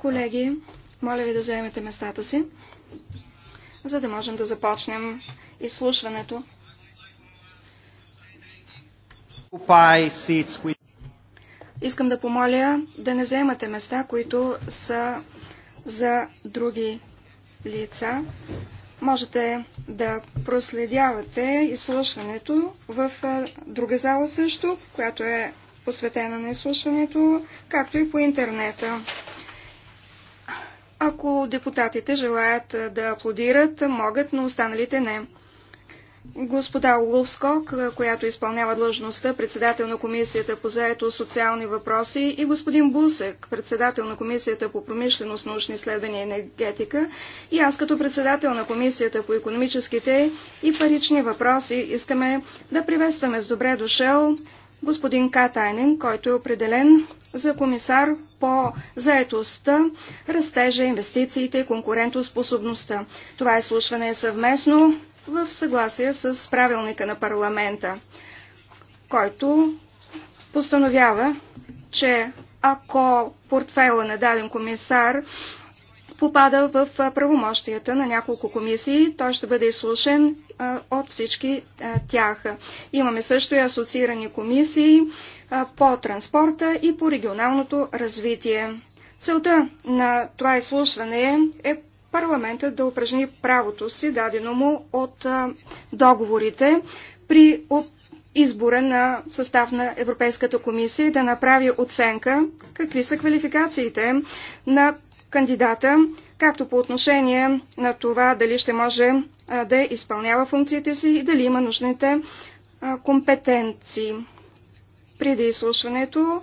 Колеги, моля ви да заемете местата си, за да можем да започнем изслушването. Искам да помоля да не заемате места, които са за други лица. Можете да проследявате изслушването в друга зала също, която е посветена на изслушването, както и по интернета. Ако депутатите желаят да аплодират, могат, но останалите не. Господа Улскок, която изпълнява длъжността председател на Комисията по заето социални въпроси и господин Бусек, председател на Комисията по промишленост, научни изследвания и енергетика и аз като председател на Комисията по економическите и парични въпроси искаме да приветстваме с добре дошъл господин Катайнен, който е определен за комисар по заетостта, растежа, инвестициите и конкурентоспособността. Това изслушване е съвместно в съгласие с правилника на парламента, който постановява, че ако портфела на даден комисар попада в правомощията на няколко комисии. Той ще бъде изслушен от всички тях. Имаме също и асоциирани комисии по транспорта и по регионалното развитие. Целта на това изслушване е парламентът да упражни правото си, дадено му от договорите, при избора на състав на Европейската комисия да направи оценка какви са квалификациите на кандидата, както по отношение на това дали ще може да изпълнява функциите си и дали има нужните компетенции. Преди изслушването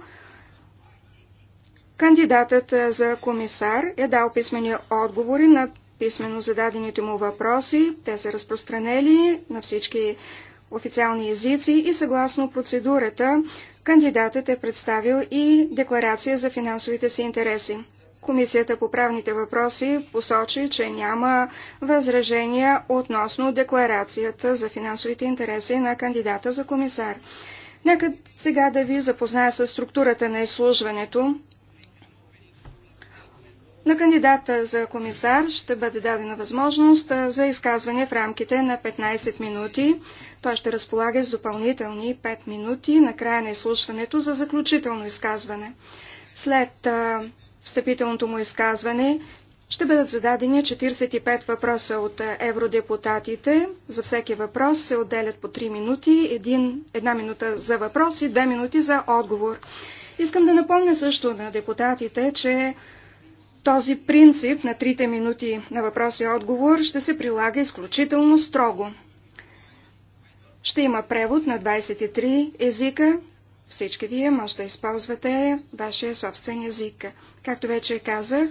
кандидатът за комисар е дал писмени отговори на писменно зададените му въпроси. Те са разпространели на всички официални езици и съгласно процедурата кандидатът е представил и декларация за финансовите си интереси. Комисията по правните въпроси посочи, че няма възражения относно декларацията за финансовите интереси на кандидата за комисар. Нека сега да ви запозная с структурата на изслужването. На кандидата за комисар ще бъде дадена възможност за изказване в рамките на 15 минути. Той ще разполага с допълнителни 5 минути на края на изслушването за заключително изказване. След встъпителното му изказване ще бъдат зададени 45 въпроса от евродепутатите. За всеки въпрос се отделят по 3 минути, 1, една минута за въпрос и 2 минути за отговор. Искам да напомня също на депутатите, че този принцип на трите минути на въпрос и отговор ще се прилага изключително строго. Ще има превод на 23 езика. Всички вие може да използвате вашия собствен език. Както вече казах,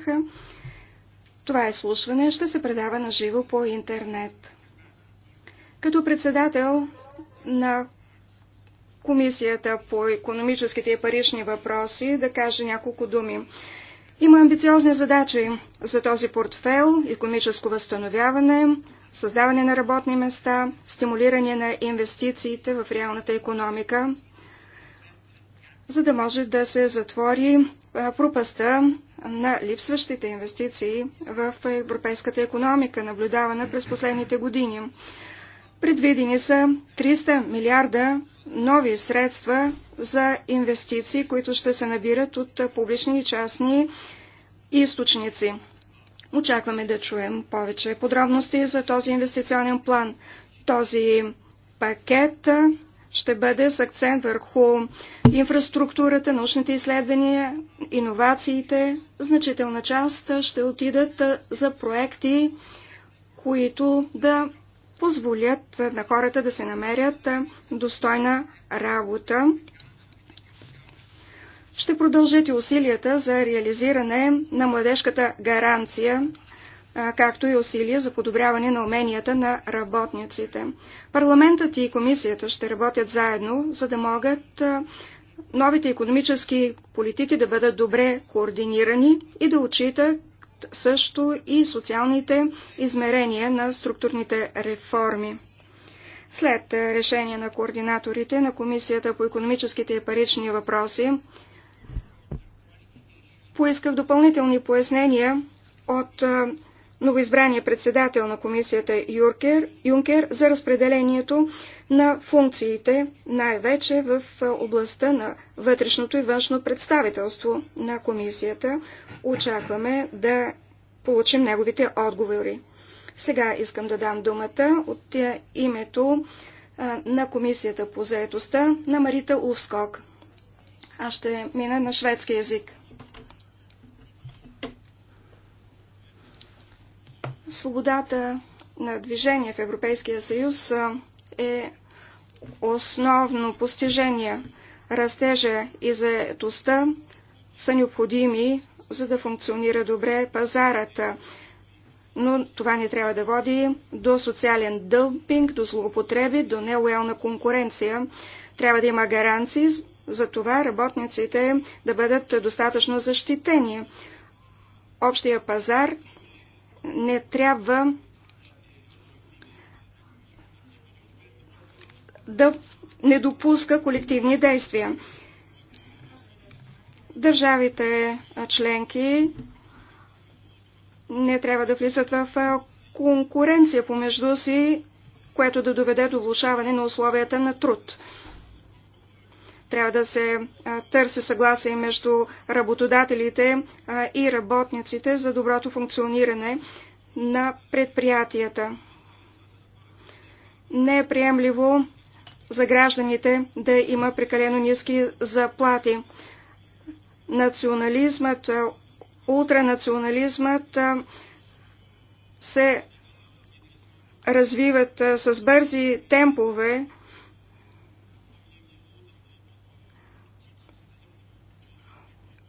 това изслушване ще се предава на живо по интернет. Като председател на Комисията по економическите и парични въпроси да каже няколко думи. Има амбициозни задачи за този портфел – економическо възстановяване, създаване на работни места, стимулиране на инвестициите в реалната економика, за да може да се затвори пропаста на липсващите инвестиции в европейската економика, наблюдавана през последните години. Предвидени са 300 милиарда нови средства за инвестиции, които ще се набират от публични и частни източници. Очакваме да чуем повече подробности за този инвестиционен план. Този пакет ще бъде с акцент върху инфраструктурата, научните изследвания, иновациите. Значителна част ще отидат за проекти, които да позволят на хората да се намерят достойна работа. Ще продължите усилията за реализиране на младежката гаранция както и усилия за подобряване на уменията на работниците. Парламентът и комисията ще работят заедно, за да могат новите економически политики да бъдат добре координирани и да отчитат също и социалните измерения на структурните реформи. След решение на координаторите на Комисията по економическите и парични въпроси, поисках допълнителни пояснения от новоизбрания председател на комисията Юркер, Юнкер за разпределението на функциите, най-вече в областта на вътрешното и външно представителство на комисията. Очакваме да получим неговите отговори. Сега искам да дам думата от името на комисията по заедостта на Марита Увскок. Аз ще мина на шведски язик. Свободата на движение в Европейския съюз е основно постижение. Растежа и заетостта са необходими, за да функционира добре пазарата. Но това не трябва да води до социален дълпинг, до злоупотреби, до нелоялна конкуренция. Трябва да има гаранции за това работниците да бъдат достатъчно защитени. Общия пазар не трябва да не допуска колективни действия. Държавите членки не трябва да влизат в конкуренция помежду си, което да доведе до влушаване на условията на труд. Трябва да се търси съгласие между работодателите и работниците за доброто функциониране на предприятията. Не е приемливо за гражданите да има прекалено ниски заплати. Национализмът, ултранационализмът се развиват с бързи темпове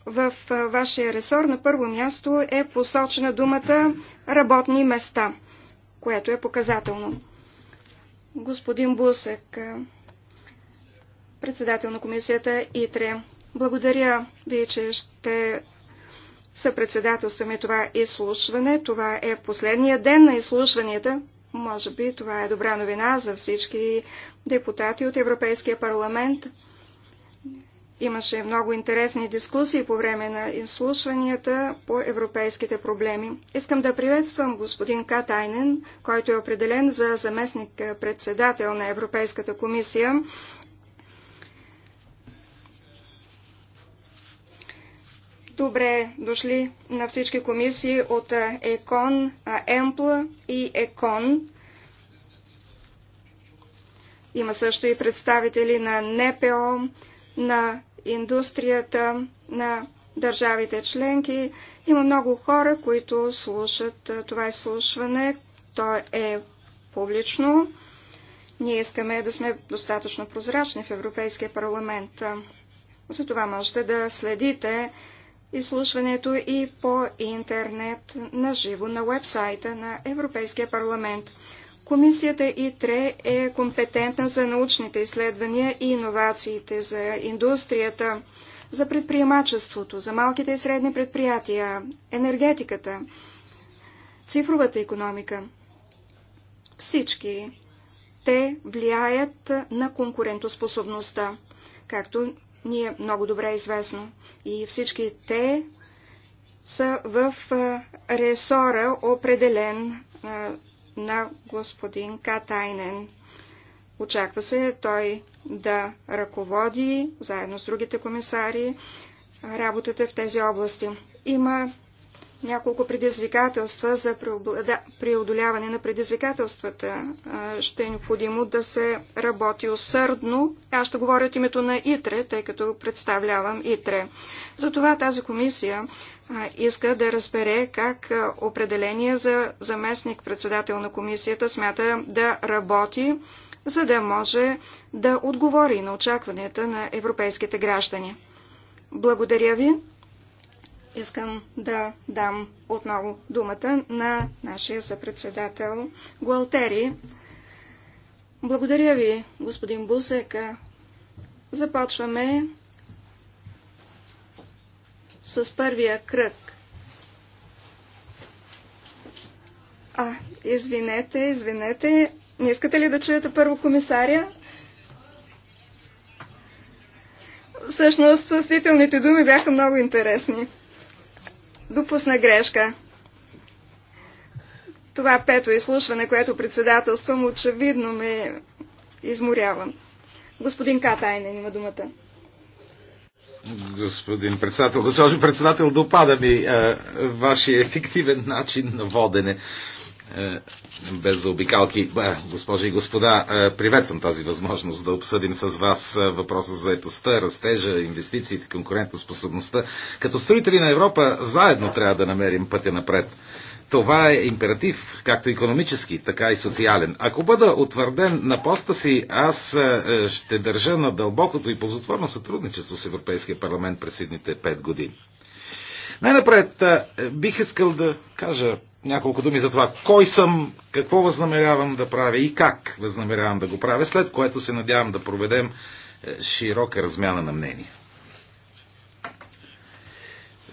в вашия ресор на първо място е посочена думата работни места, което е показателно. Господин Бусек, председател на комисията ИТРЕ, благодаря ви, че ще съпредседателстваме това изслушване. Това е последния ден на изслушванията. Може би това е добра новина за всички депутати от Европейския парламент. Имаше много интересни дискусии по време на изслушванията по европейските проблеми. Искам да приветствам господин Катайнен, който е определен за заместник-председател на Европейската комисия. Добре дошли на всички комисии от ЕКОН, ЕМПЛ и ЕКОН. Има също и представители на НПО, на индустрията на държавите членки. Има много хора, които слушат това изслушване. То е публично. Ние искаме да сме достатъчно прозрачни в Европейския парламент. Затова можете да следите изслушването и по интернет на живо на вебсайта на Европейския парламент. Комисията ИТРЕ е компетентна за научните изследвания и иновациите, за индустрията, за предприемачеството, за малките и средни предприятия, енергетиката, цифровата економика. Всички те влияят на конкурентоспособността, както ни е много добре известно. И всички те са в ресора определен на господин Катайнен. Очаква се той да ръководи, заедно с другите комисари, работата в тези области. Има няколко предизвикателства за преодоляване на предизвикателствата. Ще е необходимо да се работи усърдно. Аз ще говоря от името на ИТРЕ, тъй като представлявам ИТРЕ. Затова тази комисия иска да разбере как определение за заместник председател на комисията смята да работи, за да може да отговори на очакванията на европейските граждани. Благодаря ви. Искам да дам отново думата на нашия съпредседател Гуалтери. Благодаря ви, господин Бусека. Започваме с първия кръг. А, извинете, извинете. Не искате ли да чуете първо комисаря? Всъщност, състителните думи бяха много интересни допусна грешка. Това пето изслушване, което председателствам, очевидно ме изморявам. Господин Катайнен има думата. Господин председател, госпожо председател, допада ми е, вашия ефективен начин на водене. Е, без заобикалки. Е, госпожи и господа, е, приветствам тази възможност да обсъдим с вас въпроса за етостта, растежа, инвестициите, конкурентоспособността. Като строители на Европа заедно трябва да намерим пътя напред. Това е императив, както економически, така и социален. Ако бъда утвърден на поста си, аз ще държа на дълбокото и ползотворно сътрудничество с Европейския парламент през следните пет години. Най-напред бих искал да кажа няколко думи за това. Кой съм, какво възнамерявам да правя и как възнамерявам да го правя, след което се надявам да проведем е, широка размяна на мнения.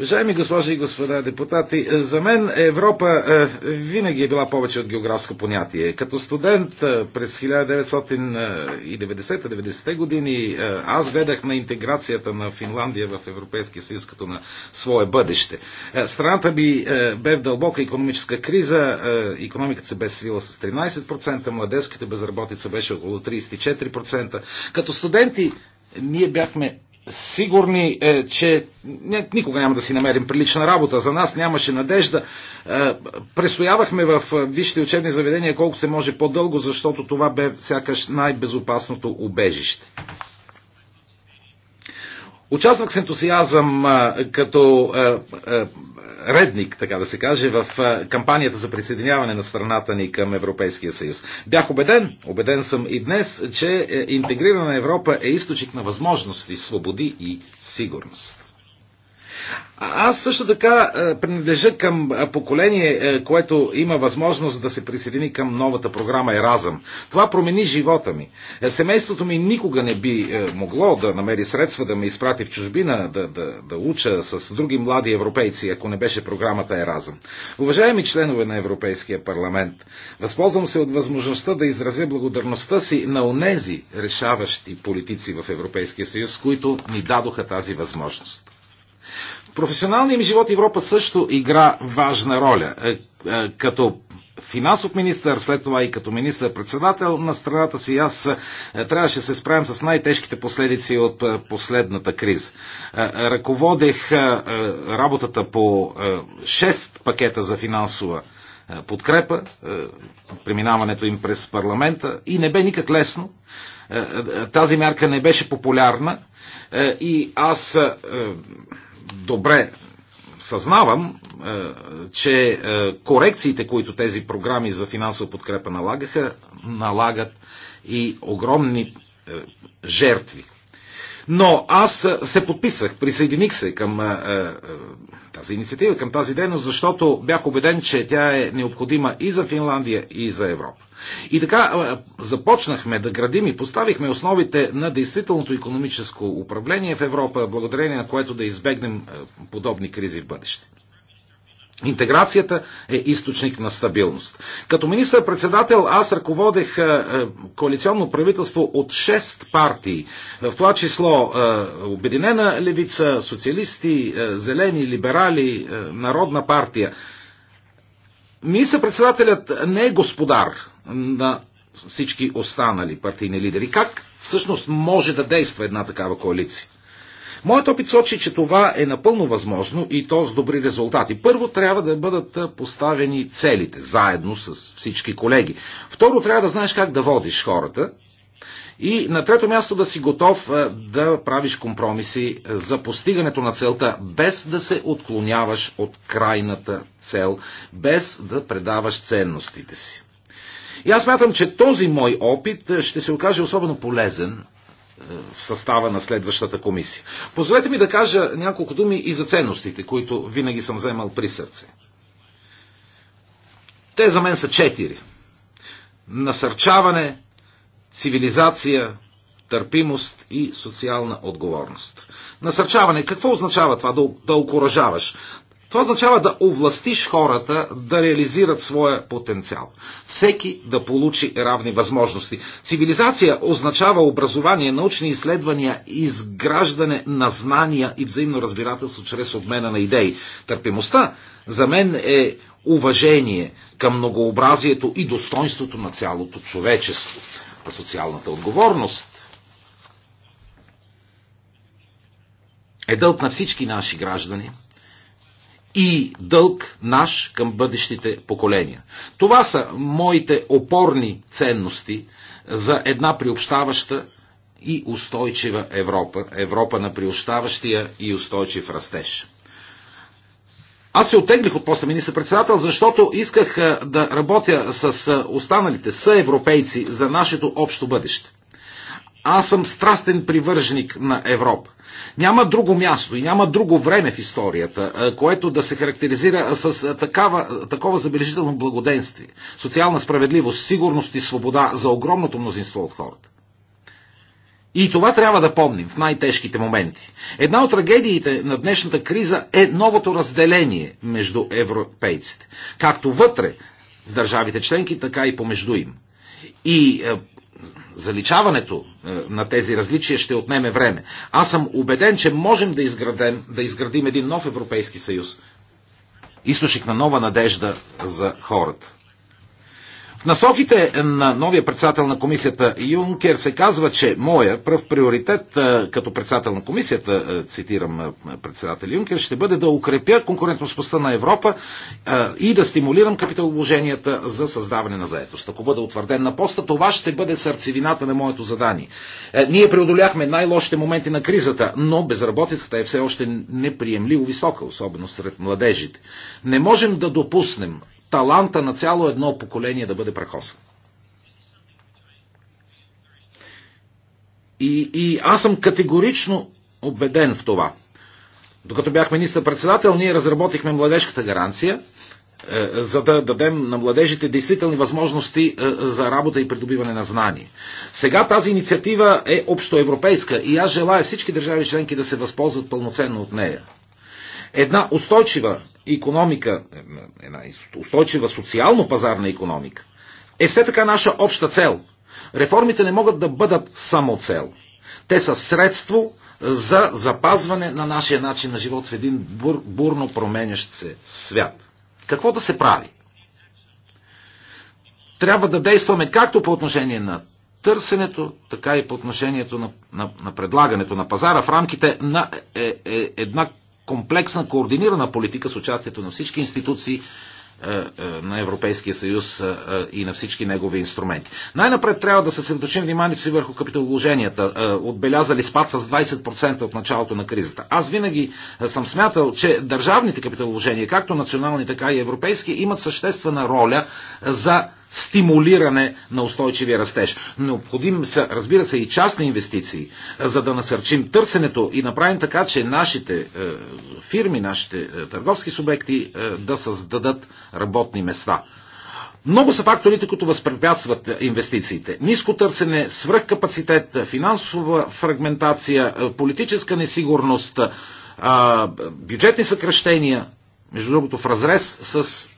Уважаеми госпожи и господа депутати, е, за мен Европа е, винаги е била повече от географско понятие. Като студент е, през 1990-90-те години аз гледах на интеграцията на Финландия в Европейския съюз като на свое бъдеще. Страната би бе в дълбока економическа криза, економиката се бе свила с 13%, младежката безработица беше около 34%. Като студенти ние бяхме сигурни, е, че никога няма да си намерим прилична работа. За нас нямаше надежда. Е, престоявахме в е, висшите учебни заведения колко се може по-дълго, защото това бе сякаш най-безопасното убежище. Участвах с ентусиазъм като редник, така да се каже, в кампанията за присъединяване на страната ни към Европейския съюз. Бях убеден, убеден съм и днес, че е, интегрирана Европа е източник на възможности, свободи и сигурност. Аз също така е, принадлежа към е, поколение, е, което има възможност да се присъедини към новата програма Еразъм. Това промени живота ми. Семейството ми никога не би могло да намери средства да ме изпрати в чужбина, да, да, да уча с други млади европейци, ако не беше програмата Еразъм. Уважаеми членове на Европейския парламент, възползвам се от възможността да изразя благодарността си на онези решаващи политици в Европейския съюз, които ни дадоха тази възможност професионалния ми живот Европа също игра важна роля. Е, е, като финансов министр, след това и като министр-председател на страната си, аз е, трябваше да се справям с най-тежките последици от последната криза. Ръководех работата по 6 пакета за финансова подкрепа, преминаването им през парламента и не бе никак лесно. Тази мярка не беше популярна и аз добре съзнавам, е, че е, корекциите, които тези програми за финансова подкрепа налагаха, налагат и огромни е, жертви. Но аз се подписах, присъединих се към е, е, тази инициатива, към тази дейност, защото бях убеден, че тя е необходима и за Финландия, и за Европа. И така е, започнахме да градим и поставихме основите на действителното економическо управление в Европа, благодарение на което да избегнем подобни кризи в бъдеще. Интеграцията е източник на стабилност. Като министър-председател аз ръководех е, е, коалиционно правителство от 6 партии, в това число е, Обединена левица, социалисти, зелени, либерали, Народна партия. Министър-председателят не е господар на всички останали партийни лидери. Как всъщност може да действа една такава коалиция? Моят опит сочи, че това е напълно възможно и то с добри резултати. Първо трябва да бъдат поставени целите, заедно с всички колеги. Второ, трябва да знаеш как да водиш хората. И на трето място да си готов да правиш компромиси за постигането на целта, без да се отклоняваш от крайната цел, без да предаваш ценностите си. И аз мятам, че този мой опит ще се окаже особено полезен в състава на следващата комисия. Позволете ми да кажа няколко думи и за ценностите, които винаги съм вземал при сърце. Те за мен са четири. Насърчаване, цивилизация, търпимост и социална отговорност. Насърчаване. Какво означава това да, да окоръжаваш? Това означава да овластиш хората да реализират своя потенциал. Всеки да получи равни възможности. Цивилизация означава образование, научни изследвания, изграждане на знания и взаимно разбирателство чрез обмена на идеи. Търпимостта за мен е уважение към многообразието и достоинството на цялото човечество. А социалната отговорност е дълг на всички наши граждани – и дълг наш към бъдещите поколения. Това са моите опорни ценности за една приобщаваща и устойчива Европа, Европа на приобщаващия и устойчив растеж. Аз се отеглих от поста министър-председател, защото исках да работя с останалите съевропейци за нашето общо бъдеще. Аз съм страстен привърженик на Европа. Няма друго място и няма друго време в историята, което да се характеризира с такава, такова забележително благоденствие, социална справедливост, сигурност и свобода за огромното мнозинство от хората. И това трябва да помним в най-тежките моменти. Една от трагедиите на днешната криза е новото разделение между европейците. Както вътре в държавите членки, така и помежду им. И е, заличаването е, на тези различия ще отнеме време. Аз съм убеден, че можем да изградим, да изградим един нов Европейски съюз. Източник на нова надежда за хората. В насоките на новия председател на комисията Юнкер се казва, че моя пръв приоритет като председател на комисията, цитирам председател Юнкер, ще бъде да укрепя конкурентността на Европа и да стимулирам капиталовложенията за създаване на заетост. Ако бъда утвърден на поста, това ще бъде сърцевината на моето задание. Е, ние преодоляхме най-лошите моменти на кризата, но безработицата е все още неприемливо висока, особено сред младежите. Не можем да допуснем таланта на цяло едно поколение да бъде прахосан. И, и аз съм категорично убеден в това. Докато бях министър-председател, ние разработихме младежката гаранция, е, за да дадем на младежите действителни възможности е, за работа и придобиване на знания. Сега тази инициатива е общоевропейска и аз желая всички държави членки да се възползват пълноценно от нея. Една устойчива економика, една устойчива социално-пазарна економика, е все така наша обща цел. Реформите не могат да бъдат само цел. Те са средство за запазване на нашия начин на живот в един бур, бурно променящ се свят. Какво да се прави? Трябва да действаме както по отношение на търсенето, така и по отношението на, на, на предлагането на пазара в рамките на е, е, една комплексна, координирана политика с участието на всички институции е, е, на Европейския съюз е, и на всички негови инструменти. Най-напред трябва да се съсредоточим вниманието си върху капиталоложенията, отбелязали спад с 20% от началото на кризата. Аз винаги съм смятал, че държавните капиталоложения, както национални, така и европейски, имат съществена роля за стимулиране на устойчивия растеж. Необходим са, разбира се, и частни инвестиции, за да насърчим търсенето и направим така, че нашите е, фирми, нашите е, търговски субекти е, да създадат работни места. Много са факторите, които възпрепятстват инвестициите. Ниско търсене, свръхкапацитет, финансова фрагментация, политическа несигурност, бюджетни съкръщения, между другото в разрез с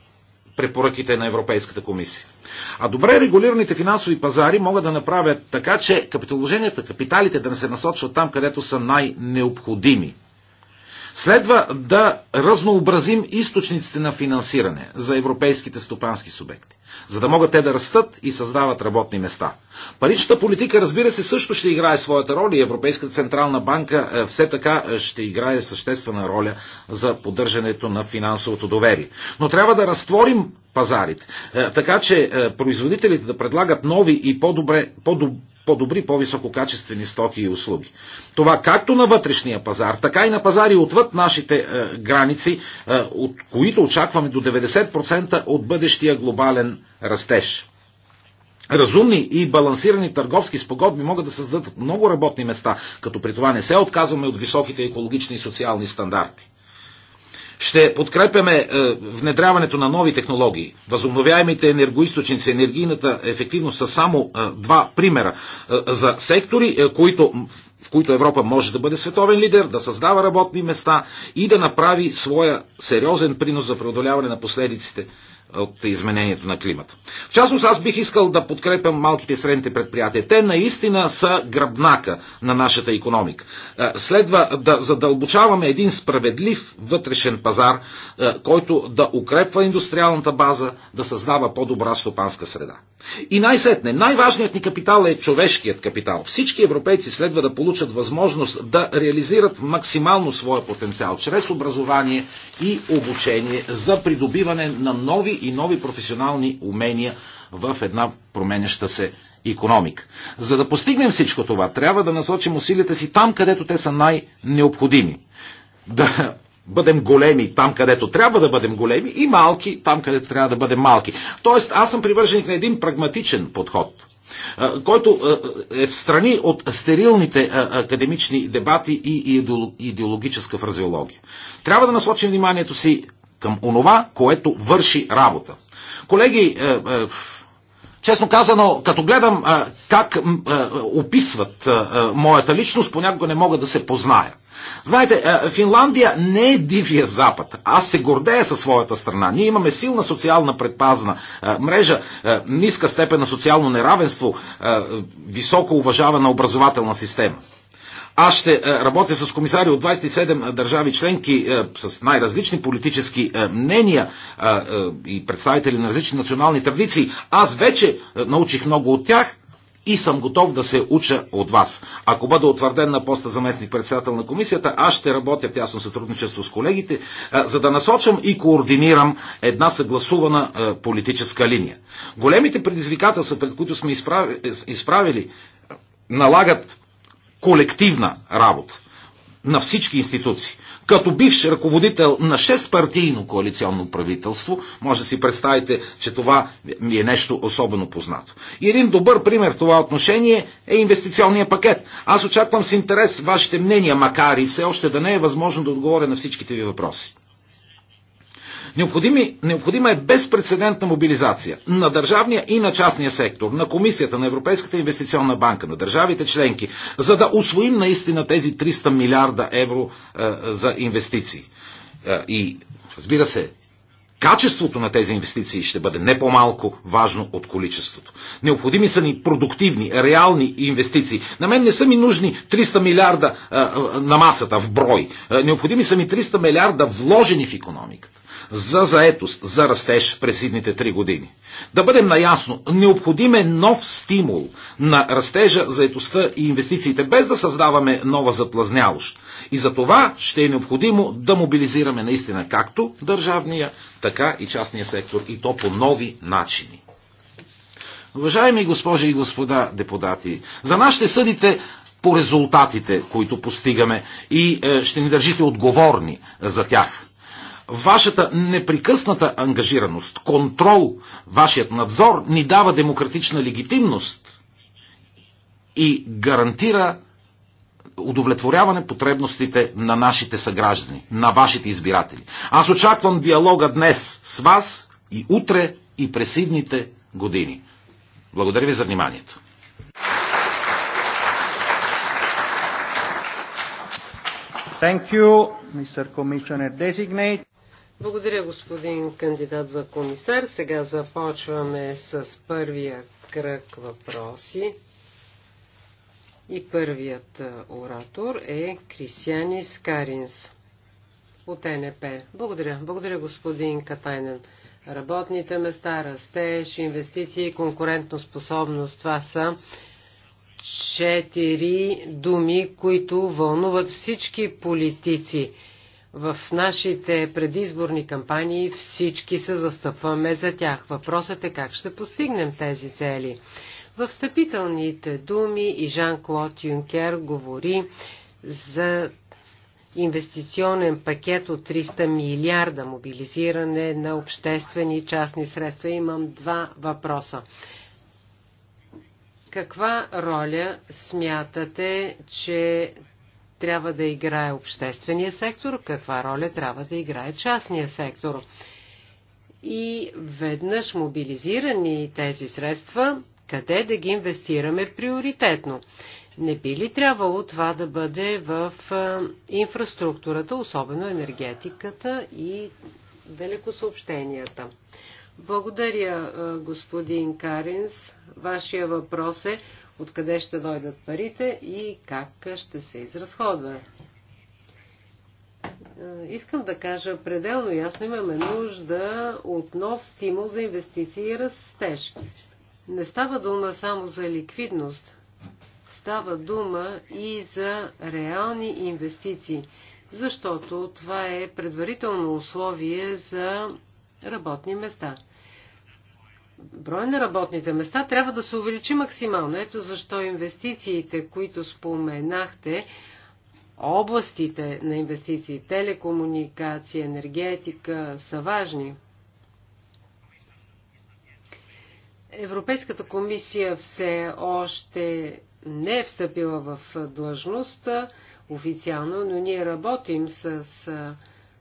препоръките на Европейската комисия. А добре регулираните финансови пазари могат да направят така, че капиталовложенията, капиталите да не се насочват там, където са най-необходими. Следва да разнообразим източниците на финансиране за европейските стопански субекти, за да могат те да растат и създават работни места. Паричната политика, разбира се, също ще играе своята роля и Европейската централна банка е, все така е, ще играе съществена роля за поддържането на финансовото доверие. Но трябва да разтворим пазарите, е, така че производителите да предлагат нови и по-добре, по-добре по-добри, по-висококачествени стоки и услуги. Това както на вътрешния пазар, така и на пазари отвъд нашите е, граници, е, от които очакваме до 90% от бъдещия глобален растеж. Разумни и балансирани търговски спогодби могат да създадат много работни места, като при това не се отказваме от високите екологични и социални стандарти. Ще подкрепяме е, внедряването на нови технологии. Възобновяемите енергоисточници, енергийната ефективност са само е, два примера е, за сектори, които, в които Европа може да бъде световен лидер, да създава работни места и да направи своя сериозен принос за преодоляване на последиците от изменението на климата. В частност, аз бих искал да подкрепям малките и средните предприятия. Те наистина са гръбнака на нашата економика. Е, следва да задълбочаваме един справедлив вътрешен пазар, е, който да укрепва индустриалната база, да създава по-добра стопанска среда. И най-сетне, най-важният ни капитал е човешкият капитал. Всички европейци следва да получат възможност да реализират максимално своя потенциал чрез образование и обучение за придобиване на нови и нови професионални умения в една променяща се економик. За да постигнем всичко това, трябва да насочим усилията си там, където те са най-необходими. Да бъдем големи там, където трябва да бъдем големи и малки там, където трябва да бъдем малки. Тоест, аз съм привърженик на един прагматичен подход който е в страни от стерилните академични дебати и идеологическа фразеология. Трябва да насочим вниманието си към онова, което върши работа. Колеги, е, е, честно казано, като гледам как описват моята личност, понякога не мога да се позная. Знаете, е, Финландия не е дивия запад. Аз се гордея със своята страна. Ние имаме силна социална предпазна е, мрежа, е, ниска степен на социално неравенство, високо уважавана образователна система. Аз ще работя с комисари от 27 държави членки с най-различни политически мнения и представители на различни национални традиции. Аз вече научих много от тях и съм готов да се уча от вас. Ако бъда утвърден на поста заместник председател на комисията, аз ще работя в тясно сътрудничество с колегите, за да насочам и координирам една съгласувана политическа линия. Големите предизвикателства, пред които сме изправили, налагат колективна работа на всички институции. Като бивш ръководител на 6 партийно коалиционно правителство, може да си представите, че това ми е нещо особено познато. И един добър пример в това отношение е инвестиционния пакет. Аз очаквам с интерес вашите мнения, макар и все още да не е възможно да отговоря на всичките ви въпроси. Необходими, необходима е безпредседентна мобилизация на държавния и на частния сектор, на комисията, на Европейската инвестиционна банка, на държавите членки, за да освоим наистина тези 300 милиарда евро а, е, за инвестиции. А, е, и разбира се, качеството на тези инвестиции ще бъде не по-малко важно от количеството. Необходими са ни продуктивни, реални инвестиции. На мен не са ми нужни 300 милиарда а, е, на масата в брой. Необходими са ми 300 милиарда вложени в економиката за заетост, за растеж през идните три години. Да бъдем наясно, необходим е нов стимул на растежа, заетостта и инвестициите, без да създаваме нова заплазняващ. И за това ще е необходимо да мобилизираме наистина както държавния, така и частния сектор, и то по нови начини. Уважаеми госпожи и господа депутати, за нас ще съдите по резултатите, които постигаме и е, ще ни държите отговорни за тях. Вашата непрекъсната ангажираност, контрол, вашият надзор ни дава демократична легитимност и гарантира удовлетворяване потребностите на нашите съграждани, на вашите избиратели. Аз очаквам диалога днес с вас и утре и през идните години. Благодаря ви за вниманието. Thank you, Mr. Commissioner Designate. Благодаря, господин кандидат за комисар. Сега започваме с първия кръг въпроси. И първият е, оратор е Крисяни Скаринс от НП. Благодаря. Благодаря, господин Катайнен. Работните места, растеж, инвестиции и способност. Това са четири думи, които вълнуват всички политици. В нашите предизборни кампании всички се застъпваме за тях. Въпросът е как ще постигнем тези цели. В встъпителните думи и Жан-Клод Юнкер говори за инвестиционен пакет от 300 милиарда, мобилизиране на обществени и частни средства. Имам два въпроса. Каква роля смятате, че трябва да играе обществения сектор, каква роля трябва да играе частния сектор. И веднъж мобилизирани тези средства, къде да ги инвестираме приоритетно? Не би ли трябвало това да бъде в инфраструктурата, особено енергетиката и далекосъобщенията? Благодаря, господин Каринс. Вашия въпрос е откъде ще дойдат парите и как ще се изразходва. Е, искам да кажа пределно ясно, имаме нужда от нов стимул за инвестиции и растеж. Не става дума само за ликвидност, става дума и за реални инвестиции, защото това е предварително условие за работни места – броя на работните места трябва да се увеличи максимално. Ето защо инвестициите, които споменахте, областите на инвестиции, телекомуникация, енергетика са важни. Европейската комисия все още не е встъпила в длъжност официално, но ние работим с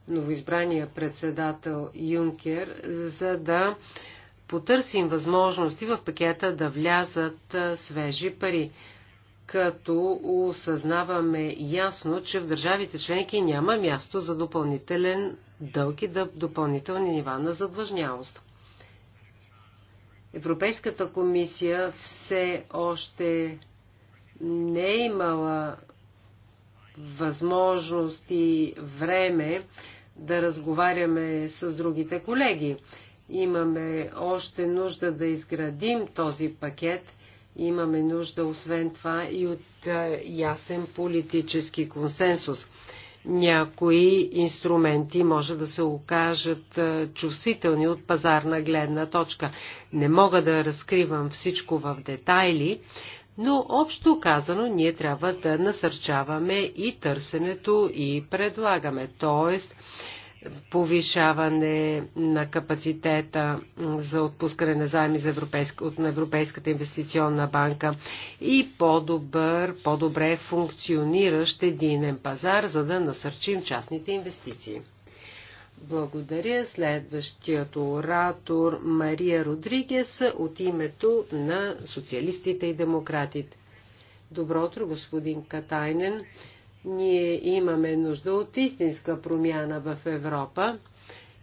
новоизбрания председател Юнкер, за да потърсим възможности в пакета да влязат свежи пари, като осъзнаваме ясно, че в държавите членки няма място за допълнителен дълг и допълнителни нива на задлъжнявост. Европейската комисия все още не е имала възможност и време да разговаряме с другите колеги. Имаме още нужда да изградим този пакет. Имаме нужда, освен това, и от ясен политически консенсус. Някои инструменти може да се окажат чувствителни от пазарна гледна точка. Не мога да разкривам всичко в детайли, но общо казано ние трябва да насърчаваме и търсенето и предлагаме. Тоест, повишаване на капацитета за отпускане на заеми за европейска, от на Европейската инвестиционна банка и по-добър, по-добре функциониращ единен пазар, за да насърчим частните инвестиции. Благодаря. Следващият оратор Мария Родригес от името на социалистите и демократите. Добро утро, господин Катайнен. Ние имаме нужда от истинска промяна в Европа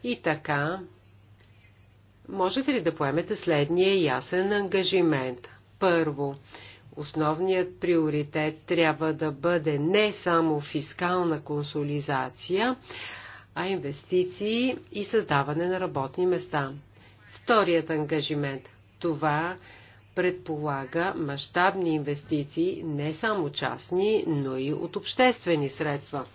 и така. Можете ли да поемете следния ясен ангажимент? Първо, основният приоритет трябва да бъде не само фискална консолизация, а инвестиции и създаване на работни места. Вторият ангажимент – това е предполага мащабни инвестиции, не само частни, но и от обществени средства.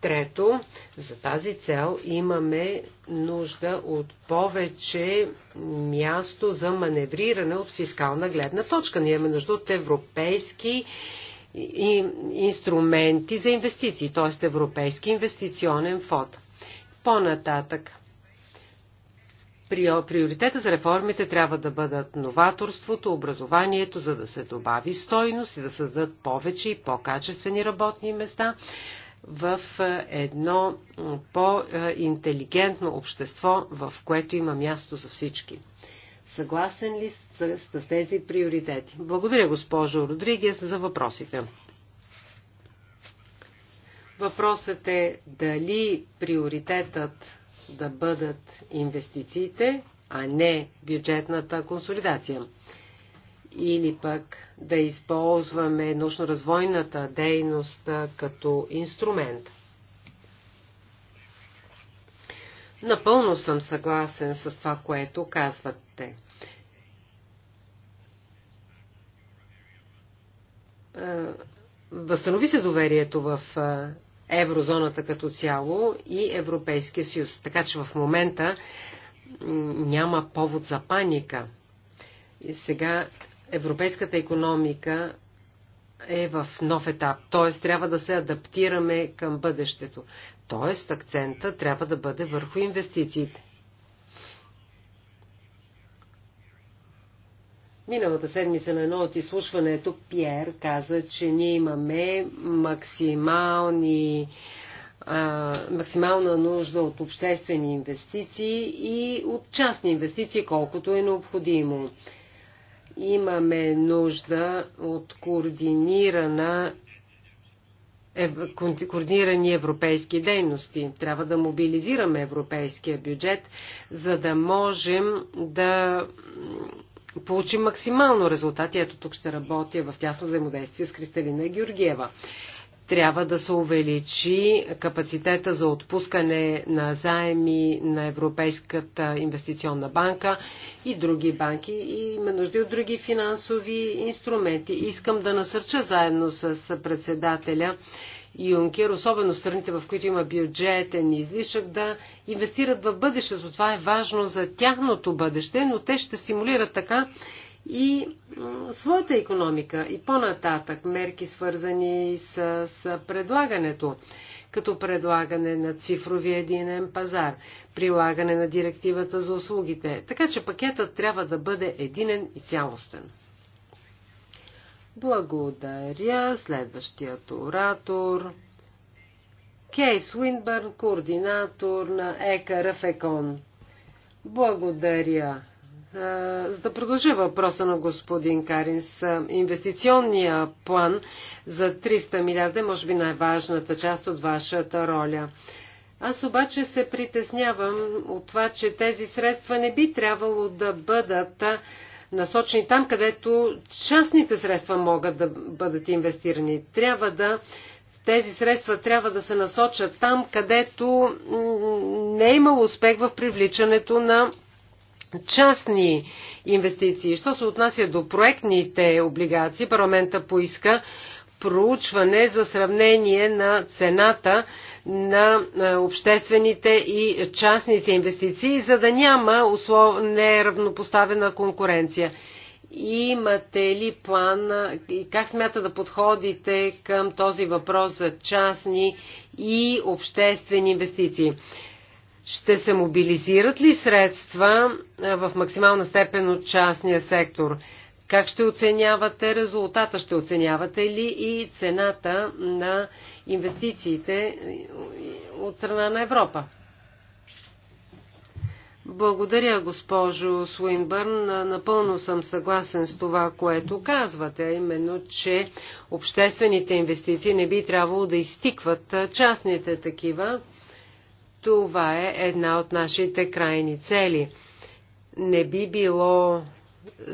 Трето, за тази цел имаме нужда от повече място за маневриране от фискална гледна точка. Ние имаме нужда от европейски и инструменти за инвестиции, т.е. Европейски инвестиционен фонд. По-нататък, Приоритета за реформите трябва да бъдат новаторството, образованието, за да се добави стойност и да създадат повече и по-качествени работни места в е, едно по-интелигентно общество, в което има място за всички. Съгласен ли с, с тези приоритети? Благодаря, госпожо Родригес, за въпросите. Въпросът е дали приоритетът да бъдат инвестициите, а не бюджетната консолидация. Или пък да използваме научно-развойната дейност като инструмент. Напълно съм съгласен с това, което казвате. Възстанови се доверието в еврозоната като цяло и Европейския съюз. Така че в момента няма повод за паника. И сега европейската економика е в нов етап, т.е. трябва да се адаптираме към бъдещето. Т.е. акцента трябва да бъде върху инвестициите. Миналата седмица на едно от изслушването Пьер каза, че ние имаме максимални максимална нужда от обществени инвестиции и от частни инвестиции, колкото е необходимо. Имаме нужда от координирана координирани европейски дейности. Трябва да мобилизираме европейския бюджет, за да можем да получим максимално резултати. Ето тук ще работя в тясно взаимодействие с Кристалина Георгиева трябва да се увеличи капацитета за отпускане на заеми на Европейската инвестиционна банка и други банки и има нужди от други финансови инструменти. Искам да насърча заедно с председателя Юнкер, особено страните, в които има бюджетен излишък, да инвестират в бъдещето. Това е важно за тяхното бъдеще, но те ще стимулират така и своята економика и по-нататък мерки свързани с, с предлагането като предлагане на цифрови единен пазар, прилагане на директивата за услугите. Така че пакетът трябва да бъде единен и цялостен. Благодаря. Следващият оратор. Кейс Уинбърн, координатор на ЕКР Фекон. Благодаря. За да продължа въпроса на господин Каринс, инвестиционния план за 300 милиарда е може би най-важната част от вашата роля. Аз обаче се притеснявам от това, че тези средства не би трябвало да бъдат насочени там, където частните средства могат да бъдат инвестирани. Трябва да тези средства трябва да се насочат там, където не е имало успех в привличането на частни инвестиции. Що се отнася до проектните облигации, парламента поиска проучване за сравнение на цената на обществените и частните инвестиции, за да няма услов... неравнопоставена конкуренция. Имате ли план и как смята да подходите към този въпрос за частни и обществени инвестиции? Ще се мобилизират ли средства в максимална степен от частния сектор? Как ще оценявате резултата? Ще оценявате ли и цената на инвестициите от страна на Европа. Благодаря, госпожо Суинбърн. Напълно съм съгласен с това, което казвате, а именно, че обществените инвестиции не би трябвало да изтикват частните такива. Това е една от нашите крайни цели. Не би било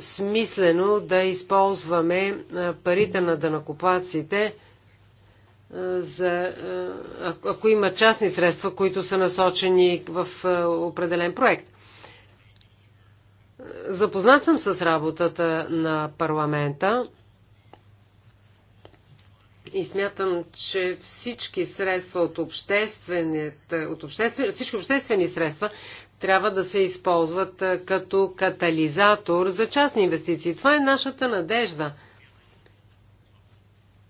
смислено да използваме парите на данакоплаците, за, ако има частни средства, които са насочени в определен проект. Запознат съм с работата на парламента и смятам, че всички средства от, от обществени, всички обществени средства трябва да се използват като катализатор за частни инвестиции. Това е нашата надежда –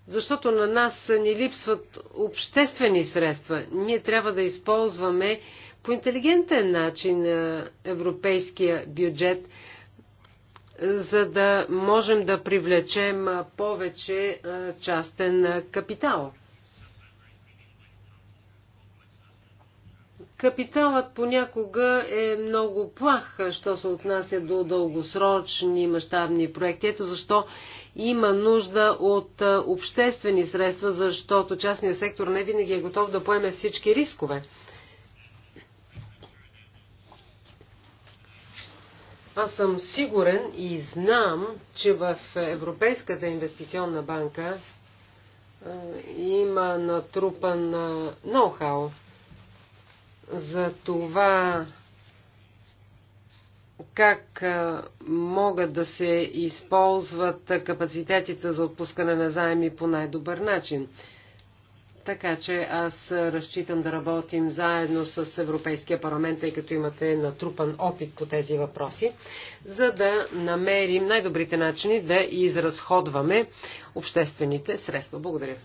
защото на нас ни липсват обществени средства. Ние трябва да използваме по интелигентен начин европейския бюджет, за да можем да привлечем повече частен капитал. Капиталът понякога е много плах, що се отнася до дългосрочни мащабни проекти. Ето защо има нужда от обществени средства, защото частният сектор не винаги е готов да поеме всички рискове. Аз съм сигурен и знам, че в Европейската инвестиционна банка има натрупан ноу-хау. За това как могат да се използват капацитетите за отпускане на заеми по най-добър начин. Така че аз разчитам да работим заедно с Европейския парламент, тъй като имате натрупан опит по тези въпроси, за да намерим най-добрите начини да изразходваме обществените средства. Благодаря.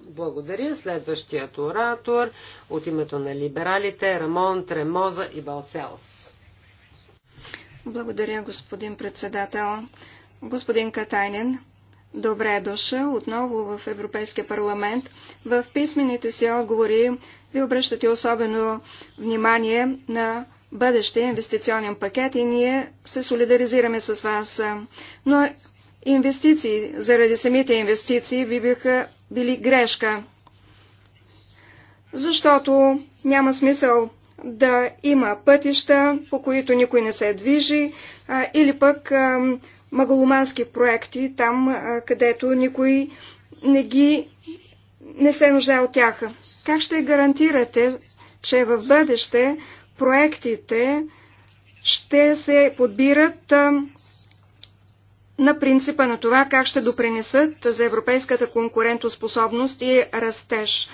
Благодаря. Следващият оратор от името на либералите Рамон Тремоза и Балцелс. Благодаря, господин председател. Господин Катайнин, добре е дошъл отново в Европейския парламент. В писмените си отговори ви обръщате особено внимание на бъдещия инвестиционен пакет и ние се солидаризираме с вас. Но инвестиции, заради самите инвестиции, би биха били грешка. Защото няма смисъл да има пътища, по които никой не се движи, а, или пък а, магаломански проекти, там а, където никой не ги не се нуждае от тях. Как ще гарантирате, че в бъдеще проектите ще се подбират а, на принципа на това как ще допринесат за европейската конкурентоспособност и растеж?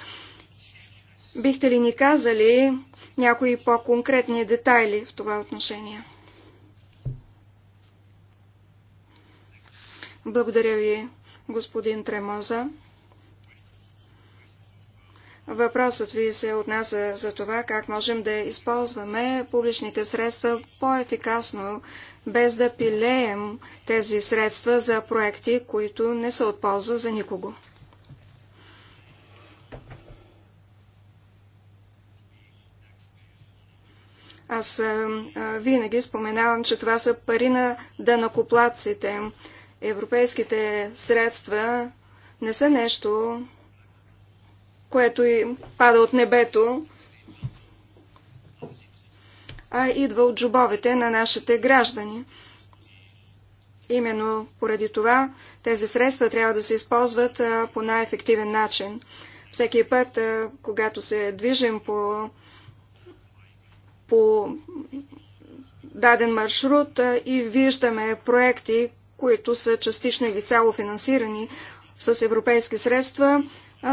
Бихте ли ни казали някои по-конкретни детайли в това отношение. Благодаря ви, господин Тремоза. Въпросът ви се отнася за това как можем да използваме публичните средства по-ефикасно, без да пилеем тези средства за проекти, които не са от полза за никого. Аз винаги споменавам, че това са пари на дънакоплаците. Европейските средства не са нещо, което и пада от небето, а идва от джобовете на нашите граждани. Именно поради това тези средства трябва да се използват по най-ефективен начин. Всеки път, когато се движим по по даден маршрут и виждаме проекти, които са частично или цяло финансирани с европейски средства.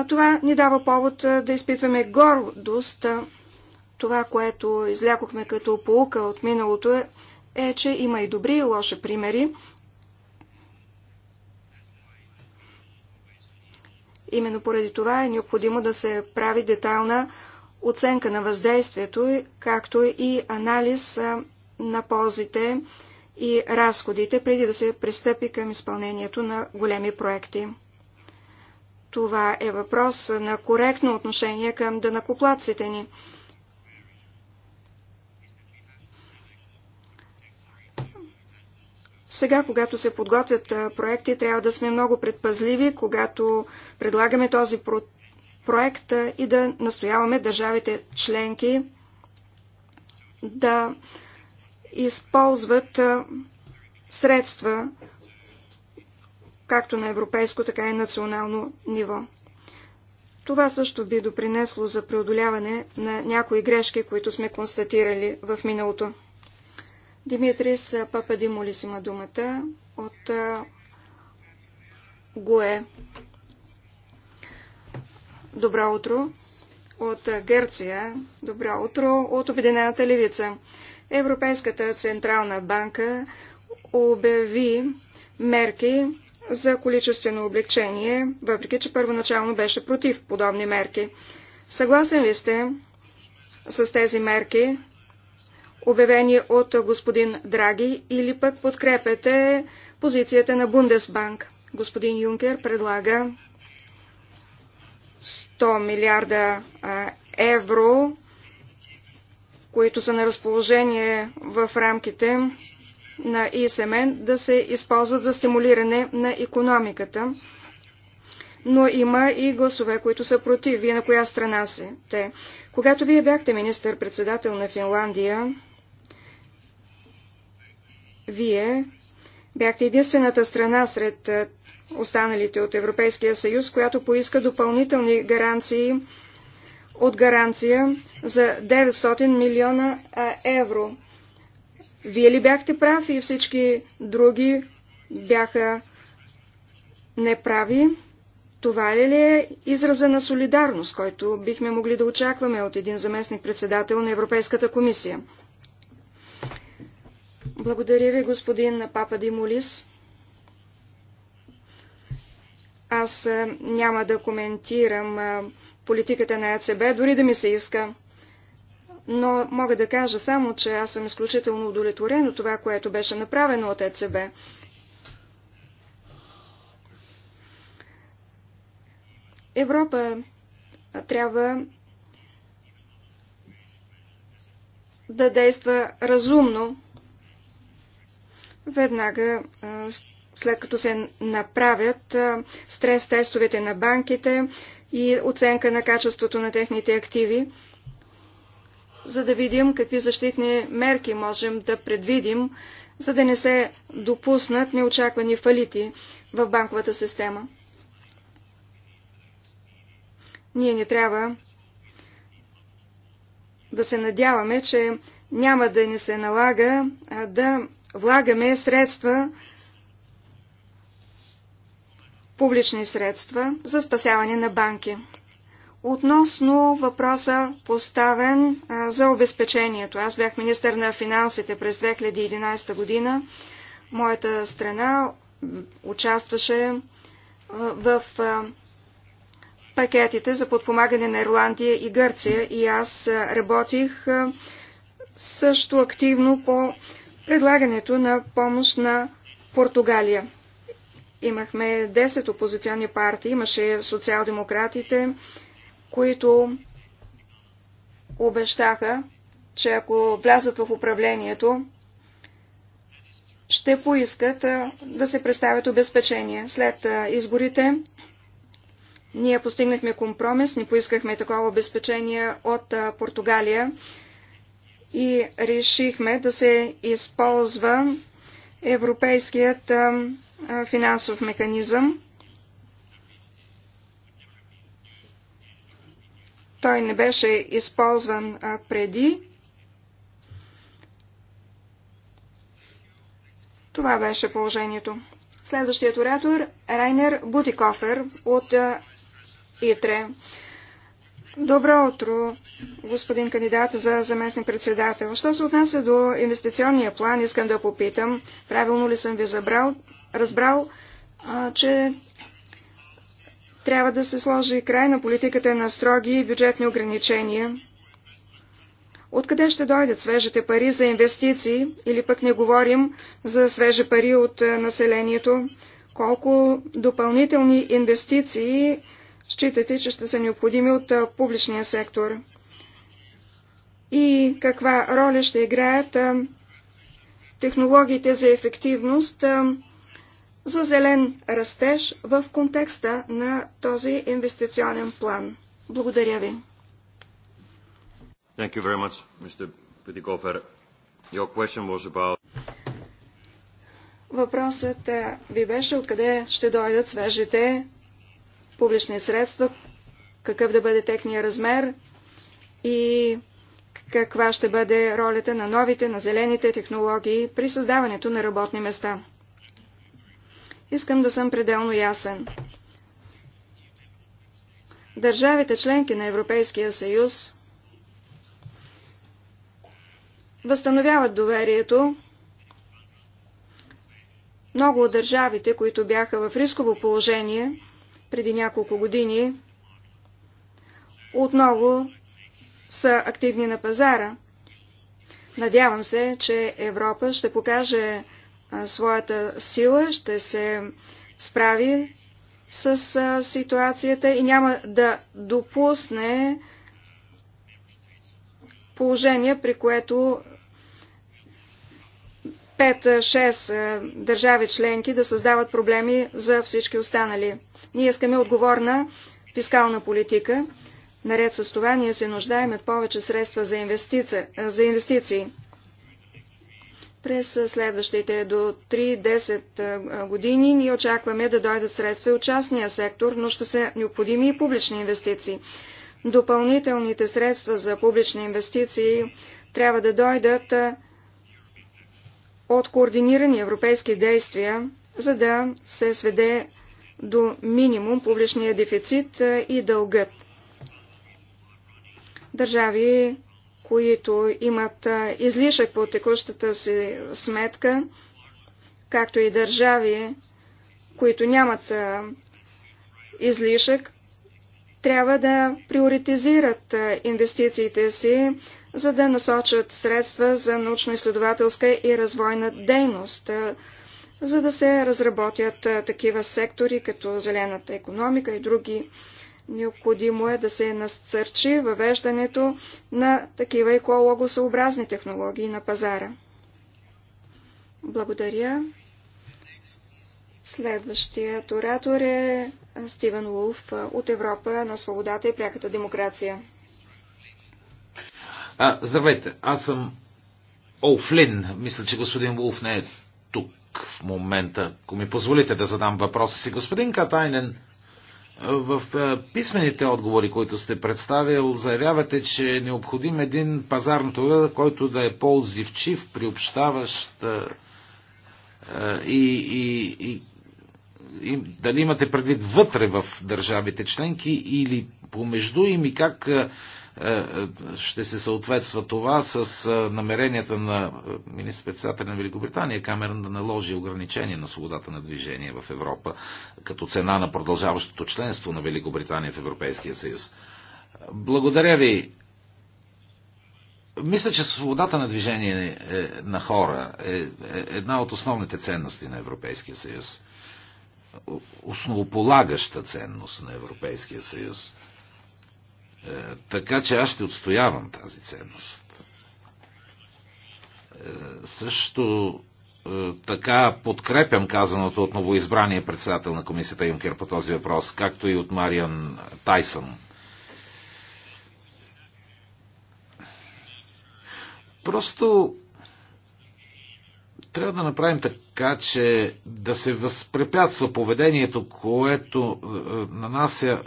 Това ни дава повод да изпитваме гордост. Това, което излякохме като полука от миналото е, че има и добри и лоши примери. Именно поради това е необходимо да се прави детайлна оценка на въздействието, както и анализ на ползите и разходите, преди да се пристъпи към изпълнението на големи проекти. Това е въпрос на коректно отношение към дънакоплаците ни. Сега, когато се подготвят проекти, трябва да сме много предпазливи, когато предлагаме този проекта и да настояваме държавите членки да използват средства както на европейско, така и национално ниво. Това също би допринесло за преодоляване на някои грешки, които сме констатирали в миналото. Димитрис Пападимолис има думата от ГУЕ. Добро утро от Гърция. Добро утро от Обединената левица. Европейската централна банка обяви мерки за количествено облегчение, въпреки че първоначално беше против подобни мерки. Съгласен ли сте с тези мерки, обявени от господин Драги, или пък подкрепяте позицията на Бундесбанк? Господин Юнкер предлага 100 милиарда евро, които са на разположение в рамките на ИСМН, да се използват за стимулиране на економиката. Но има и гласове, които са против. Вие на коя страна си? Те. Когато вие бяхте министър-председател на Финландия, вие бяхте единствената страна сред останалите от Европейския съюз, която поиска допълнителни гаранции от гаранция за 900 милиона евро. Вие ли бяхте прав и всички други бяха неправи? Това ли е израза на солидарност, който бихме могли да очакваме от един заместник-председател на Европейската комисия? Благодаря ви, господин Папа Димулис. Аз е, няма да коментирам е, политиката на ЕЦБ, дори да ми се иска. Но мога да кажа само, че аз съм изключително удовлетворен от това, което беше направено от ЕЦБ. Европа е, трябва да действа разумно. Веднага след като се направят стрес-тестовете на банките и оценка на качеството на техните активи, за да видим какви защитни мерки можем да предвидим, за да не се допуснат неочаквани фалити в банковата система. Ние не трябва да се надяваме, че няма да ни се налага да влагаме средства публични средства за спасяване на банки. Относно въпроса поставен а, за обезпечението. Аз бях министър на финансите през 2011 година. Моята страна участваше в пакетите за подпомагане на Ирландия и Гърция и аз работих също активно по предлагането на помощ на Португалия. Имахме 10 опозиционни партии, имаше социал-демократите, които обещаха, че ако влязат в управлението, ще поискат да се представят обезпечения. След изборите ние постигнахме компромис, не поискахме такова обезпечение от Португалия и решихме да се използва Европейският финансов механизъм. Той не беше използван преди. Това беше положението. Следващият оратор Райнер Бутикофер от ИТРЕ. Добро утро, господин кандидат за заместник председател. Що се отнася до инвестиционния план, искам да попитам, правилно ли съм ви забрал, разбрал, а, че трябва да се сложи край на политиката на строги бюджетни ограничения. Откъде ще дойдат свежите пари за инвестиции или пък не говорим за свежи пари от населението? Колко допълнителни инвестиции считате, че ще са необходими от публичния сектор? И каква роля ще играят технологиите за ефективност за зелен растеж в контекста на този инвестиционен план. Благодаря ви. Thank you very much, Mr. Your question was about... Въпросът е, ви беше откъде ще дойдат свежите публични средства, какъв да бъде техния размер и каква ще бъде ролята на новите, на зелените технологии при създаването на работни места. Искам да съм пределно ясен. Държавите членки на Европейския съюз възстановяват доверието. Много от държавите, които бяха в рисково положение преди няколко години, отново са активни на пазара. Надявам се, че Европа ще покаже своята сила, ще се справи с ситуацията и няма да допусне положение, при което 5-6 държави членки да създават проблеми за всички останали. Ние искаме отговорна фискална политика. Наред с това ние се нуждаем от повече средства за, за инвестиции. През следващите до 3-10 години ние очакваме да дойдат средства и от частния сектор, но ще са необходими и публични инвестиции. Допълнителните средства за публични инвестиции трябва да дойдат от координирани европейски действия, за да се сведе до минимум публичния дефицит и дългът. Държави които имат излишък по текущата си сметка, както и държави, които нямат излишък, трябва да приоритизират инвестициите си, за да насочат средства за научно-изследователска и развойна дейност, за да се разработят такива сектори, като зелената економика и други Необходимо е да се насърчи въвеждането на такива екологосъобразни технологии на пазара. Благодаря. Следващият оратор е Стивен Улф от Европа на свободата и пряката демокрация. А, здравейте, аз съм Олфлин. Мисля, че господин Улф не е тук в момента. Ако ми позволите да задам въпроса си, господин Катайнен, в е, писмените отговори, които сте представил, заявявате, че е необходим един пазар на труда, който да е по-отзивчив, приобщаващ е, е, и, и, и, и дали имате предвид вътре в държавите членки или помежду им и как е, е, ще се съответства това с е, намеренията на министър-председателя на Великобритания Камерън да наложи ограничение на свободата на движение в Европа като цена на продължаващото членство на Великобритания в Европейския съюз. Благодаря ви. Мисля, че свободата на движение на хора е една от основните ценности на Европейския съюз. Основополагаща ценност на Европейския съюз. Е, така че аз ще отстоявам тази ценност. Е, също е, така подкрепям казаното от новоизбрания председател на комисията Юнкер по този въпрос, както и от Мариан Тайсън. Просто трябва да направим така, че да се възпрепятства поведението, което нанася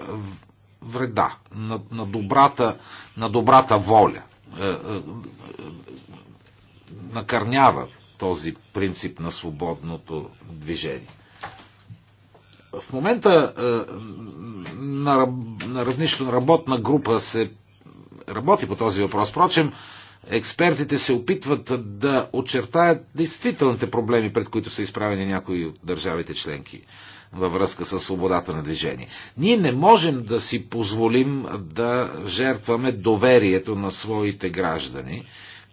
вреда, на, на, добрата, на добрата воля. Е, е, е, накърнява този принцип на свободното движение. В момента на, на равнището на работна група се работи по този въпрос. Впрочем, експертите се опитват да очертаят действителните проблеми, пред които са изправени някои от държавите членки във връзка с свободата на движение. Ние не можем да си позволим да жертваме доверието на своите граждани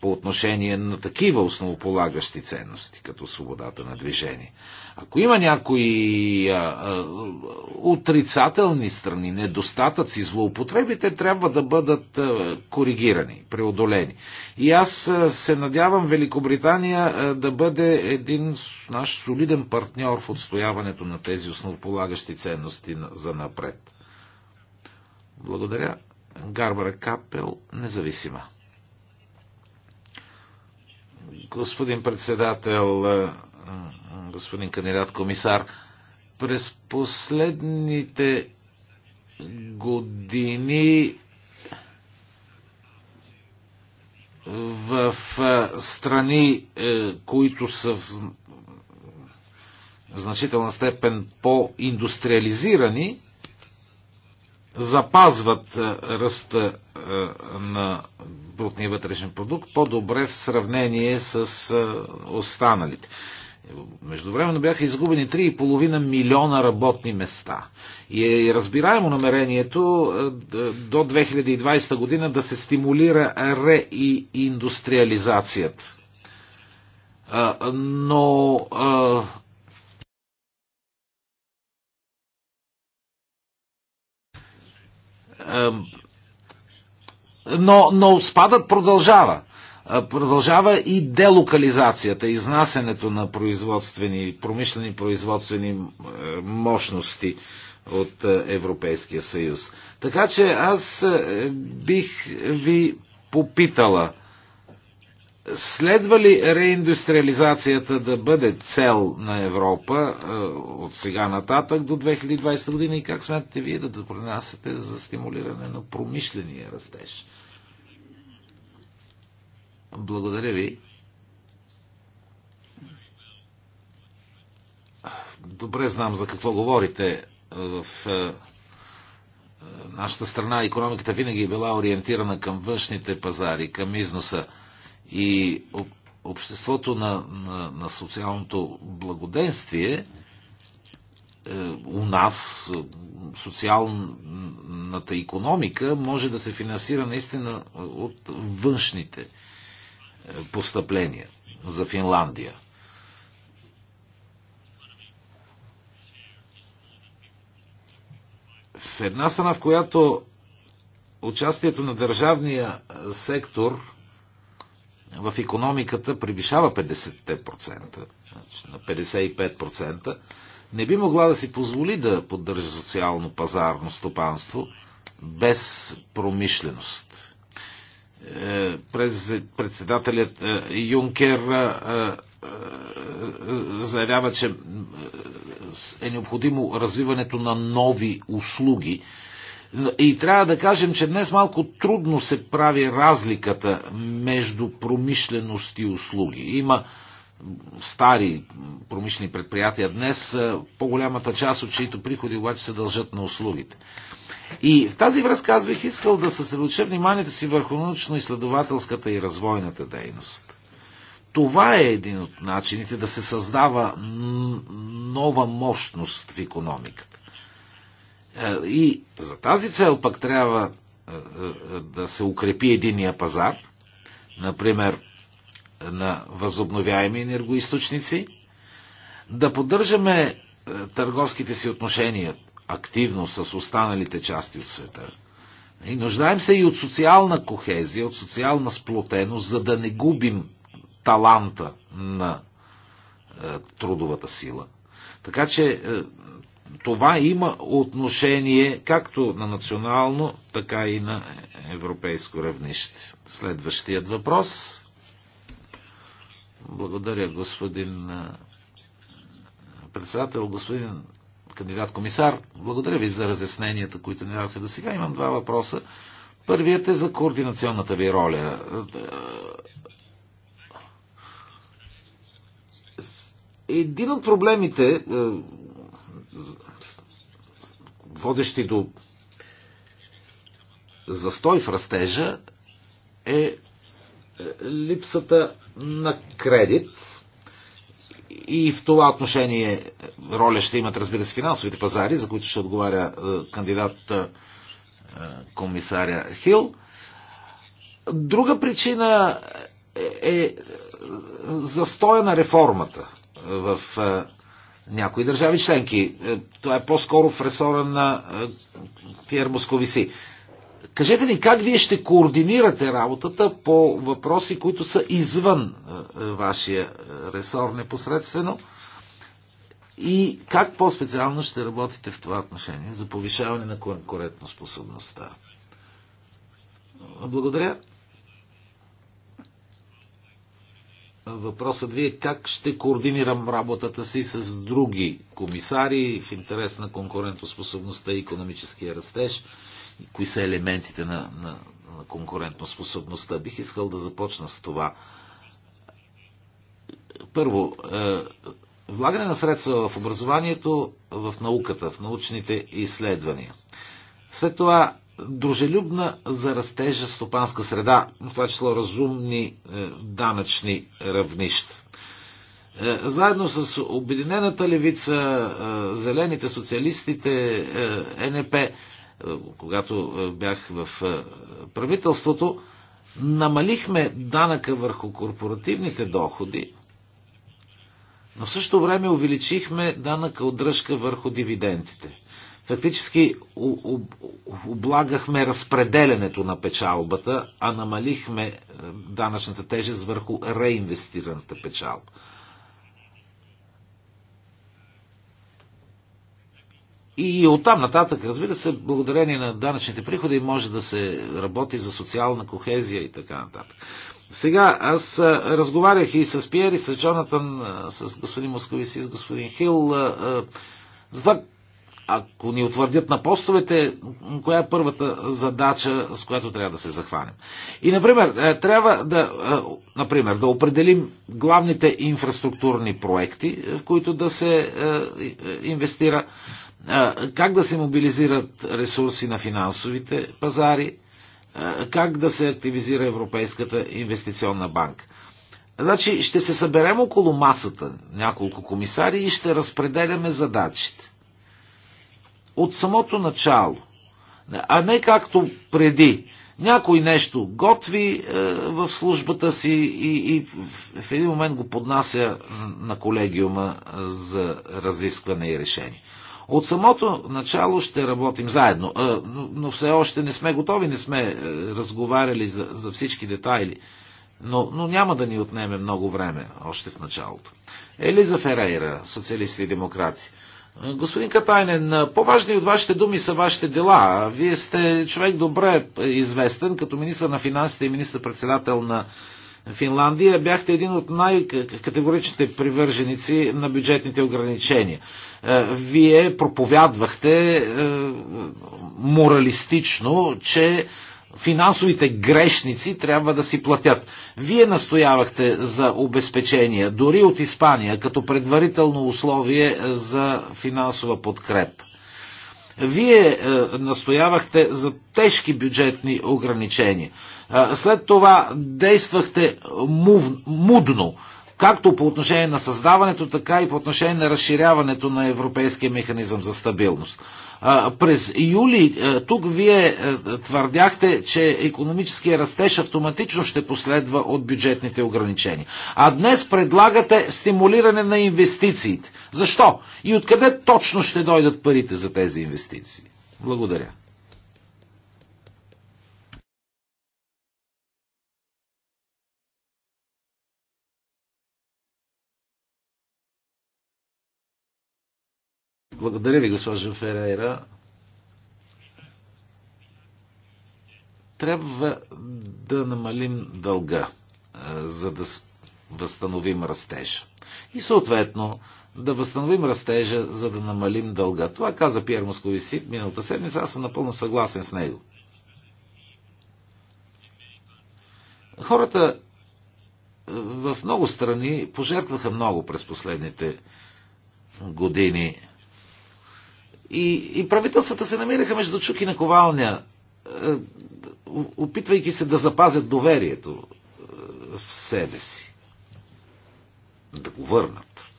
по отношение на такива основополагащи ценности, като свободата на движение. Ако има някои а, а, отрицателни страни, недостатъци, злоупотребите, те трябва да бъдат а, коригирани, преодолени. И аз а, се надявам Великобритания а, да бъде един наш солиден партньор в отстояването на тези основополагащи ценности за напред. Благодаря. Гарбара Капел, независима. Господин председател, господин кандидат комисар, през последните години в страни, е, които са в значителна степен по-индустриализирани, запазват е, ръста е, на брутния вътрешен продукт по-добре в сравнение с е, останалите. Междувременно бяха изгубени 3,5 милиона работни места. И разбираемо намерението до 2020 година да се стимулира реиндустриализацията. Но Но, но спадът продължава. Продължава и делокализацията, изнасянето на производствени, промишлени производствени е, мощности от е, Европейския съюз. Така че аз е, бих ви попитала – Следва ли реиндустриализацията да бъде цел на Европа е, от сега нататък до 2020 година и как смятате вие да допринасяте за стимулиране на промишления растеж? Благодаря ви. Добре знам за какво говорите. Е, в е, нашата страна економиката винаги е била ориентирана към външните пазари, към износа и обществото на, на, на социалното благоденствие е, у нас социалната економика може да се финансира наистина от външните е, постъпления за Финландия. В една страна, в която участието на държавния е, сектор в економиката превишава 50%, значи на 55%, не би могла да си позволи да поддържа социално-пазарно стопанство без промишленост. Е, през председателят е, Юнкер е, заявява, че е необходимо развиването на нови услуги, и трябва да кажем, че днес малко трудно се прави разликата между промишленост и услуги. Има стари промишлени предприятия днес, по-голямата част от чието приходи обаче се дължат на услугите. И в тази връзка аз бих искал да съсредоча вниманието си върху научно-изследователската и развойната дейност. Това е един от начините да се създава нова мощност в економиката. Е, и за тази цел пък трябва е, е, да се укрепи единия пазар, например на възобновяеми енергоисточници, да поддържаме търговските си отношения активно с останалите части от света. И нуждаем се и от социална кохезия, от социална сплотеност, за да не губим таланта на трудовата сила. Така че това има отношение както на национално, така и на европейско равнище. Следващият въпрос. Благодаря, господин председател, господин кандидат комисар. Благодаря ви за разясненията, които ни дадохте до сега. Имам два въпроса. Първият е за координационната ви роля. Един от проблемите, водещи до застой в растежа, е, е липсата на кредит. И в това отношение роля ще имат, разбира се, финансовите пазари, за които ще отговаря е, кандидат е, комисаря Хил. Друга причина е застоя на реформата в някои държави членки. Е, това е по-скоро в ресора на е, Пьер Московиси. Кажете ни как вие ще координирате работата по въпроси, които са извън е, вашия ресор непосредствено и как по-специално ще работите в това отношение за повишаване на конкурентоспособността. Благодаря. Въпросът ви е как ще координирам работата си с други комисари в интерес на конкурентоспособността и економическия растеж и кои са елементите на, на, на конкурентоспособността. Бих искал да започна с това. Първо, е, влагане на средства в образованието, в науката, в научните изследвания. След това дружелюбна за растежа стопанска среда, в това число разумни е, данъчни равнища. Е, заедно с Обединената левица, е, зелените, социалистите, НП, когато бях в правителството, намалихме данъка върху корпоративните доходи, но в същото време увеличихме данъка от дръжка върху дивидендите. Фактически облагахме разпределенето на печалбата, а намалихме е, данъчната тежест върху реинвестираната печалба. И оттам нататък, разбира се, благодарение на данъчните приходи може да се работи за социална кохезия и така нататък. Сега, аз е, разговарях и с Пиери, с Джонатан, е, с господин Московис, и с господин Хил, за това ако ни утвърдят на постовете, коя е първата задача, с която трябва да се захванем. И, например, е, трябва да, е, например, да определим главните инфраструктурни проекти, в които да се е, инвестира, как да се мобилизират ресурси на финансовите пазари, как да се активизира Европейската инвестиционна банка. Значи ще се съберем около масата няколко комисари и ще разпределяме задачите от самото начало. А не както преди. Някой нещо готви е, в службата си и, и в един момент го поднася на колегиума е, за разискване и решение. От самото начало ще работим заедно, е, но, но все още не сме готови, не сме е, разговаряли за, за всички детайли, но, но няма да ни отнеме много време още в началото. Елиза Ферейра, социалисти и демократи. Господин Катайнен, по-важни от вашите думи са вашите дела. Вие сте човек добре известен като министър на финансите и министър-председател на Финландия. Бяхте един от най-категоричните привърженици на бюджетните ограничения. Е, вие проповядвахте е, моралистично, че финансовите грешници трябва да си платят. Вие настоявахте за обезпечение, дори от Испания, като предварително условие за финансова подкреп. Вие е, настоявахте за тежки бюджетни ограничения. Е, след това действахте мув, мудно, както по отношение на създаването, така и по отношение на разширяването на Европейския механизъм за стабилност. През юли тук вие е, твърдяхте, че економическия растеж автоматично ще последва от бюджетните ограничения. А днес предлагате стимулиране на инвестициите. Защо? И откъде точно ще дойдат парите за тези инвестиции? Благодаря. Благодаря ви, госпожо Ферейра. Трябва да намалим дълга, за да възстановим растежа. И съответно да възстановим растежа, за да намалим дълга. Това каза Пьер Московиси миналата седмица. Аз съм напълно съгласен с него. Хората в много страни пожертваха много през последните години. И, и правителствата се намираха между чук и наковалня, е, опитвайки се да запазят доверието е, в себе си. Да го върнат.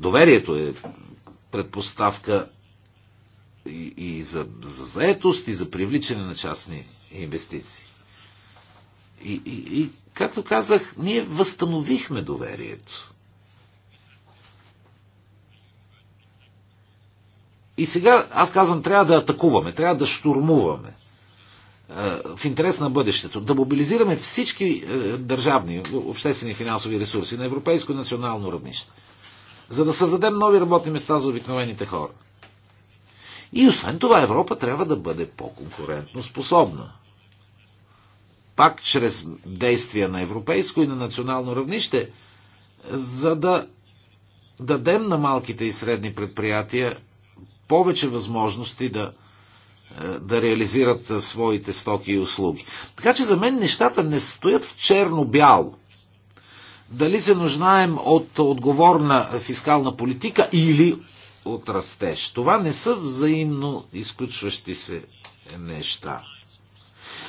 Доверието е предпоставка и, и за, за заетост, и за привличане на частни инвестиции. И, и, и, както казах, ние възстановихме доверието. И сега, аз казвам, трябва да атакуваме, трябва да штурмуваме е, в интерес на бъдещето, да мобилизираме всички е, държавни, обществени финансови ресурси на европейско и национално равнище, за да създадем нови работни места за обикновените хора. И освен това Европа трябва да бъде по-конкурентно способна. Пак чрез действия на европейско и на национално равнище, за да дадем на малките и средни предприятия повече възможности да, е, да реализират е, своите стоки и услуги. Така че за мен нещата не стоят в черно-бяло. Дали се нуждаем от отговорна фискална политика или от растеж. Това не са взаимно изключващи се неща.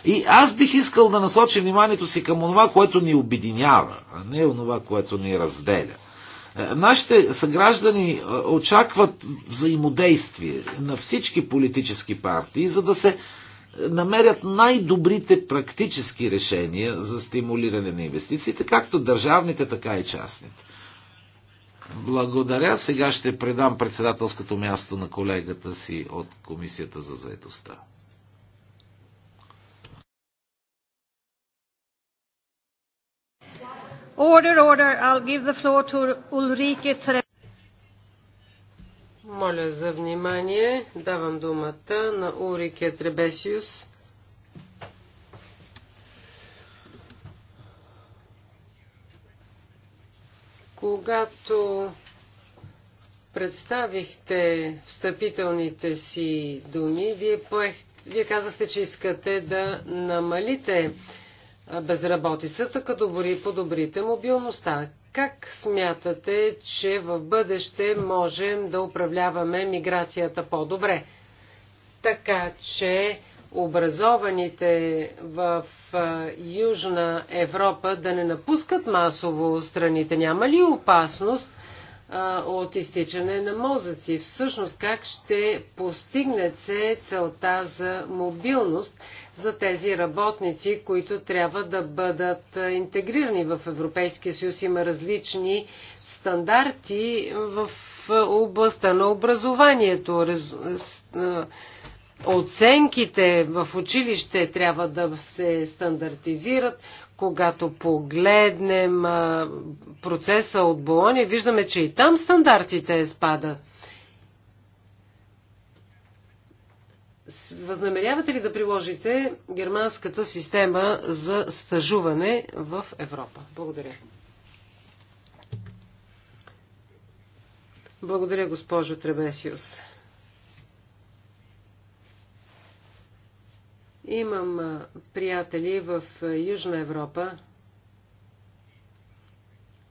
И аз бих искал да насоча вниманието си към онова, което ни обединява, а не онова, което ни разделя – е, нашите съграждани е, очакват взаимодействие на всички политически партии, за да се е, намерят най-добрите практически решения за стимулиране на инвестициите, както държавните, така и частните. Благодаря. Сега ще предам председателското място на колегата си от Комисията за заедостта. Order, order. I'll give the floor to Ulrike Tre... Моля за внимание. Давам думата на Урике Требесиус. Когато представихте встъпителните си думи, вие, поех, вие казахте, че искате да намалите безработицата, като дори подобрите мобилността. Как смятате, че в бъдеще можем да управляваме миграцията по-добре? Така че образованите в Южна Европа да не напускат масово страните. Няма ли опасност от изтичане на мозъци. Всъщност как ще постигне се целта за мобилност за тези работници, които трябва да бъдат интегрирани в Европейския съюз. Има различни стандарти в областта на образованието. Оценките в училище трябва да се стандартизират. Когато погледнем процеса от Болония, виждаме, че и там стандартите спада. Възнамерявате ли да приложите германската система за стажуване в Европа? Благодаря. Благодаря, госпожо Требесиус. Имам приятели в Южна Европа,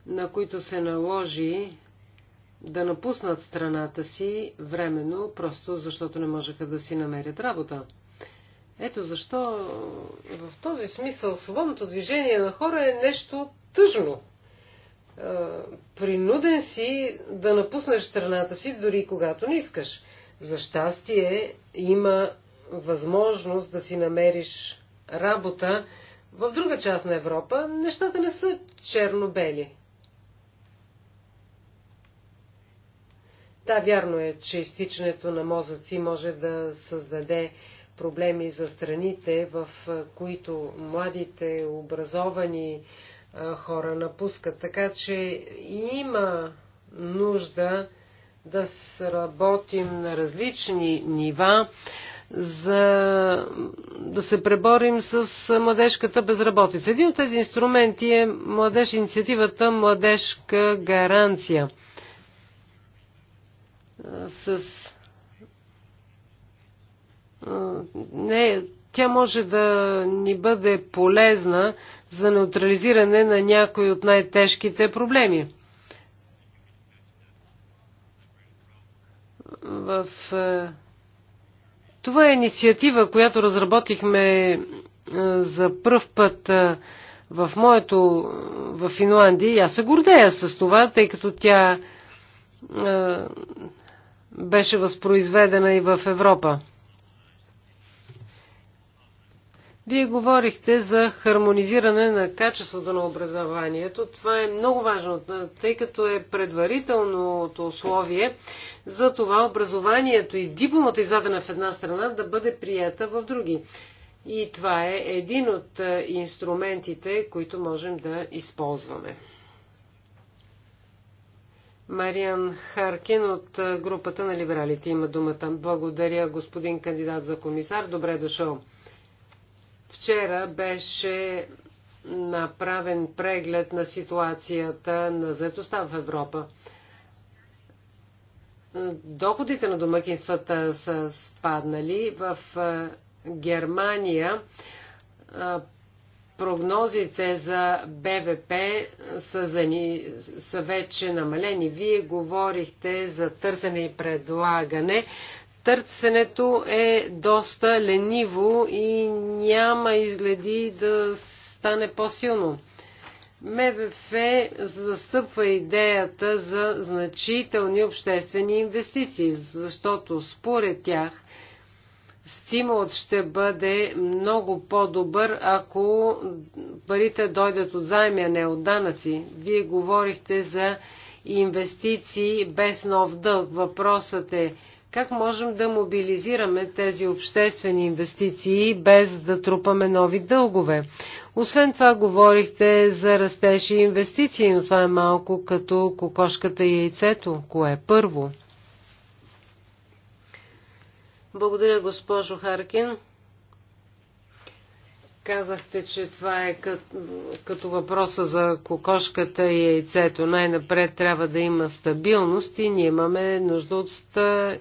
на които се наложи да напуснат страната си временно, просто защото не можеха да си намерят работа. Ето защо в този смисъл свободното движение на хора е нещо тъжно. Принуден си да напуснеш страната си, дори когато не искаш. За щастие има възможност да си намериш работа в друга част на Европа, нещата не са черно-бели. Да, вярно е, че изтичането на мозъци може да създаде проблеми за страните, в които младите, образовани хора напускат. Така че има нужда да работим на различни нива за да се преборим с младежката безработица. Един от тези инструменти е младеж инициативата Младежка гаранция. С не, тя може да ни бъде полезна за неутрализиране на някои от най-тежките проблеми. В това е инициатива, която разработихме е, за пръв път е, в моето, е, в Финландия, и аз се гордея с това, тъй като тя беше възпроизведена и в Европа. Вие говорихте за хармонизиране на качеството на образованието. Това е много важно, тъй като е предварителното условие за това образованието и дипломата, издадена в една страна, да бъде прията в други. И това е един от инструментите, които можем да използваме. Мариан Харкин от групата на либералите има думата. Благодаря, господин кандидат за комисар. Добре дошъл. Вчера беше направен преглед на ситуацията на заетостта в Европа. Доходите на домакинствата са спаднали. В Германия прогнозите за БВП са, за ни, са вече намалени. Вие говорихте за търсене и предлагане търсенето е доста лениво и няма изгледи да стане по-силно. МВФ застъпва идеята за значителни обществени инвестиции, защото според тях стимулът ще бъде много по-добър, ако парите дойдат от заеми, а не от данъци. Вие говорихте за инвестиции без нов дълг. Въпросът е как можем да мобилизираме тези обществени инвестиции без да трупаме нови дългове? Освен това, говорихте за растеж и инвестиции, но това е малко като кокошката и яйцето. Кое е първо? Благодаря, госпожо Харкин. Казахте, че това е като, като въпроса за кокошката и яйцето. Най-напред трябва да има стабилност и ние имаме нужда от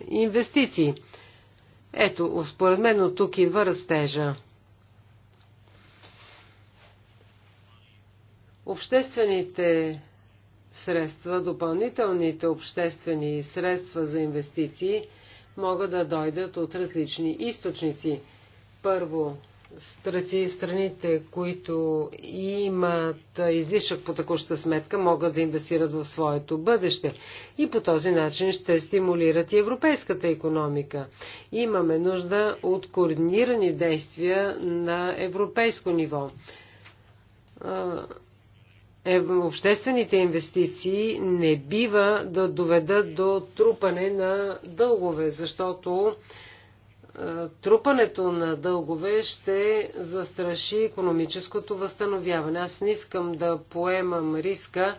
инвестиции. Ето, според мен от тук идва растежа. Обществените средства, допълнителните обществени средства за инвестиции могат да дойдат от различни източници. Първо, страните, които имат излишък по такуща сметка, могат да инвестират в своето бъдеще. И по този начин ще стимулират и европейската економика. Имаме нужда от координирани действия на европейско ниво. Обществените инвестиции не бива да доведат до трупане на дългове, защото е, трупането на дългове ще застраши економическото възстановяване. Аз не искам да поемам риска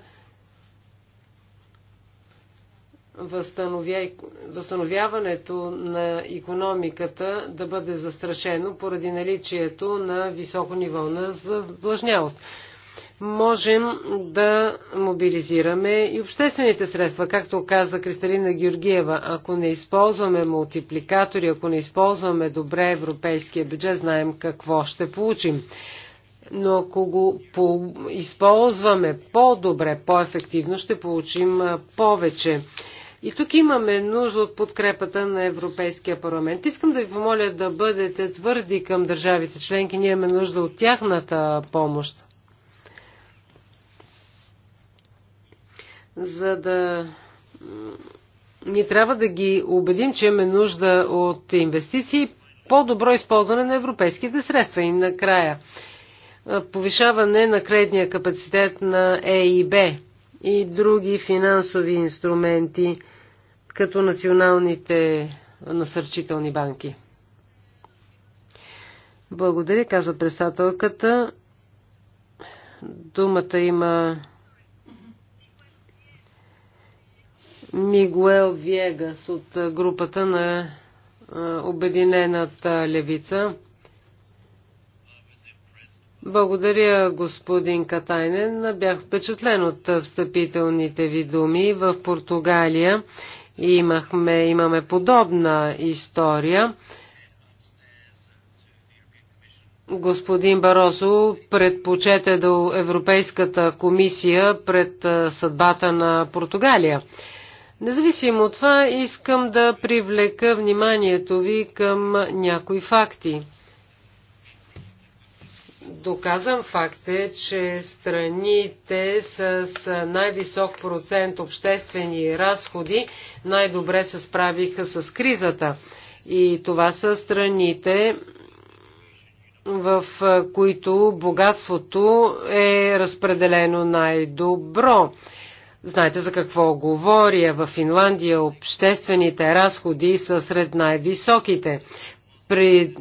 възстановяването на економиката да бъде застрашено поради наличието на високо ниво на задлъжнялост можем да мобилизираме и обществените средства. Както каза Кристалина Георгиева, ако не използваме мултипликатори, ако не използваме добре европейския бюджет, знаем какво ще получим. Но ако го по- използваме по-добре, по-ефективно, ще получим повече. И тук имаме нужда от подкрепата на Европейския парламент. Искам да ви помоля да бъдете твърди към държавите членки. Ние имаме нужда от тяхната помощ. за да ни трябва да ги убедим, че имаме нужда от инвестиции, по-добро използване на европейските средства и накрая повишаване на кредитния капацитет на ЕИБ и други финансови инструменти, като националните насърчителни банки. Благодаря, казва председателката. Думата има Мигуел Виегас от групата на Обединената левица. Благодаря, господин Катайнен. Бях впечатлен от встъпителните ви думи. В Португалия имахме, имаме подобна история. Господин Баросо предпочете до Европейската комисия пред съдбата на Португалия. Независимо от това, искам да привлека вниманието ви към някои факти. Доказан факт е, че страните с най-висок процент обществени разходи най-добре се справиха с кризата. И това са страните, в които богатството е разпределено най-добро. Знаете за какво говоря. В Финландия обществените разходи са сред най-високите. При...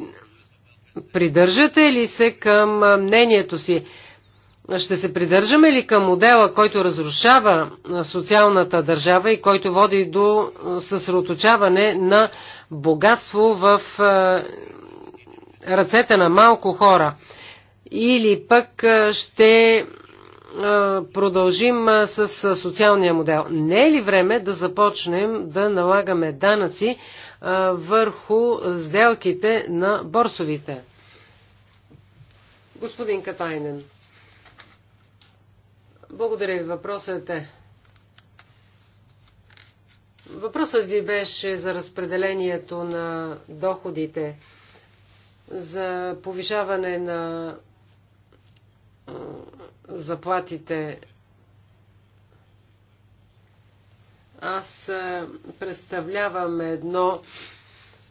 Придържате ли се към мнението си? Ще се придържаме ли към модела, който разрушава социалната държава и който води до съсредоточаване на богатство в ръцете на малко хора? Или пък ще продължим с социалния модел. Не е ли време да започнем да налагаме данъци върху сделките на борсовите? Господин Катайнен, благодаря ви. Въпросът е. Въпросът ви беше за разпределението на доходите, за повишаване на заплатите. Аз е, представлявам едно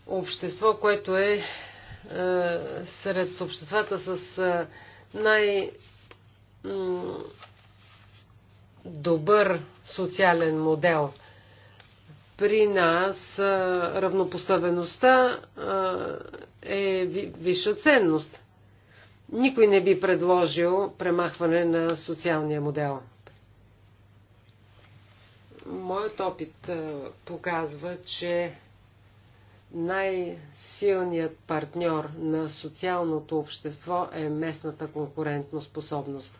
общество, което е, е сред обществата с е, най- добър социален модел. При нас равнопоставеността е висша ценност. Никой не би предложил премахване на социалния модел. Моят опит показва, че най-силният партньор на социалното общество е местната конкурентно способност.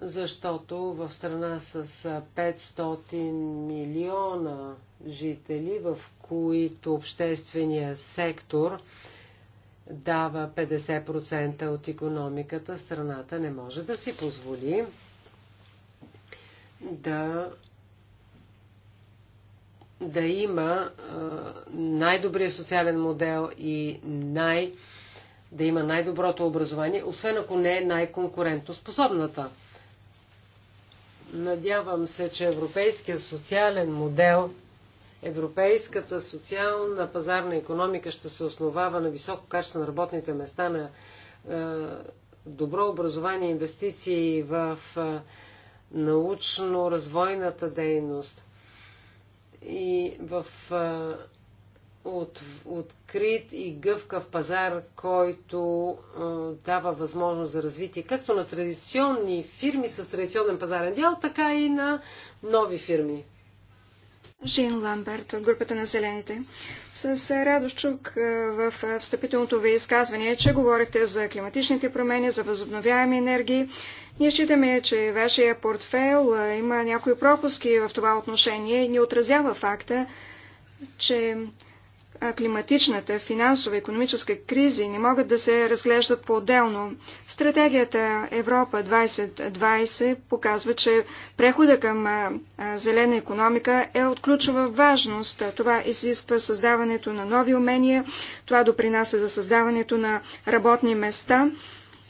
Защото в страна с 500 милиона жители, в които обществения сектор – дава 50% от економиката, страната не може да си позволи да да има най-добрия социален модел и най- да има най-доброто образование, освен ако не е най-конкурентно способната. Надявам се, че европейския социален модел Европейската социална пазарна економика ще се основава на високо качество на работните места, на е, добро образование, инвестиции в е, научно-развойната дейност и в е, от, открит и гъвкав пазар, който е, дава възможност за развитие както на традиционни фирми с традиционен пазарен дял, така и на нови фирми. Жин Ламберт от групата на Зелените. С радост чук е, в встъпителното ви изказване, че говорите за климатичните промени, за възобновяеми енергии. Ние считаме, че вашия портфел е, има някои пропуски в това отношение и ни отразява факта, че климатичната, финансова, економическа кризи не могат да се разглеждат по-отделно. Стратегията Европа 2020 показва, че прехода към зелена економика е от ключова важност. Това изисква създаването на нови умения, това допринася за създаването на работни места,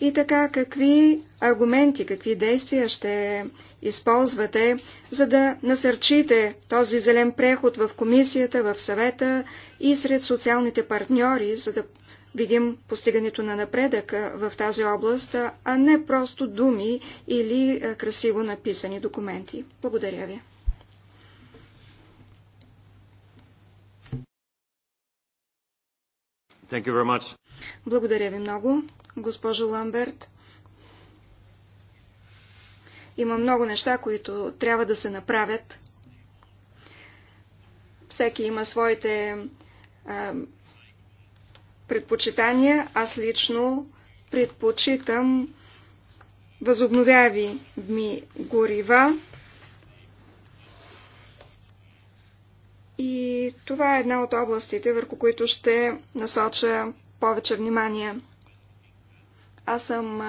и така, какви аргументи, какви действия ще използвате, за да насърчите този зелен преход в комисията, в съвета и сред социалните партньори, за да видим постигането на напредък в тази област, а не просто думи или красиво написани документи. Благодаря ви. Благодаря ви много госпожо Ламберт. Има много неща, които трябва да се направят. Всеки има своите а, предпочитания. Аз лично предпочитам възобновяви ми горива. И това е една от областите, върху които ще насоча повече внимание. Аз съм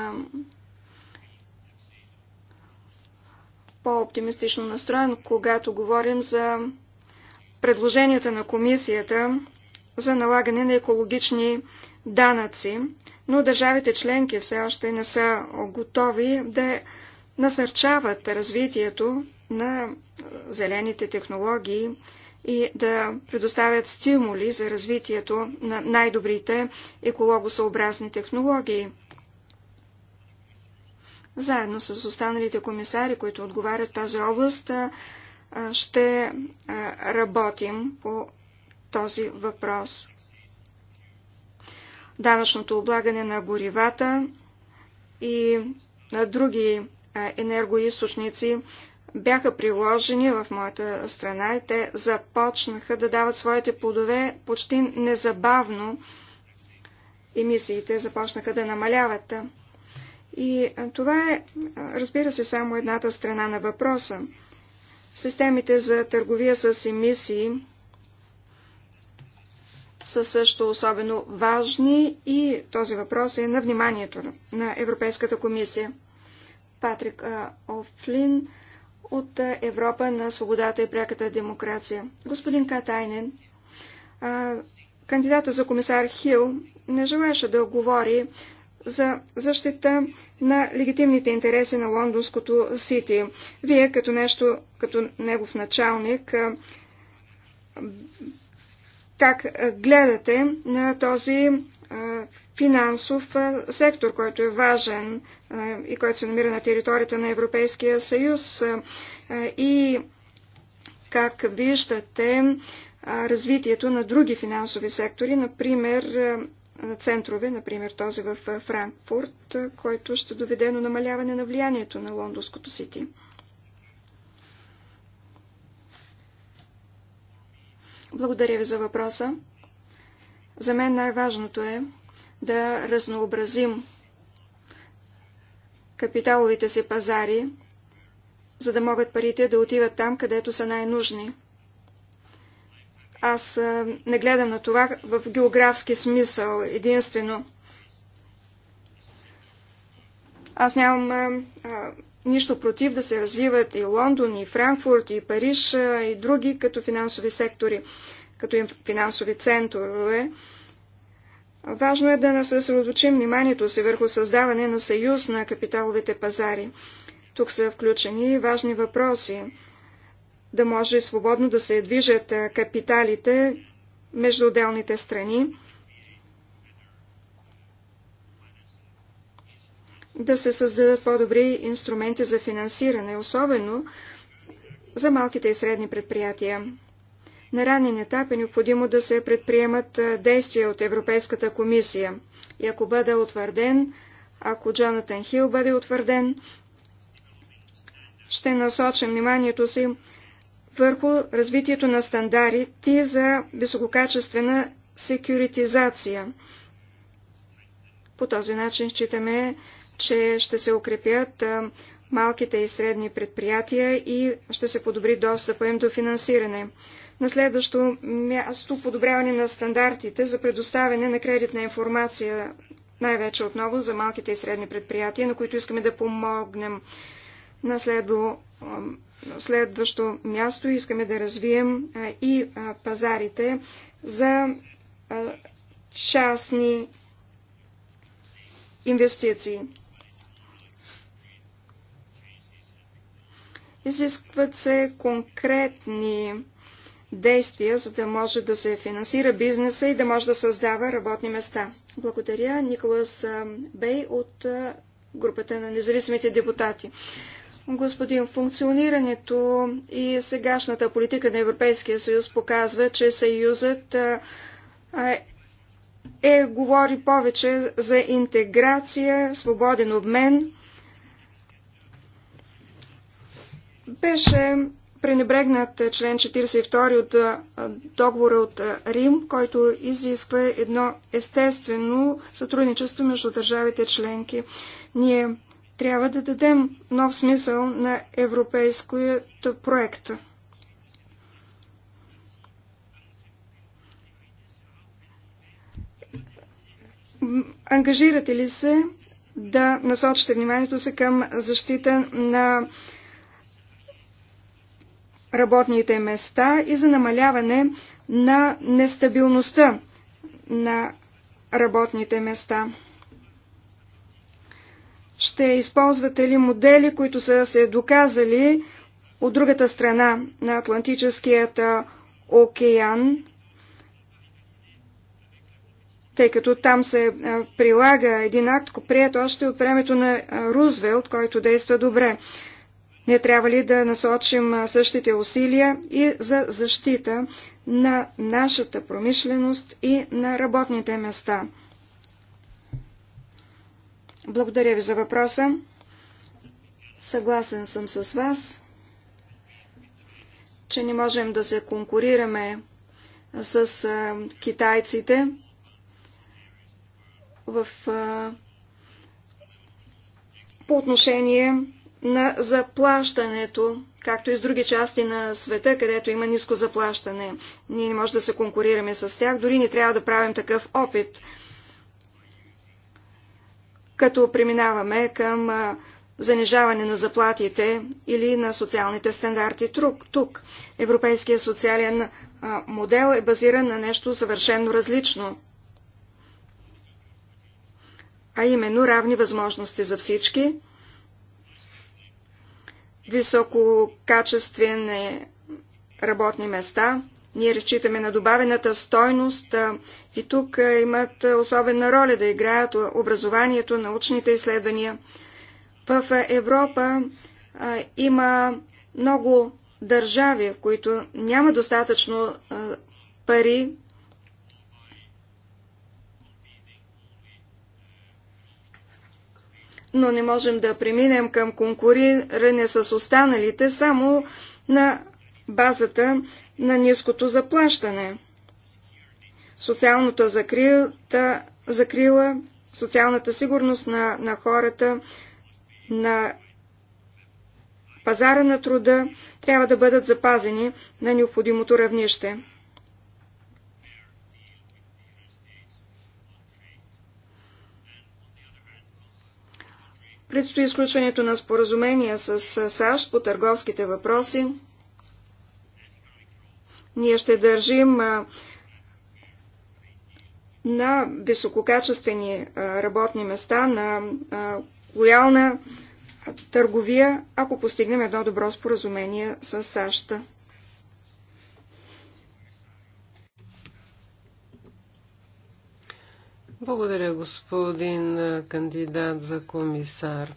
по-оптимистично настроен, когато говорим за предложенията на комисията за налагане на екологични данъци, но държавите членки все още не са готови да насърчават развитието на зелените технологии и да предоставят стимули за развитието на най-добрите екологосъобразни технологии заедно с останалите комисари, които отговарят тази област, ще работим по този въпрос. Данъчното облагане на горивата и на други енергоисточници бяха приложени в моята страна и те започнаха да дават своите плодове почти незабавно. Емисиите започнаха да намаляват. И това е, разбира се, само едната страна на въпроса. Системите за търговия с емисии са също особено важни и този въпрос е на вниманието на Европейската комисия. Патрик Офлин от Европа на свободата и пряката демокрация. Господин Катайнен, кандидата за комисар Хил не желаеше да говори за защита на легитимните интереси на лондонското Сити. Вие като нещо, като негов началник, как гледате на този финансов сектор, който е важен и който се намира на територията на Европейския съюз и как виждате развитието на други финансови сектори, например центрове, например този в Франкфурт, който ще доведе до намаляване на влиянието на лондонското сити. Благодаря ви за въпроса. За мен най-важното е да разнообразим капиталовите си пазари, за да могат парите да отиват там, където са най-нужни – аз не гледам на това в географски смисъл единствено. Аз нямам а, а, нищо против да се развиват и Лондон, и Франкфурт, и Париж, а, и други като финансови сектори, като финансови центрове. Важно е да насъсредоточим вниманието си върху създаване на съюз на капиталовите пазари. Тук са включени важни въпроси да може свободно да се движат капиталите между отделните страни, да се създадат по-добри инструменти за финансиране, особено за малките и средни предприятия. На ранен етап е необходимо да се предприемат действия от Европейската комисия. И ако бъде утвърден, ако Джонатан Хил бъде утвърден, ще насочим вниманието си върху развитието на стандарти за висококачествена секюритизация. По този начин считаме, че ще се укрепят малките и средни предприятия и ще се подобри достъпа им до финансиране. На следващо място подобряване на стандартите за предоставяне на кредитна информация, най-вече отново за малките и средни предприятия, на които искаме да помогнем. На следо, следващо място искаме да развием и пазарите за частни инвестиции. Изискват се конкретни действия, за да може да се финансира бизнеса и да може да създава работни места. Благодаря Николас Бей от групата на независимите депутати. Господин, функционирането и сегашната политика на Европейския съюз показва, че съюзът е, говори повече за интеграция, свободен обмен. Беше пренебрегнат член 42 от договора от Рим, който изисква едно естествено сътрудничество между държавите членки. Ние трябва да дадем нов смисъл на европейското проект. Ангажирате ли се да насочите вниманието се към защита на работните места и за намаляване на нестабилността на работните места. Ще използвате ли модели, които са се доказали от другата страна на Атлантическият океан, тъй като там се прилага един акт, прият още от времето на Рузвелт, който действа добре. Не трябва ли да насочим същите усилия и за защита на нашата промишленост и на работните места? Благодаря ви за въпроса. Съгласен съм с вас, че не можем да се конкурираме с китайците в, по отношение на заплащането, както и с други части на света, където има ниско заплащане. Ние не можем да се конкурираме с тях, дори не трябва да правим такъв опит като преминаваме към занижаване на заплатите или на социалните стандарти. Тук Европейският социален модел е базиран на нещо съвършенно различно, а именно равни възможности за всички, висококачествени работни места, ние разчитаме на добавената стойност и тук имат особена роля да играят образованието, научните изследвания. В Европа има много държави, в които няма достатъчно пари но не можем да преминем към конкуриране с останалите само на базата на ниското заплащане. Социалната закрилата, закрила, социалната сигурност на, на хората, на пазара на труда трябва да бъдат запазени на необходимото равнище. Предстои изключването на споразумения с САЩ по търговските въпроси. Ние ще държим на висококачествени работни места, на лоялна търговия, ако постигнем едно добро споразумение с САЩ. Благодаря, господин кандидат за комисар.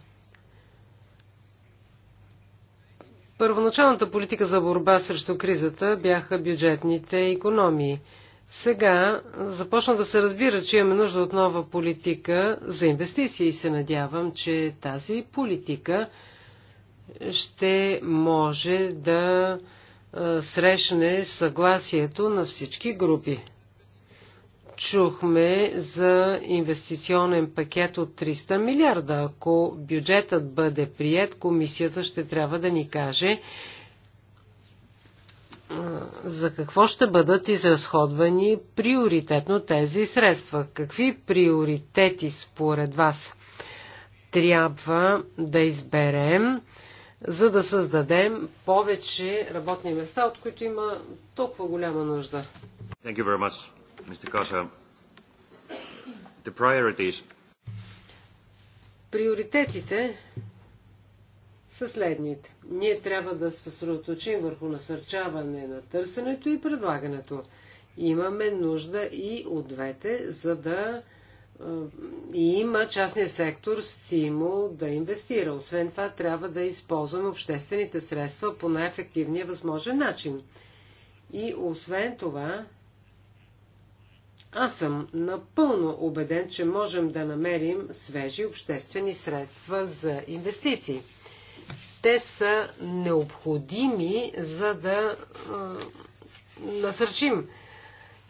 Първоначалната политика за борба срещу кризата бяха бюджетните економии. Сега започна да се разбира, че имаме нужда от нова политика за инвестиции и се надявам, че тази политика ще може да срещне съгласието на всички групи чухме за инвестиционен пакет от 300 милиарда. Ако бюджетът бъде прият, комисията ще трябва да ни каже за какво ще бъдат изразходвани приоритетно тези средства. Какви приоритети според вас трябва да изберем, за да създадем повече работни места, от които има толкова голяма нужда? Thank you very much. Приоритетите са следните. Ние трябва да се съсредоточим върху насърчаване на търсенето и предлагането. Имаме нужда и от двете, за да и има частния сектор стимул да инвестира. Освен това, трябва да използваме обществените средства по най-ефективния възможен начин. И освен това, аз съм напълно убеден, че можем да намерим свежи обществени средства за инвестиции. Те са необходими, за да а, насърчим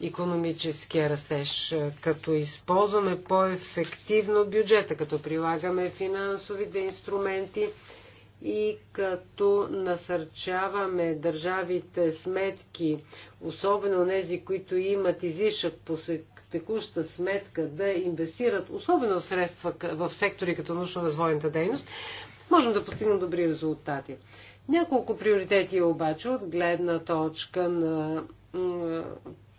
економическия растеж, като използваме по-ефективно бюджета, като прилагаме финансовите инструменти, и като насърчаваме държавите сметки, особено тези, които имат излишък по текуща сметка, да инвестират особено в средства в сектори като научно-развойната дейност, можем да постигнем добри резултати. Няколко приоритети обаче от гледна точка на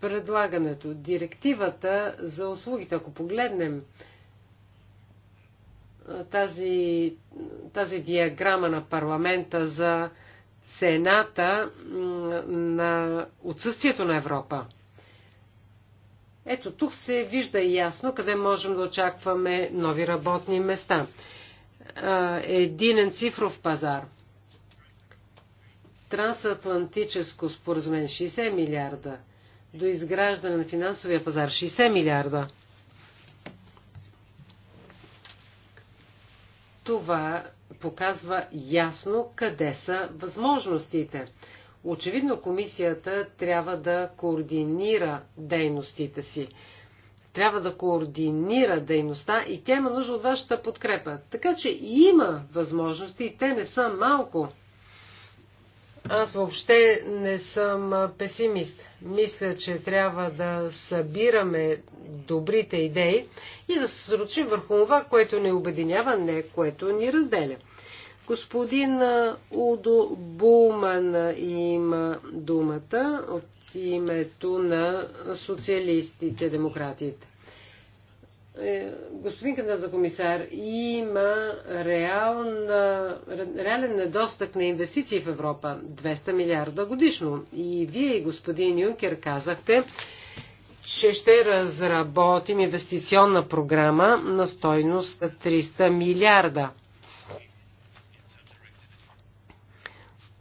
предлагането. Директивата за услугите, ако погледнем тази, тази диаграма на парламента за цената на отсъствието на Европа. Ето тук се вижда ясно къде можем да очакваме нови работни места. Единен цифров пазар. Трансатлантическо споразумение 60 милиарда. До изграждане на финансовия пазар 60 милиарда. Това показва ясно къде са възможностите. Очевидно комисията трябва да координира дейностите си. Трябва да координира дейността и тя има нужда от вашата подкрепа. Така че има възможности и те не са малко. Аз въобще не съм песимист. Мисля, че трябва да събираме добрите идеи и да се срочим върху това, което ни обединява, не което ни разделя. Господин Удо Буман има думата от името на социалистите-демократите. Е, господин кандидат за комисар, има реална, реален недостъг на инвестиции в Европа 200 милиарда годишно. И вие, господин Юнкер, казахте, че ще разработим инвестиционна програма на стойност 300 милиарда.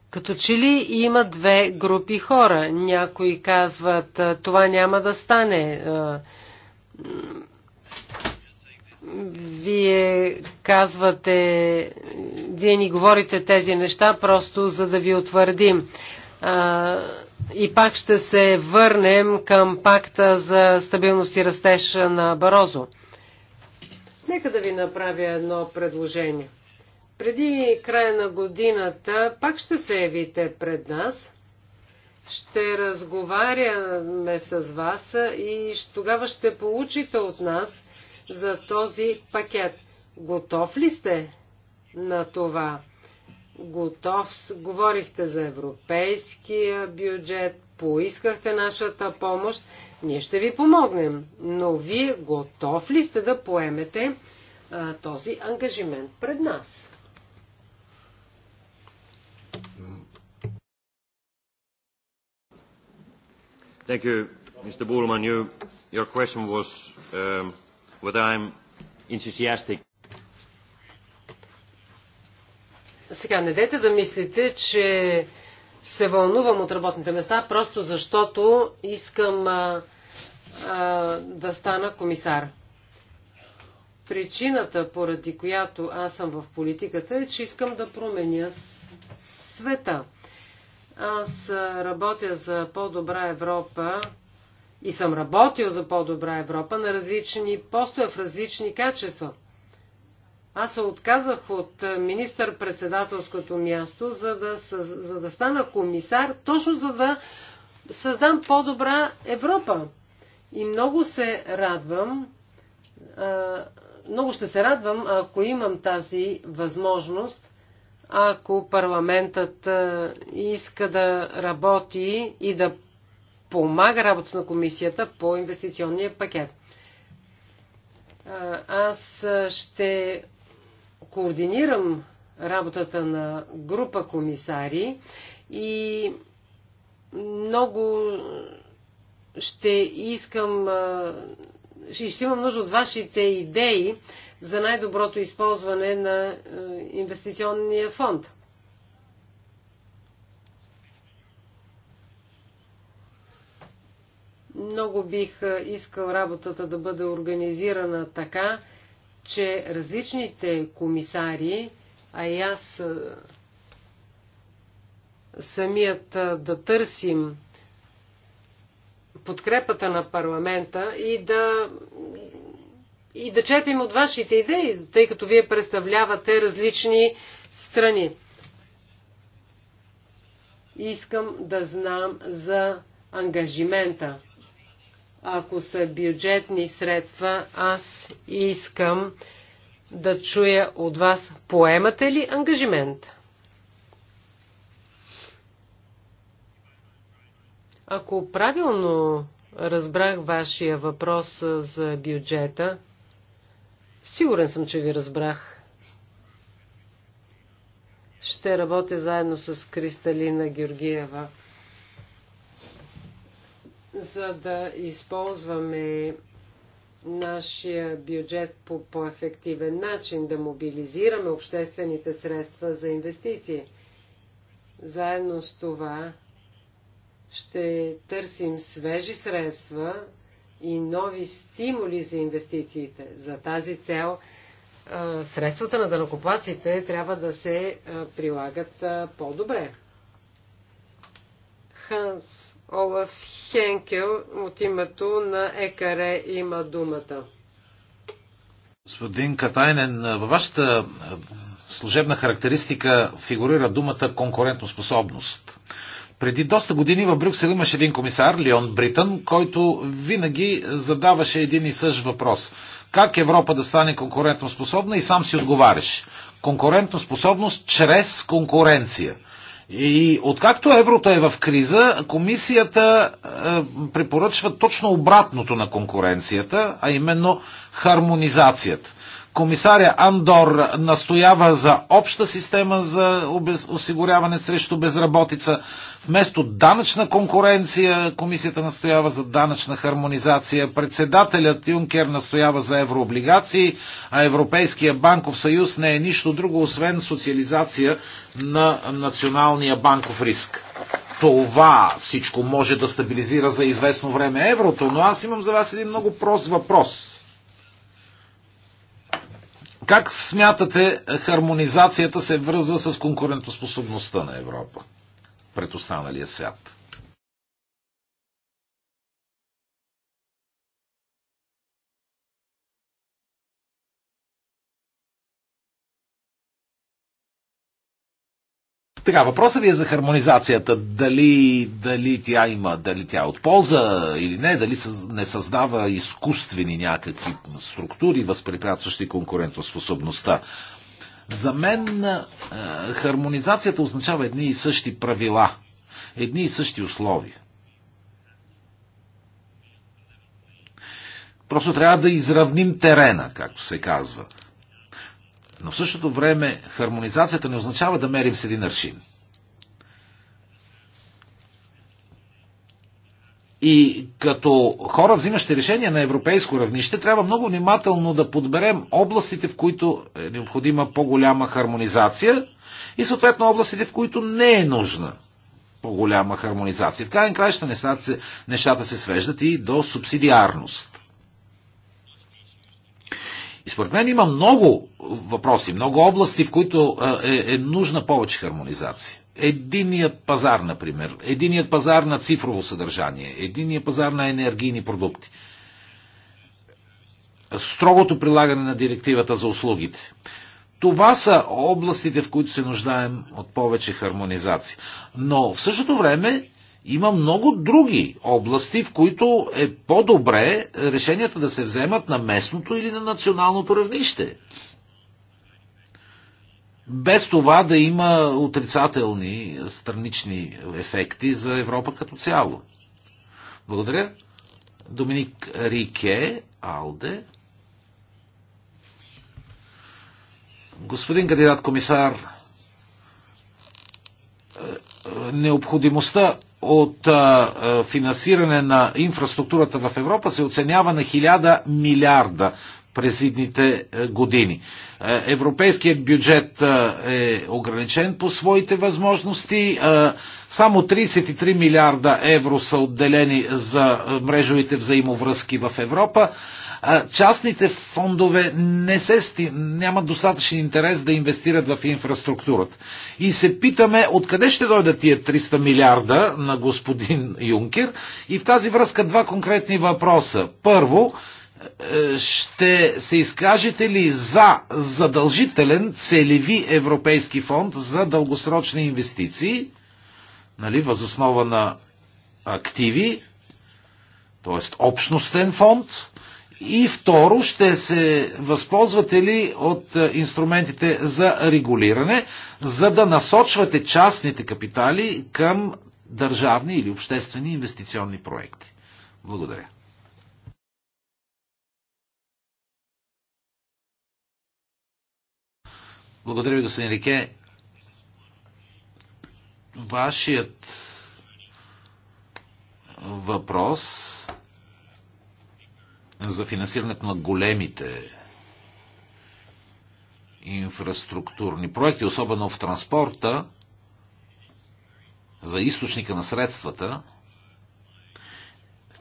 Като че ли има две групи хора. Някои казват, това няма да стане вие казвате, вие ни говорите тези неща просто за да ви утвърдим. А, и пак ще се върнем към пакта за стабилност и растеж на Барозо. Нека да ви направя едно предложение. Преди края на годината пак ще се явите пред нас. Ще разговаряме с вас и тогава ще получите от нас за този пакет. Готов ли сте на това? Готов, говорихте за европейския бюджет, поискахте нашата помощ, ние ще ви помогнем, но вие готов ли сте да поемете а, този ангажимент пред нас? Thank you, Mr. Bullman. You, your question was um, whether I'm enthusiastic. Сега не дете да мислите, че се вълнувам от работните места, просто защото искам а, а, да стана комисар. Причината, поради която аз съм в политиката, е, че искам да променя света. Аз работя за по-добра Европа и съм работил за по-добра Европа на различни постове в различни качества. Аз се отказах от е, министър-председателското място, за да, за да стана комисар, точно за да създам по-добра Европа. И много се радвам, много ще се радвам, ако имам тази възможност, ако парламентът е, иска да работи и да помага работа на комисията по инвестиционния пакет. Аз ще координирам работата на група комисари и много ще искам, ще, ще имам нужда от вашите идеи за най-доброто използване на инвестиционния фонд. Много бих искал работата да бъде организирана така, че различните комисари, а и аз самият да търсим подкрепата на парламента и да, и да черпим от вашите идеи, тъй като вие представлявате различни страни. Искам да знам за ангажимента ако са бюджетни средства, аз искам да чуя от вас, поемате ли ангажимент? Ако правилно разбрах вашия въпрос за бюджета, сигурен съм, че ви разбрах. Ще работя заедно с Кристалина Георгиева за да използваме нашия бюджет по по-ефективен начин, да мобилизираме обществените средства за инвестиции. Заедно с това ще търсим свежи средства и нови стимули за инвестициите. За тази цел средствата на дънокоплаците трябва да се прилагат по-добре. Ханс Олаф Хенкел от името на ЕКАРЕ има думата. Господин Катайнен, във вашата е, служебна характеристика фигурира думата конкурентоспособност. Преди доста години в Брюксел имаше един комисар, Леон Бритън, който винаги задаваше един и същ въпрос. Как Европа да стане конкурентоспособна и сам си отговаряш. Конкурентоспособност чрез конкуренция – и откакто еврото е в криза, комисията е, препоръчва точно обратното на конкуренцията, а именно хармонизацията. Комисаря Андор настоява за обща система за осигуряване срещу безработица. Вместо данъчна конкуренция, комисията настоява за данъчна хармонизация. Председателят Юнкер настоява за еврооблигации, а Европейския банков съюз не е нищо друго, освен социализация на националния банков риск. Това всичко може да стабилизира за известно време еврото, но аз имам за вас един много прост въпрос как смятате хармонизацията се връзва с конкурентоспособността на Европа пред останалия свят? Така, въпросът ви е за хармонизацията. Дали, дали тя има, дали тя е от полза или не, дали не създава изкуствени някакви структури, възпрепятстващи конкурентоспособността. За мен е, хармонизацията означава едни и същи правила, едни и същи условия. Просто трябва да изравним терена, както се казва. Но в същото време хармонизацията не означава да мерим с един аршин. И като хора, взимащи решения на европейско равнище, трябва много внимателно да подберем областите, в които е необходима по-голяма хармонизация и съответно областите, в които не е нужна по-голяма хармонизация. В крайна краища нещата се, нещата се свеждат и до субсидиарност. И според мен има много въпроси, много области, в които е, е нужна повече хармонизация. Единият пазар, например, единият пазар на цифрово съдържание, единият пазар на енергийни продукти, строгото прилагане на директивата за услугите. Това са областите, в които се нуждаем от повече хармонизация. Но в същото време има много други области, в които е по-добре решенията да се вземат на местното или на националното равнище. Без това да има отрицателни странични ефекти за Европа като цяло. Благодаря. Доминик Рике, Алде. Господин кандидат комисар, е, е, необходимостта от а, а, финансиране на инфраструктурата в Европа се оценява на 1000 милиарда през идните е, години. Е, европейският бюджет е, е ограничен по своите възможности. Само 33 милиарда евро са отделени за мрежовите взаимовръзки в Европа частните фондове не се сти... нямат достатъчен интерес да инвестират в инфраструктурата. И се питаме откъде ще дойдат тия 300 милиарда на господин Юнкер. И в тази връзка два конкретни въпроса. Първо, е, ще се изкажете ли за задължителен целеви европейски фонд за дългосрочни инвестиции, нали, възоснова на активи, т.е. общностен фонд, и второ, ще се възползвате ли от е, инструментите за регулиране, за да насочвате частните капитали към държавни или обществени инвестиционни проекти? Благодаря. Благодаря ви, господин Рике. Вашият въпрос за финансирането на големите инфраструктурни проекти, особено в транспорта, за източника на средствата,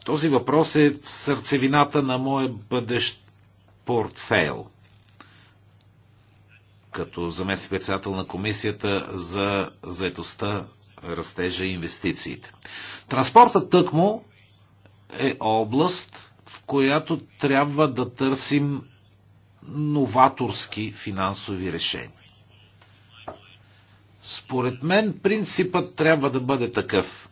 този въпрос е в сърцевината на моя бъдещ портфейл. Като заместник председател на комисията за заедостта, растежа и инвестициите. Транспортът тъкмо е област, в която трябва да търсим новаторски финансови решения. Според мен принципът трябва да бъде такъв.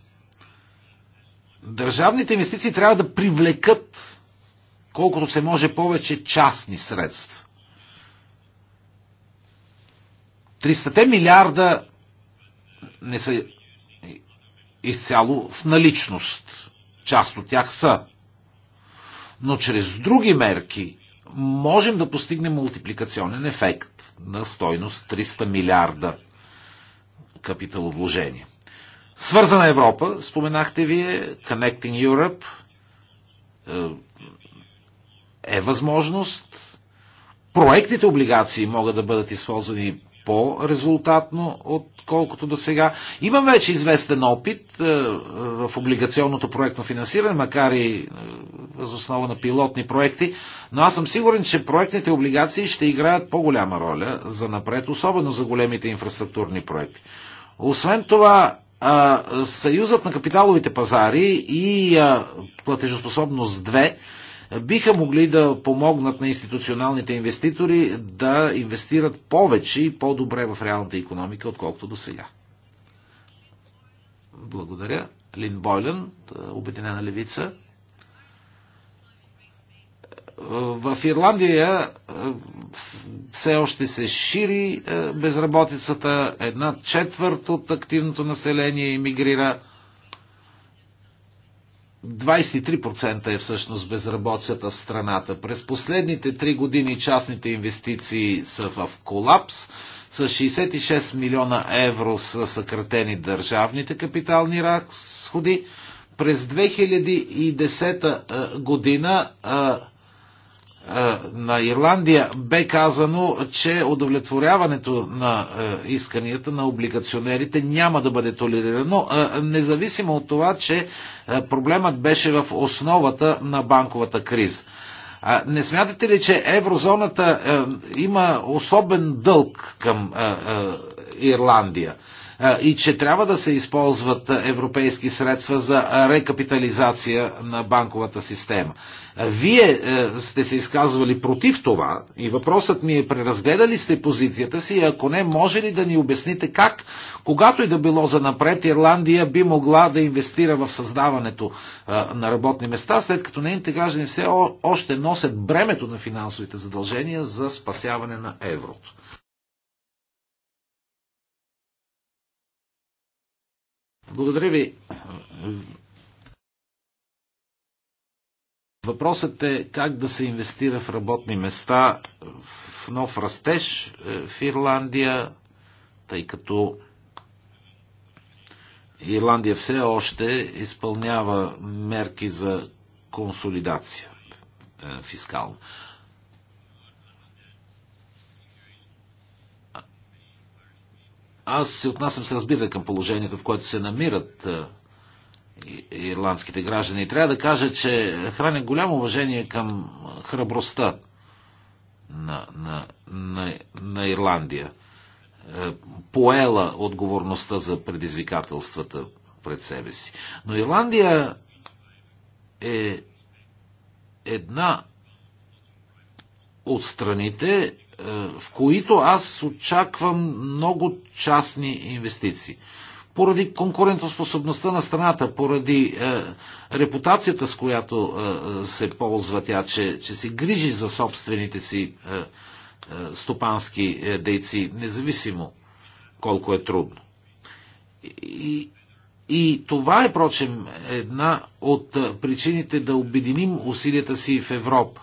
Държавните инвестиции трябва да привлекат колкото се може повече частни средства. 300 милиарда не са изцяло в наличност. Част от тях са но чрез други мерки можем да постигнем мултипликационен ефект на стойност 300 милиарда капиталовложения. Свързана Европа, споменахте вие, Connecting Europe е, е възможност. Проектните облигации могат да бъдат използвани по-резултатно, отколкото до сега. Имам вече известен опит е, в облигационното проектно финансиране, макар и е, възоснова на пилотни проекти, но аз съм сигурен, че проектните облигации ще играят по-голяма роля за напред, особено за големите инфраструктурни проекти. Освен това, е, Съюзът на капиталовите пазари и платежоспособност 2 биха могли да помогнат на институционалните инвеститори да инвестират повече и по-добре в реалната економика, отколкото до сега. Благодаря. Лин Бойлен, Обединена левица. В Ирландия е, все още се шири е, безработицата. Една четвърт от активното население иммигрира. 23% е всъщност безработицата в страната. През последните 3 години частните инвестиции са в колапс. С 66 милиона евро са съкратени държавните капитални разходи. През 2010 година е, на Ирландия бе казано, че удовлетворяването на е, исканията на облигационерите няма да бъде толерирано, е, независимо от това, че проблемът беше в основата на банковата криза. Не смятате ли, че еврозоната има особен дълг към Ирландия? и че трябва да се използват европейски средства за рекапитализация на банковата система. Вие е, сте се изказвали против това и въпросът ми е преразгледали сте позицията си и ако не, може ли да ни обясните как, когато и да било за напред, Ирландия би могла да инвестира в създаването е, на работни места, след като нейните граждани все още носят бремето на финансовите задължения за спасяване на еврото. Благодаря ви. Въпросът е как да се инвестира в работни места в нов растеж е, в Ирландия, тъй като Ирландия все още изпълнява мерки за консолидация е, фискална. Аз се отнасям с разбира към положението, в което се намират е, ирландските граждани. Трябва да кажа, че храня голямо уважение към храбростта на, на, на, на Ирландия. Е, поела отговорността за предизвикателствата пред себе си. Но Ирландия е една от страните, е, в които аз очаквам много частни инвестиции. Поради конкурентоспособността на страната, поради е, репутацията, с която е, се ползва тя, че, че се грижи за собствените си е, е, стопански е, дейци, независимо колко е трудно. И, и това е, прочим, една от е, причините да обединим усилията си в Европа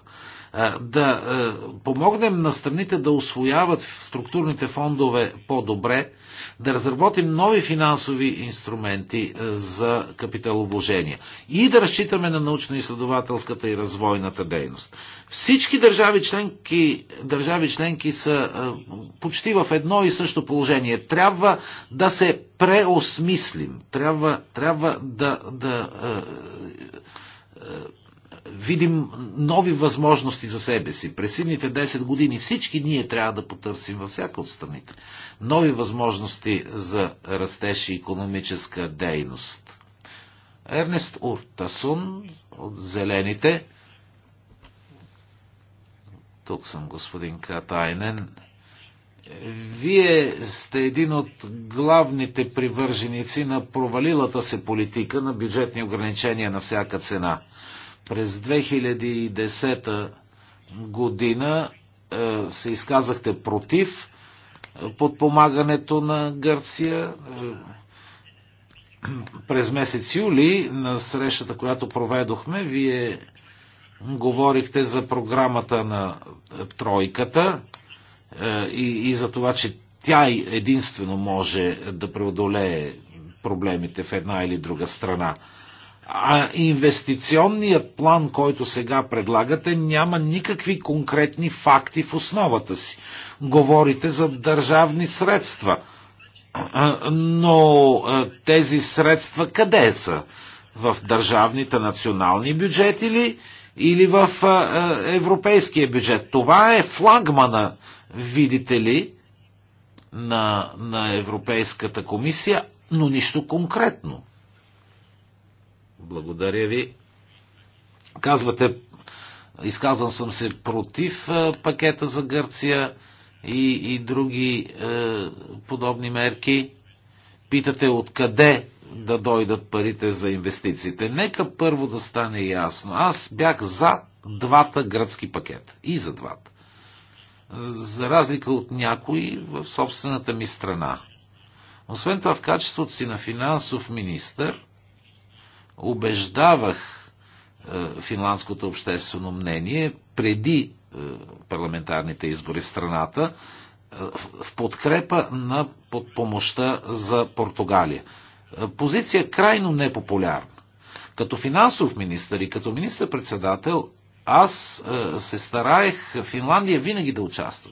да помогнем на страните да освояват структурните фондове по-добре, да разработим нови финансови инструменти за капиталовложения и да разчитаме на научно-изследователската и развойната дейност. Всички държави членки, държави членки са почти в едно и също положение. Трябва да се преосмислим, трябва, трябва да, да видим нови възможности за себе си. През едните 10 години всички ние трябва да потърсим във всяка от страните нови възможности за растеж и економическа дейност. Ернест Уртасун от Зелените. Тук съм господин Катайнен. Вие сте един от главните привърженици на провалилата се политика на бюджетни ограничения на всяка цена – през 2010 година е, се изказахте против е, подпомагането на Гърция. Е, през месец юли на срещата, която проведохме, вие говорихте за програмата на тройката и, и за това, че тя единствено може да преодолее проблемите в една или друга страна. А инвестиционният план, който сега предлагате, няма никакви конкретни факти в основата си. Говорите за държавни средства. Но тези средства къде са? В държавните национални бюджети ли? Или в европейския бюджет? Това е флагмана, видите ли, на, на Европейската комисия, но нищо конкретно. Благодаря ви. Казвате, изказвам съм се против пакета за Гърция и, и други е, подобни мерки. Питате откъде да дойдат парите за инвестициите. Нека първо да стане ясно. Аз бях за двата гръцки пакета. И за двата. За разлика от някои в собствената ми страна. Освен това, в качеството си на финансов министр, убеждавах е, финландското обществено мнение преди е, парламентарните избори в страната е, в подкрепа на помощта за Португалия. Позиция крайно непопулярна. Като финансов министр и като министр-председател аз се стараех Финландия винаги да участва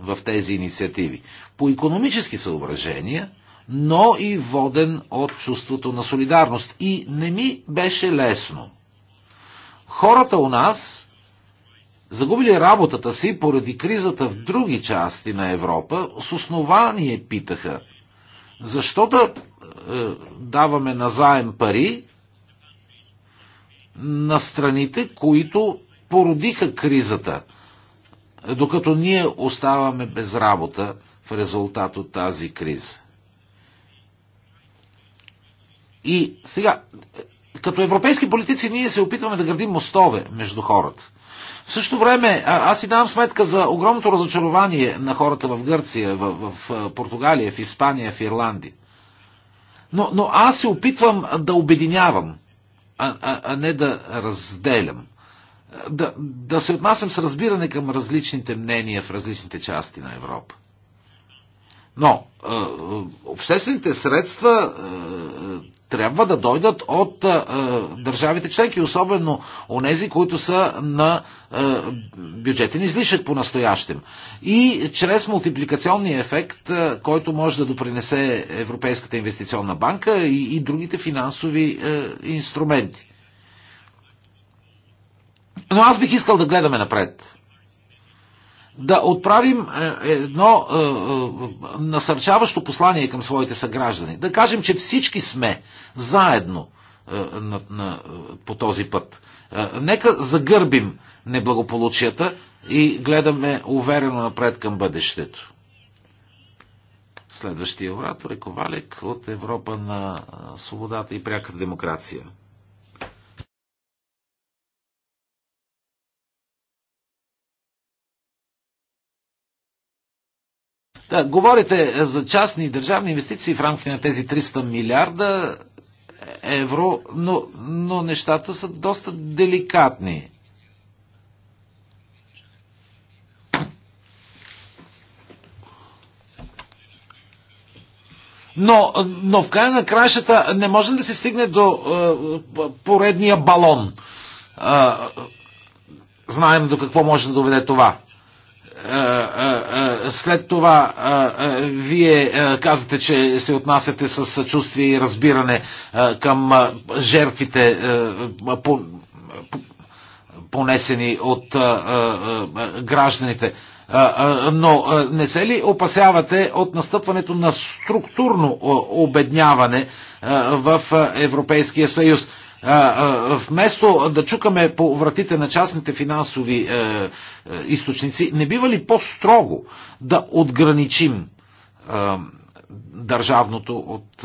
в тези инициативи. По економически съображения но и воден от чувството на солидарност. И не ми беше лесно. Хората у нас, загубили работата си поради кризата в други части на Европа, с основание питаха, защо да е, даваме назаем пари на страните, които породиха кризата, докато ние оставаме без работа в резултат от тази криза. И сега, като европейски политици ние се опитваме да градим мостове между хората. В същото време, аз си давам сметка за огромното разочарование на хората в Гърция, в, в Португалия, в Испания, в Ирландия. Но, но аз се опитвам да обединявам, а, а, а не да разделям. Да, да се отнасям с разбиране към различните мнения в различните части на Европа. Но е, обществените средства е, трябва да дойдат от е, държавите членки, особено онези, които са на е, бюджетен излишък по-настоящем. И чрез мултипликационния ефект, е, който може да допринесе Европейската инвестиционна банка и, и другите финансови е, инструменти. Но аз бих искал да гледаме напред да отправим е, едно е, е, насърчаващо послание към своите съграждани. Да кажем, че всички сме заедно на, на, по този път. Нека загърбим неблагополучията и гледаме уверено напред към бъдещето. Следващия оратор е Ковалек от Европа на свободата и пряка демокрация. Да, е, говорите за частни и държавни инвестиции в рамките на тези 300 милиарда евро, но, но нещата са доста деликатни. Но, но в края на краищата не можем да се стигне до е, поредния балон. Е, знаем до какво може да доведе това. Е, е, е, след това вие казвате, че се отнасяте с съчувствие и разбиране към жертвите понесени от гражданите. Но не се ли опасявате от настъпването на структурно обедняване в Европейския съюз? Вместо да чукаме по вратите на частните финансови е, е, източници, не бива ли по-строго да отграничим е, държавното от,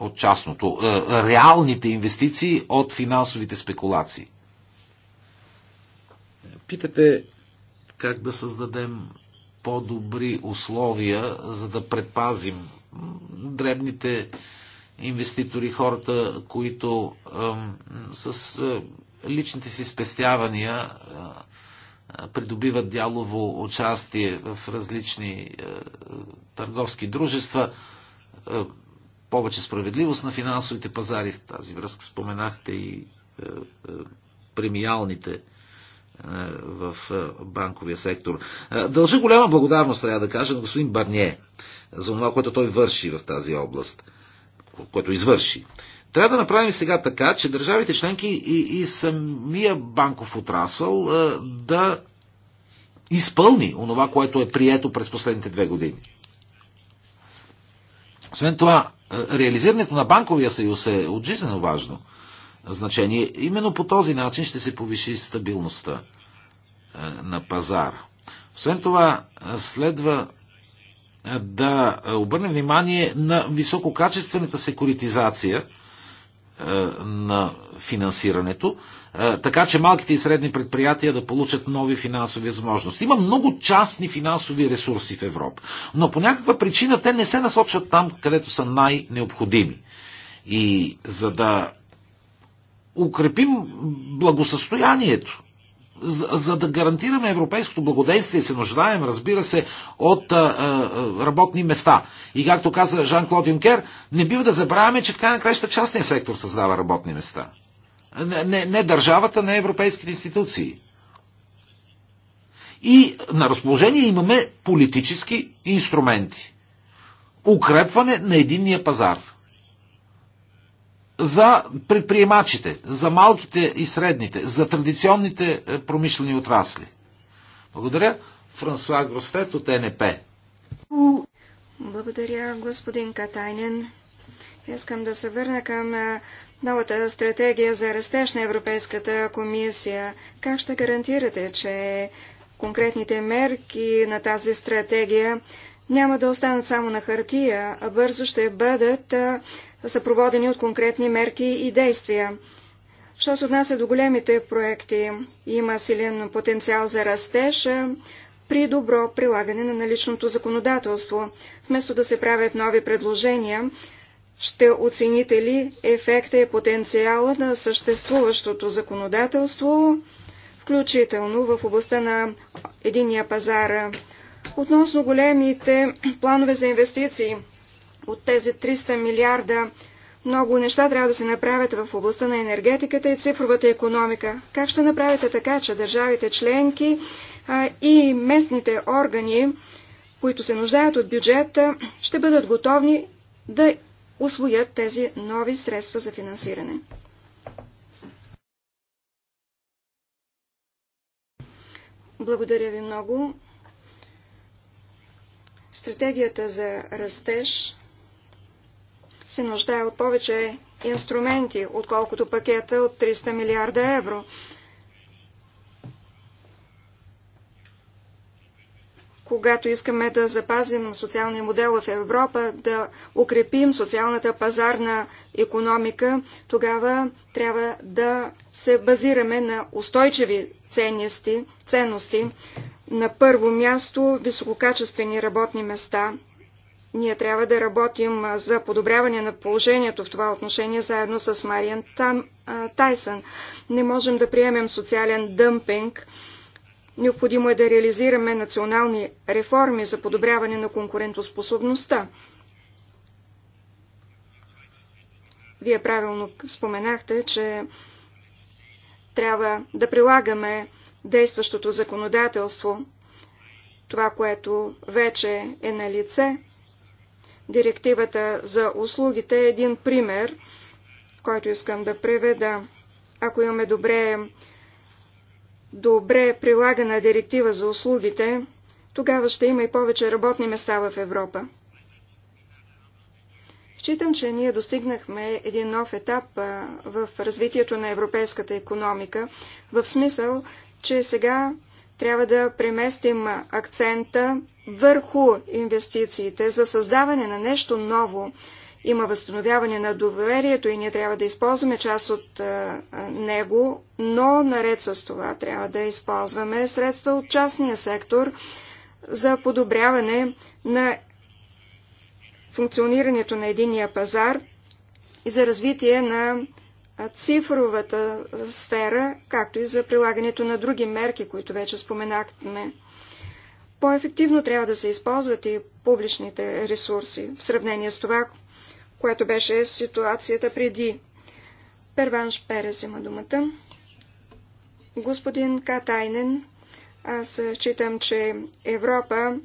от частното, реалните инвестиции от финансовите спекулации? Питате как да създадем по-добри условия, за да предпазим дребните инвеститори, хората, които с личните си спестявания придобиват дялово участие в различни търговски дружества, повече справедливост на финансовите пазари. В тази връзка споменахте и премиалните в банковия сектор. Дължа голяма благодарност, трябва да кажа, на господин Барние за това, което той върши в тази област което извърши. Трябва да направим сега така, че държавите членки и, и самия банков отрасъл да изпълни онова, което е прието през последните две години. Освен това, реализирането на банковия съюз е от важно значение. Именно по този начин ще се повиши стабилността на пазара. Освен това, следва да обърнем внимание на висококачествената секуритизация е, на финансирането, е, така че малките и средни предприятия да получат нови финансови възможности. Има много частни финансови ресурси в Европа, но по някаква причина те не се насочват там, където са най-необходими. И за да укрепим благосъстоянието за, за да гарантираме европейското благодействие, се нуждаем, разбира се, от а, а, работни места. И както каза Жан-Клод Юнкер, не бива да забравяме, че в крайна краща частния сектор създава работни места. Не, не, не държавата, не европейските институции. И на разположение имаме политически инструменти. Укрепване на единния пазар – за предприемачите, за малките и средните, за традиционните е, промишлени отрасли. Благодаря. Франсуа Гростет от НП. Благодаря, господин Катайнен. Искам да се върна към е, новата стратегия за растеж на Европейската комисия. Как ще гарантирате, че конкретните мерки на тази стратегия няма да останат само на хартия, а бързо ще бъдат е, съпроводени от конкретни мерки и действия. Що се отнася до големите проекти, има силен потенциал за растеж при добро прилагане на наличното законодателство. Вместо да се правят нови предложения, ще оцените ли ефекта и потенциала на съществуващото законодателство, включително в областта на единия пазар. Относно големите планове за инвестиции – от тези 300 милиарда много неща трябва да се направят в областта на енергетиката и цифровата економика. Как ще направите така, че държавите членки а, и местните органи, които се нуждаят от бюджета, ще бъдат готовни да освоят тези нови средства за финансиране? Благодаря ви много. Стратегията за растеж се нуждае от повече инструменти, отколкото пакета от 300 милиарда евро. Когато искаме да запазим социалния модел в Европа, да укрепим социалната пазарна економика, тогава трябва да се базираме на устойчиви ценности, ценности. На първо място висококачествени работни места – ние трябва да работим за подобряване на положението в това отношение заедно с Мариан Там, Тайсън. Не можем да приемем социален дъмпинг. Необходимо е да реализираме национални реформи за подобряване на конкурентоспособността. Вие правилно споменахте, че трябва да прилагаме действащото законодателство, това, което вече е на лице, Директивата за услугите е един пример, който искам да преведа. Ако имаме добре, добре прилагана директива за услугите, тогава ще има и повече работни места в Европа. Считам, че ние достигнахме един нов етап в развитието на европейската економика, в смисъл, че сега трябва да преместим акцента върху инвестициите за създаване на нещо ново. Има възстановяване на доверието и ние трябва да използваме част от а, е, него, но наред с това трябва да използваме средства от частния сектор за подобряване на функционирането на единия пазар и за развитие на цифровата сфера, както и за прилагането на други мерки, които вече споменахме. По-ефективно трябва да се използват и публичните ресурси, в сравнение с това, което беше ситуацията преди. Перванш Перес има думата. Господин Катайнен, аз читам, че Европа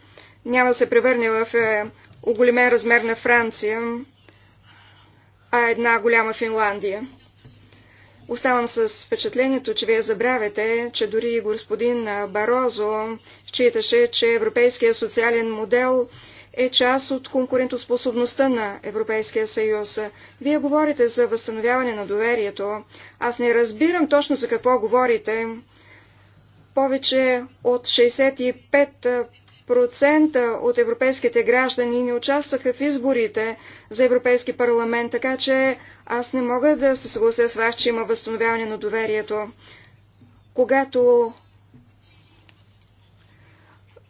няма да се превърне в е, оголемен размер на Франция, а една голяма Финландия. Оставам с впечатлението, че вие забравяте, че дори господин Барозо считаше, че европейския социален модел е част от конкурентоспособността на Европейския съюз. Вие говорите за възстановяване на доверието. Аз не разбирам точно за какво говорите. Повече от 65% от европейските граждани не участваха в изборите за Европейски парламент, така че аз не мога да се съглася с вас, че има възстановяване на доверието. Когато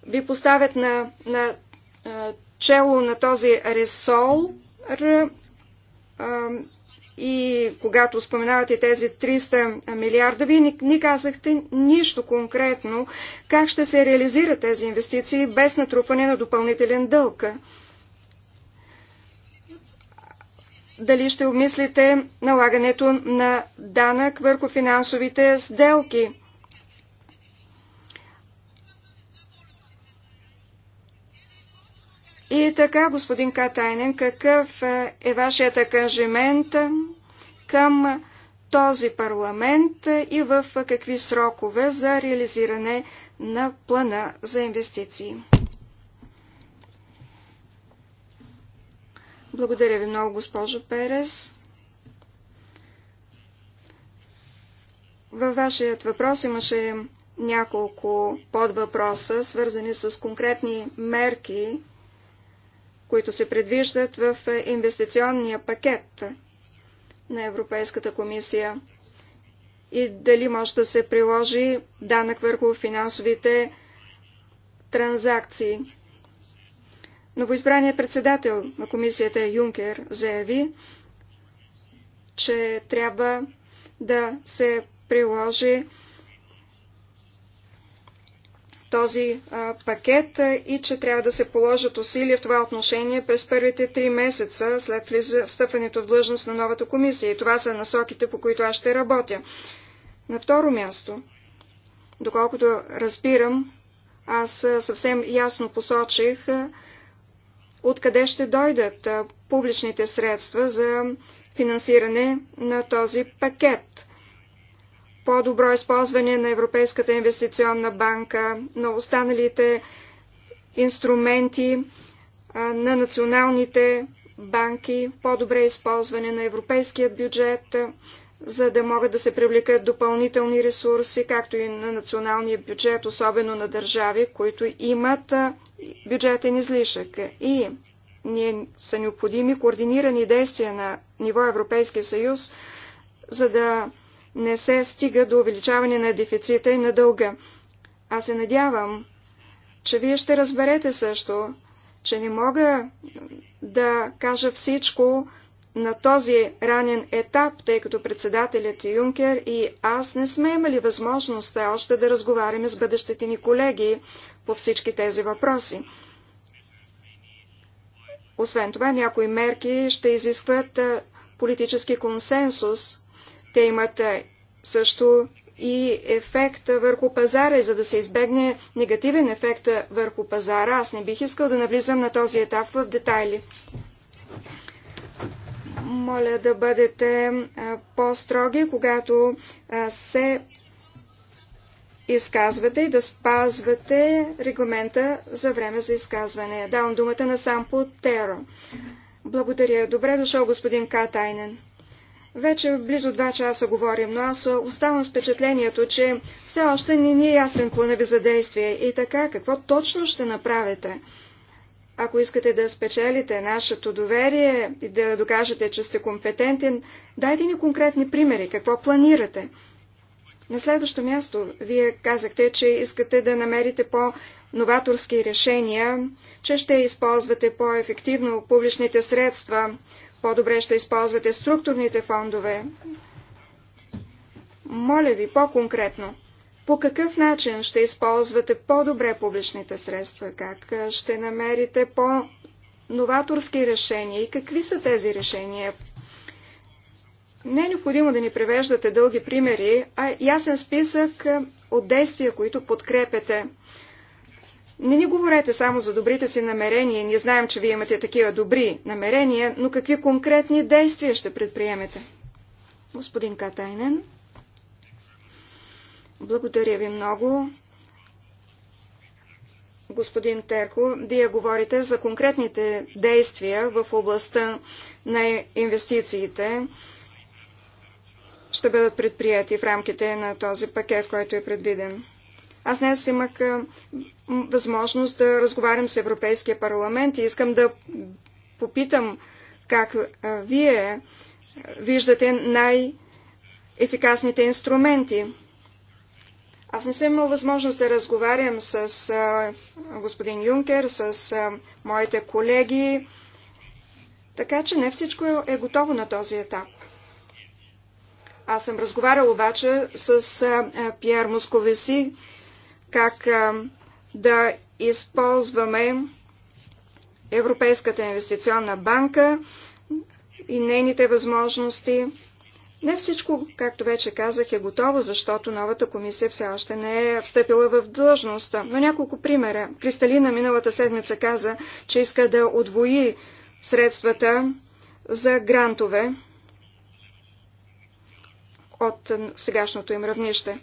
ви поставят на, на а, чело на този ресол р, а, и когато споменавате тези 300 милиарда, ви, ни, не казахте нищо конкретно как ще се реализират тези инвестиции без натрупване на допълнителен дълг. дали ще обмислите налагането на данък върху финансовите сделки. И така, господин Катайнен, какъв е вашият акажимент към този парламент и в какви срокове за реализиране на плана за инвестиции? Благодаря ви много, госпожо Перес. Във вашият въпрос имаше няколко подвъпроса, свързани с конкретни мерки, които се предвиждат в инвестиционния пакет на Европейската комисия и дали може да се приложи данък върху финансовите транзакции. Новоизбраният председател на комисията Юнкер заяви, че трябва да се приложи този а, пакет а, и че трябва да се положат усилия в това отношение през първите три месеца след встъпването в длъжност на новата комисия. И това са насоките, по които аз ще работя. На второ място, доколкото разбирам, аз съвсем ясно посочих, откъде ще дойдат публичните средства за финансиране на този пакет. По-добро използване на Европейската инвестиционна банка, на останалите инструменти, на националните банки, по-добре използване на европейският бюджет, за да могат да се привлекат допълнителни ресурси, както и на националния бюджет, особено на държави, които имат бюджетен излишък. И ние са необходими координирани действия на ниво Европейския съюз, за да не се стига до увеличаване на дефицита и на дълга. Аз се надявам, че вие ще разберете също, че не мога да кажа всичко на този ранен етап, тъй като председателят Юнкер и аз не сме имали възможността още да разговаряме с бъдещите ни колеги по всички тези въпроси. Освен това, някои мерки ще изискват политически консенсус. Те имат също и ефект върху пазара и за да се избегне негативен ефект върху пазара. Аз не бих искал да навлизам на този етап в детайли. Моля да бъдете по-строги, когато се изказвате и да спазвате регламента за време за изказване. Давам думата на Сампо Теро. Благодаря. Добре дошъл, господин Катайнен. Вече близо два часа говорим, но аз оставам с впечатлението, че все още не ни е ясен плана ви за действие. И така, какво точно ще направите? Ако искате да спечелите нашето доверие и да докажете, че сте компетентен, дайте ни конкретни примери. Какво планирате? На следващо място, вие казахте, че искате да намерите по-новаторски решения, че ще използвате по-ефективно публичните средства, по-добре ще използвате структурните фондове. Моля ви по-конкретно, по какъв начин ще използвате по-добре публичните средства, как ще намерите по-новаторски решения и какви са тези решения, не е необходимо да ни превеждате дълги примери, а ясен списък е, от действия, които подкрепяте. Не ни говорете само за добрите си намерения, ние знаем, че вие имате такива добри намерения, но какви конкретни действия ще предприемете? Господин Катайнен, благодаря ви много. Господин Терко, вие говорите за конкретните действия в областта на инвестициите ще бъдат предприяти в рамките на този пакет, който е предвиден. Аз днес имах възможност да разговарям с Европейския парламент и искам да попитам как вие виждате най-ефикасните инструменти. Аз не съм имал възможност да разговарям с а, господин Юнкер, с а, моите колеги, така че не всичко е готово на този етап. Аз съм разговарял обаче с Пьер Московеси как да използваме Европейската инвестиционна банка и нейните възможности. Не всичко, както вече казах, е готово, защото новата комисия все още не е встъпила в длъжност. Но няколко примера. Кристалина миналата седмица каза, че иска да отвои средствата за грантове от сегашното им равнище.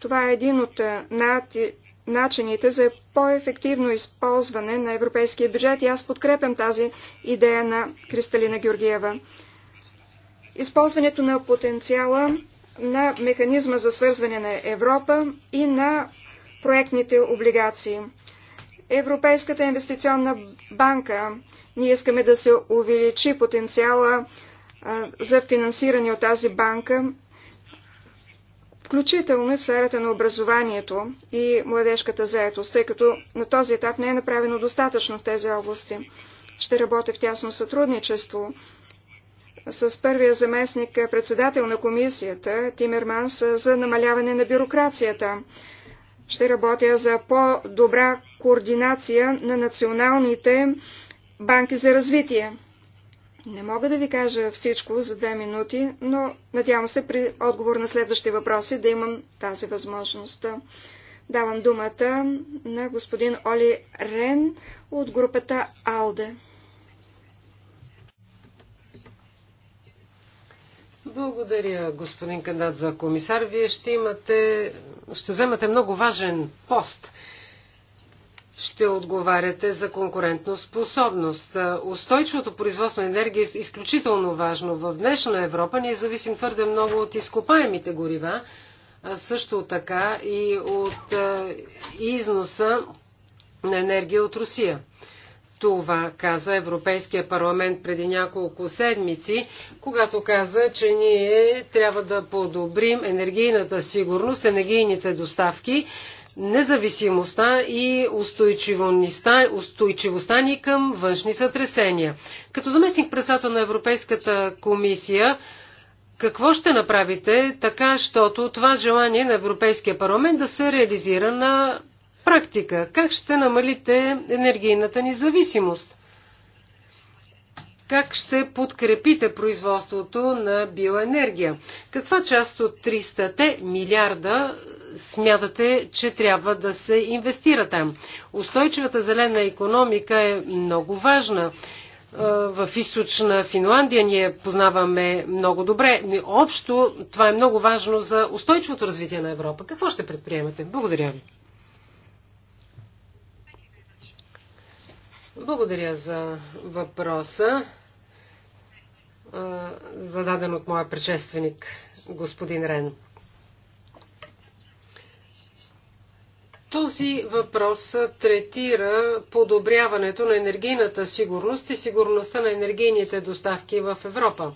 Това е един от е, начините за по-ефективно използване на европейския бюджет и аз подкрепям тази идея на Кристалина Георгиева. Използването на потенциала на механизма за свързване на Европа и на проектните облигации. Европейската инвестиционна банка. Ние искаме да се увеличи потенциала за финансиране от тази банка, включително и в сферата на образованието и младежката заетост, тъй като на този етап не е направено достатъчно в тези области. Ще работя в тясно сътрудничество с първия заместник председател на комисията Тимерманс за намаляване на бюрокрацията. Ще работя за по-добра координация на националните банки за развитие. Не мога да ви кажа всичко за две минути, но надявам се при отговор на следващите въпроси да имам тази възможност. Давам думата на господин Оли Рен от групата АЛДЕ. Благодаря, господин кандидат за комисар. Вие ще имате, ще вземате много важен пост – ще отговаряте за конкурентно способност. Устойчивото производство на енергия е изключително важно. В днешна Европа ние зависим твърде много от изкопаемите горива, а също така и от износа на енергия от Русия. Това каза Европейския парламент преди няколко седмици, когато каза, че ние трябва да подобрим енергийната сигурност, енергийните доставки независимостта и устойчивостта ни към външни сътресения. Като заместник председател на Европейската комисия, какво ще направите така, щото това желание на Европейския парламент да се реализира на практика? Как ще намалите енергийната зависимост? Как ще подкрепите производството на биоенергия? Каква част от 300 милиарда смятате, че трябва да се инвестира там. Устойчивата зелена економика е много важна. Е, в източна Финландия ние познаваме много добре. Общо това е много важно за устойчивото развитие на Европа. Какво ще предприемете? Благодаря ви. Благодаря за въпроса, е, зададен от моя предшественик, господин Рен. Този въпрос третира подобряването на енергийната сигурност и сигурността на енергийните доставки в Европа,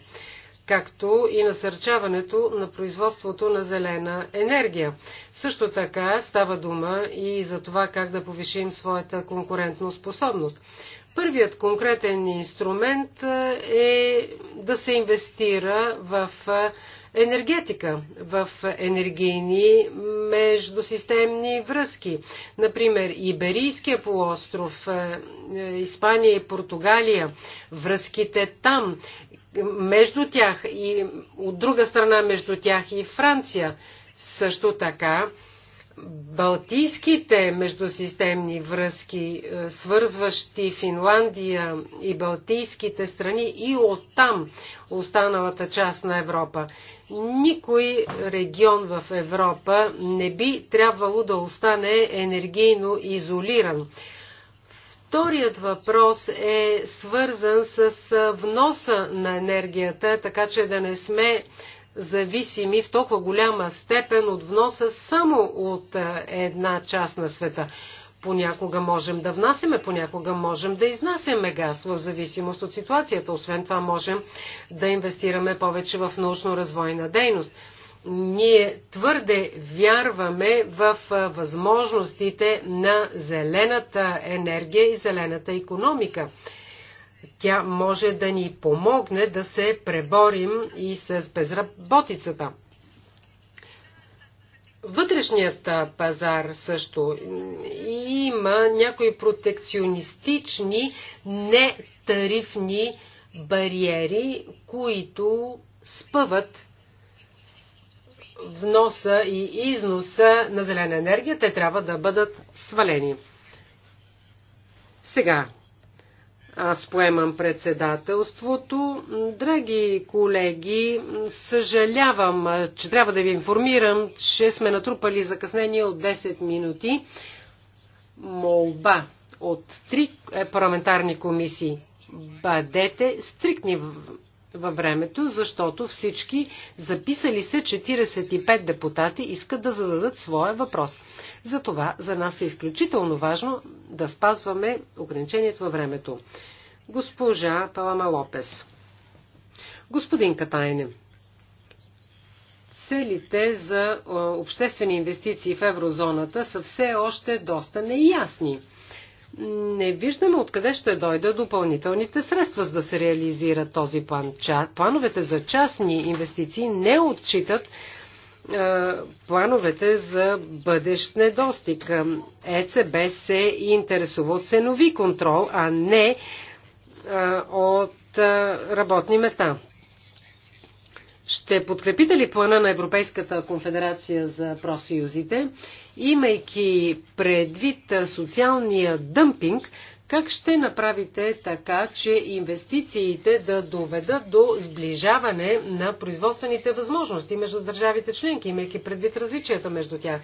както и насърчаването на производството на зелена енергия. Също така става дума и за това как да повишим своята конкурентна способност. Първият конкретен инструмент е да се инвестира в енергетика, в енергийни междусистемни връзки. Например, Иберийския полуостров, е, е, Испания и Португалия, връзките там, между тях и от друга страна между тях и Франция. Също така Балтийските междусистемни връзки, е, свързващи Финландия и Балтийските страни и оттам останалата част на Европа. Никой регион в Европа не би трябвало да остане енергийно изолиран. Вторият въпрос е свързан с е, вноса на енергията, така че да не сме зависими в толкова голяма степен от вноса само от една част на света. Понякога можем да внасяме, понякога можем да изнасяме газ, в зависимост от ситуацията. Освен това можем да инвестираме повече в научно-развойна дейност. Ние твърде вярваме в възможностите на зелената енергия и зелената економика. Тя може да ни помогне да се преборим и с безработицата. Вътрешният пазар също има някои протекционистични, нетарифни бариери, които спъват вноса и износа на зелена енергия. Те трябва да бъдат свалени. Сега, аз поемам председателството. Драги колеги, съжалявам, че трябва да ви информирам, че сме натрупали закъснение от 10 минути. Молба от три е, парламентарни комисии. Бъдете стрикни във времето, защото всички записали се 45 депутати искат да зададат своя въпрос. Затова за нас е изключително важно да спазваме ограничението във времето. Госпожа Палама Лопес. Господин Катайне, целите за обществени инвестиции в еврозоната са все още доста неясни не виждаме откъде ще дойдат допълнителните средства, за да се реализира този план. Плановете за частни инвестиции не отчитат е, плановете за бъдещ недостиг. ЕЦБ се интересува от ценови контрол, а не е, от е, работни места. Ще подкрепите ли плана на Европейската конфедерация за профсъюзите, имайки предвид социалния дъмпинг, как ще направите така, че инвестициите да доведат до сближаване на производствените възможности между държавите членки, имайки предвид различията между тях?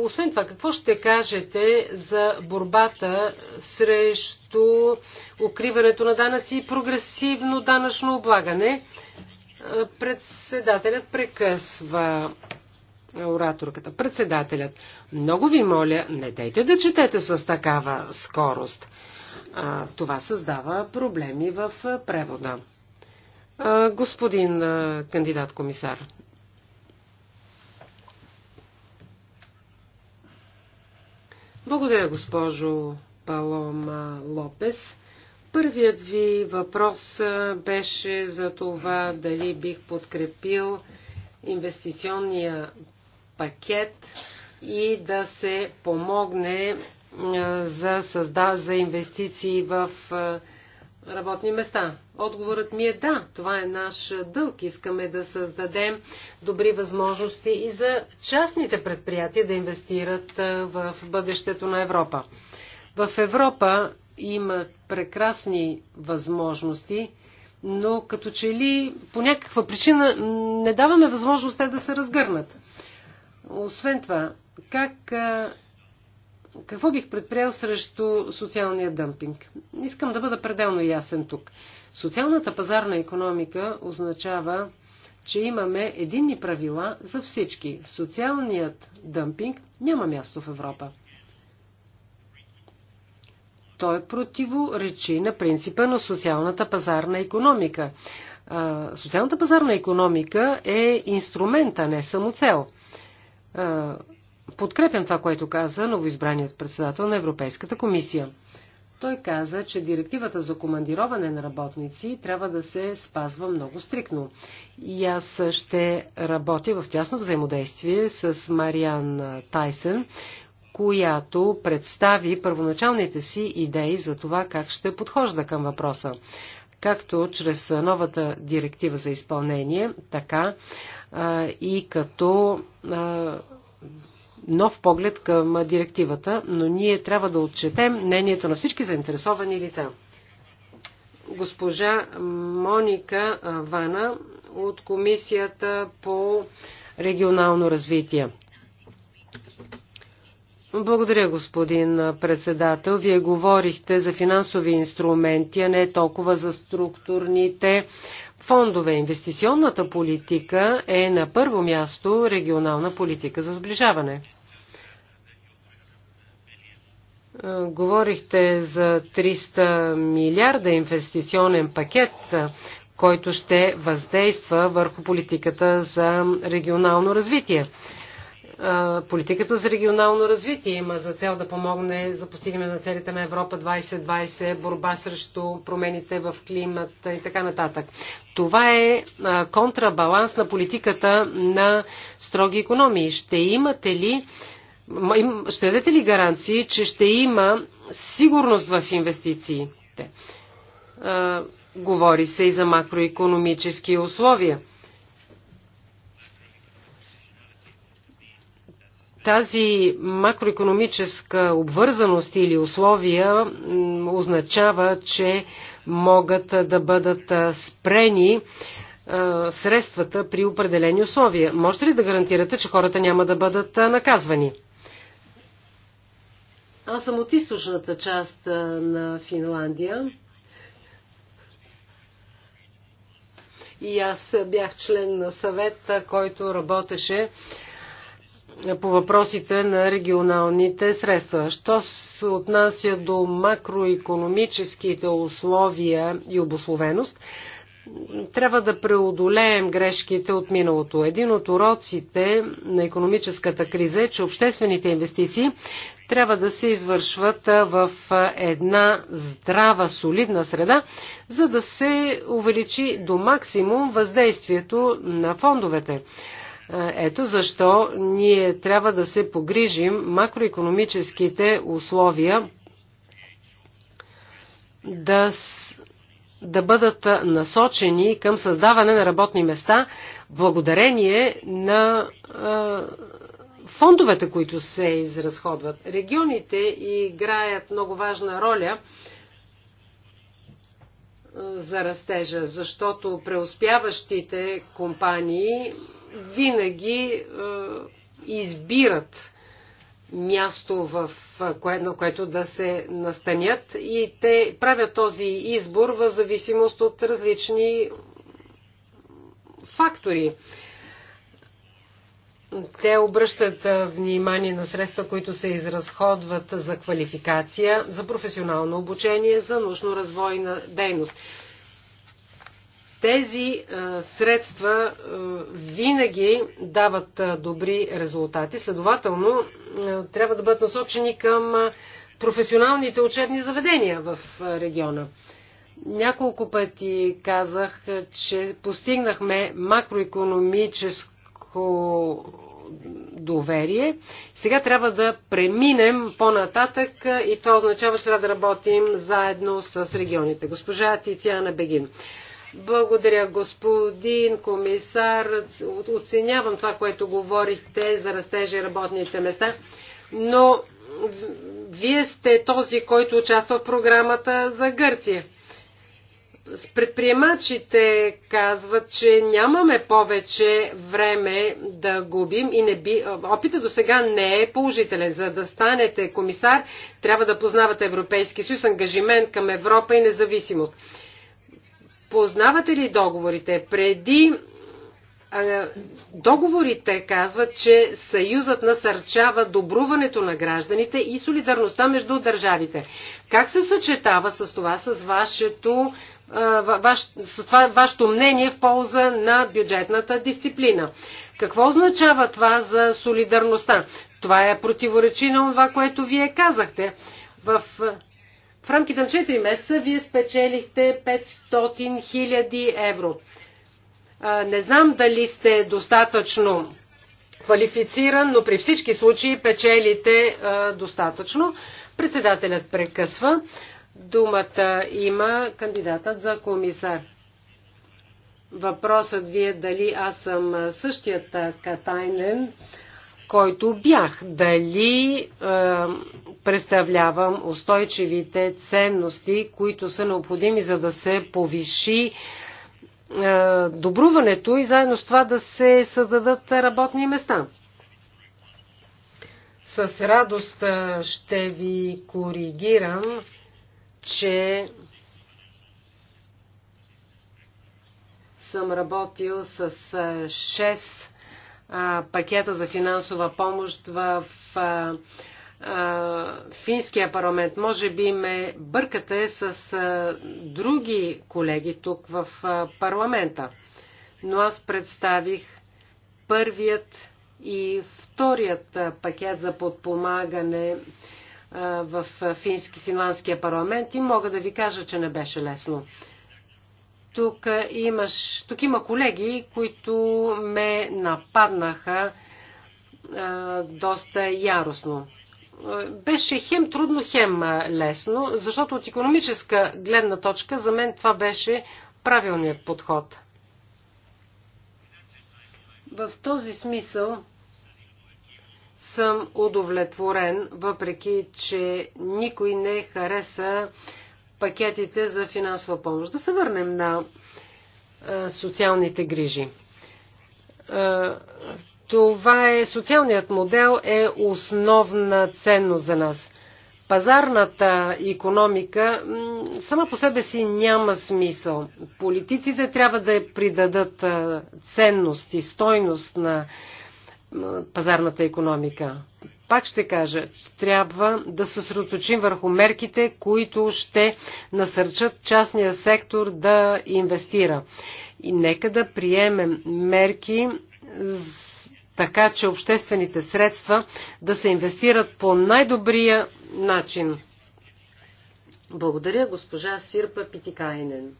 Освен това, какво ще кажете за борбата срещу укриването на данъци и прогресивно данъчно облагане? Председателят прекъсва ораторката. Председателят, много ви моля, не дайте да четете с такава скорост. А, това създава проблеми в превода. А, господин а, кандидат комисар. Благодаря, госпожо Палома Лопес. Първият ви въпрос беше за това дали бих подкрепил инвестиционния пакет и да се помогне за, създа, за инвестиции в работни места. Отговорът ми е да, това е наш дълг. Искаме да създадем добри възможности и за частните предприятия да инвестират в бъдещето на Европа. В Европа има прекрасни възможности, но като че ли по някаква причина не даваме възможност те да се разгърнат. Освен това, как, какво бих предприел срещу социалния дъмпинг? Искам да бъда пределно ясен тук. Социалната пазарна економика означава, че имаме единни правила за всички. Социалният дъмпинг няма място в Европа. Той противоречи на принципа на социалната пазарна економика. Социалната пазарна економика е инструмент, а не само цел. Подкрепям това, което каза новоизбраният председател на Европейската комисия. Той каза, че директивата за командироване на работници трябва да се спазва много стрикно. И аз ще работя в тясно взаимодействие с Мариан Тайсен, която представи първоначалните си идеи за това как ще подхожда към въпроса. Както чрез новата директива за изпълнение, така а, и като а, нов поглед към директивата, но ние трябва да отчетем мнението на всички заинтересовани лица. Госпожа Моника Вана от Комисията по регионално развитие. Благодаря, господин председател. Вие говорихте за финансови инструменти, а не толкова за структурните фондове. Инвестиционната политика е на първо място регионална политика за сближаване. Говорихте за 300 милиарда инвестиционен пакет, който ще въздейства върху политиката за регионално развитие. Политиката за регионално развитие има за цел да помогне за постигане на целите на Европа 2020, борба срещу промените в климата и така нататък. Това е контрабаланс на политиката на строги економии. Ще имате ли ще дадете ли гаранции, че ще има сигурност в инвестициите? Говори се и за макроекономически условия. Тази макроекономическа обвързаност или условия означава, че могат да бъдат спрени средствата при определени условия. Можете ли да гарантирате, че хората няма да бъдат наказвани? Аз съм от източната част на Финландия. И аз бях член на съвет, който работеше по въпросите на регионалните средства. Що се отнася до макроекономическите условия и обословеност, трябва да преодолеем грешките от миналото. Един от уроците на економическата криза е, че обществените инвестиции трябва да се извършват в една здрава, солидна среда, за да се увеличи до максимум въздействието на фондовете. Ето защо ние трябва да се погрижим макроекономическите условия да, да бъдат насочени към създаване на работни места благодарение на а, фондовете, които се изразходват. Регионите играят много важна роля за растежа, защото преуспяващите компании винаги е, избират място, в е, кое, на което да се настанят и те правят този избор в зависимост от различни фактори. Те обръщат е, внимание на средства, които се изразходват за квалификация, за професионално обучение, за научно-развойна дейност. Тези е, средства е, винаги дават е, добри резултати, следователно трябва да бъдат насочени към професионалните учебни заведения в региона. Няколко пъти казах, че постигнахме макроекономическо доверие. Сега трябва да преминем по-нататък и това означава, че трябва да работим заедно с регионите. Госпожа Тициана Бегин. Благодаря, господин комисар. Оценявам това, което говорихте за растежи работните места, но вие сте този, който участва в програмата за Гърция. Предприемачите казват, че нямаме повече време да губим и не би... опита до сега не е положителен. За да станете комисар, трябва да познавате Европейски съюз, ангажимент към Европа и независимост Познавате ли договорите? Преди договорите казват, че Съюзът насърчава добруването на гражданите и солидарността между държавите. Как се съчетава с това, с вашето, ваш, с това, вашето мнение в полза на бюджетната дисциплина? Какво означава това за солидарността? Това е противоречи на това, което вие казахте. В в рамките на 4 месеца вие спечелихте 500 000 евро. Не знам дали сте достатъчно квалифициран, но при всички случаи печелите достатъчно. Председателят прекъсва. Думата има кандидатът за комисар. Въпросът ви е дали аз съм същият Катайнен, който бях. Дали е, представлявам устойчивите ценности, които са необходими за да се повиши е, добруването и заедно с това да се създадат работни места. С радост е, ще ви коригирам, че съм работил с 6 е, а, пакета за финансова помощ в а, а, финския парламент. Може би ме бъркате с а, други колеги тук в а, парламента. Но аз представих първият и вторият пакет за подпомагане в фински, финландския парламент и мога да ви кажа, че не беше лесно. Тук, имаш, тук има колеги, които ме нападнаха а, доста яростно. Беше хем трудно, хем лесно, защото от економическа гледна точка за мен това беше правилният подход. В този смисъл съм удовлетворен, въпреки че никой не хареса пакетите за финансова помощ. Да се върнем на социалните грижи. Това е, социалният модел е основна ценност за нас. Пазарната економика сама по себе си няма смисъл. Политиците трябва да придадат ценност и стойност на пазарната економика. Пак ще кажа, трябва да се съсредоточим върху мерките, които ще насърчат частния сектор да инвестира. И нека да приемем мерки така, че обществените средства да се инвестират по най-добрия начин. Благодаря, госпожа Сирпа Питикайнен.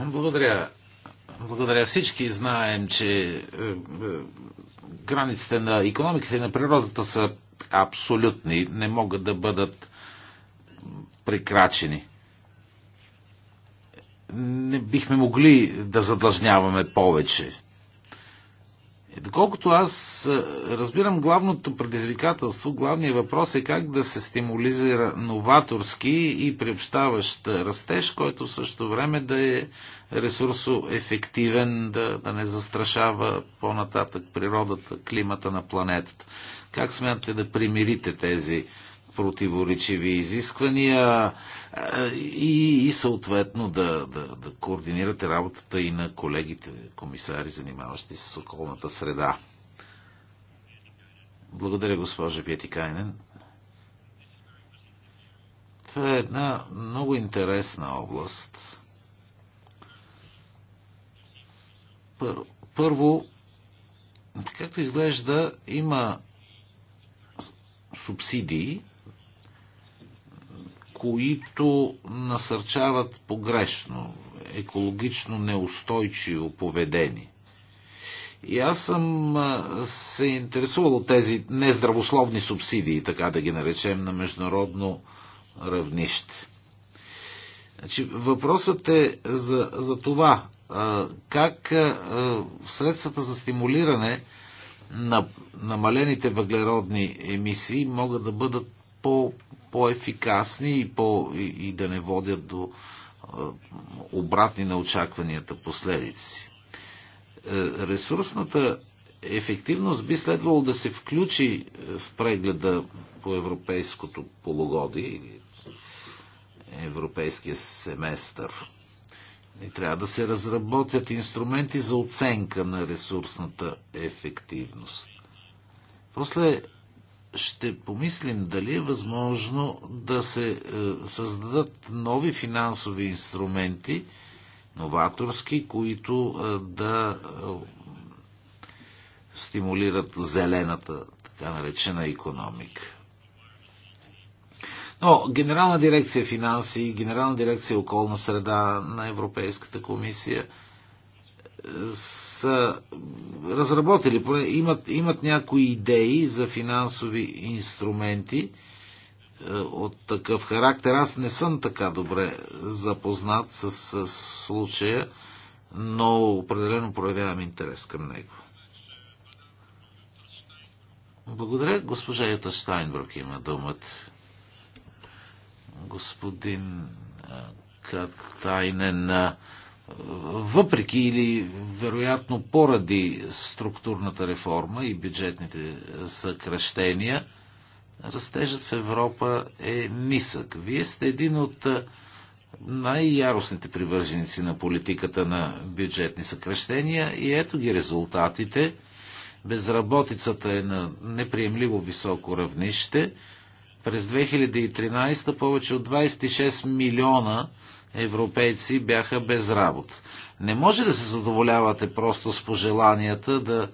Благодаря. Благодаря. Всички знаем, че е, е, границите на економиката и на природата са абсолютни, не могат да бъдат прекрачени. Не бихме могли да задлъжняваме повече. Е, доколкото аз е, разбирам главното предизвикателство, главният въпрос е как да се стимулизира новаторски и приобщаващ растеж, който в същото време да е ресурсоефективен, да, да не застрашава по-нататък природата, климата на планетата. Как смятате да примирите тези противоречиви изисквания и, и съответно да, да, да координирате работата и на колегите комисари, занимаващи се с околната среда. Благодаря, госпожа Пятикайнен. Това е една много интересна област. Първо, както изглежда, има субсидии, които насърчават погрешно, екологично неустойчиво поведение. И аз съм се интересувал от тези нездравословни субсидии, така да ги наречем, на международно равнище. Значи, въпросът е за, за това как средствата за стимулиране на намалените въглеродни емисии могат да бъдат по, по-ефикасни и, по, и, и да не водят до е, обратни на очакванията последици. Е, ресурсната ефективност би следвало да се включи е, в прегледа по европейското полугодие или европейския семестър. И трябва да се разработят инструменти за оценка на ресурсната ефективност. После ще помислим дали е възможно да се е, създадат нови финансови инструменти, новаторски, които е, да е, стимулират зелената, така наречена економика. Но Генерална дирекция финанси, Генерална дирекция околна среда на Европейската комисия – са разработили, поне имат, имат някои идеи за финансови инструменти е, от такъв характер. Аз не съм така добре запознат с, с случая, но определено проявявам интерес към него. Благодаря. Госпожа Юта Штайнбрук има думата. Господин е, Катайнен. на е, въпреки или вероятно поради структурната реформа и бюджетните съкръщения, растежът в Европа е нисък. Вие сте един от най-яростните привърженици на политиката на бюджетни съкръщения и ето ги резултатите. Безработицата е на неприемливо високо равнище. През 2013 повече от 26 милиона европейци бяха без работа. Не може да се задоволявате просто с пожеланията да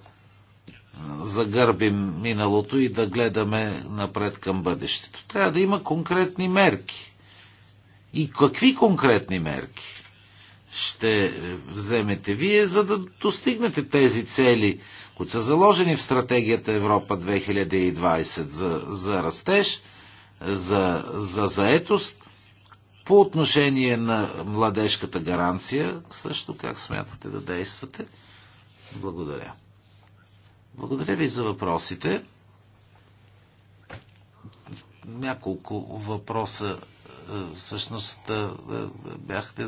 загърбим миналото и да гледаме напред към бъдещето. Трябва да има конкретни мерки. И какви конкретни мерки ще вземете вие, за да достигнете тези цели, които са заложени в стратегията Европа 2020 за, за растеж, за, за заетост, по отношение на младежката гаранция, също как смятате да действате? Благодаря. Благодаря ви за въпросите. Няколко въпроса е, всъщност е, е, бяхте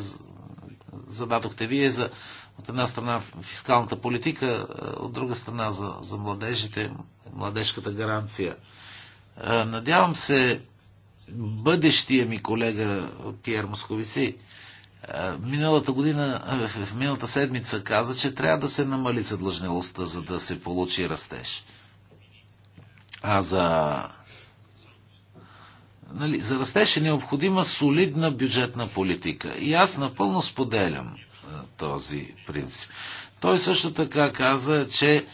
зададохте вие за от една страна фискалната политика, от друга страна за, за младежите, младежката гаранция. Надявам се бъдещия ми колега Пьер Московиси е, миналата година, е, в миналата седмица каза, че трябва да се намали задлъжнелостта, за да се получи растеж. А за нали, за растеж е необходима солидна бюджетна политика. И аз напълно споделям е, този принцип. Той също така каза, че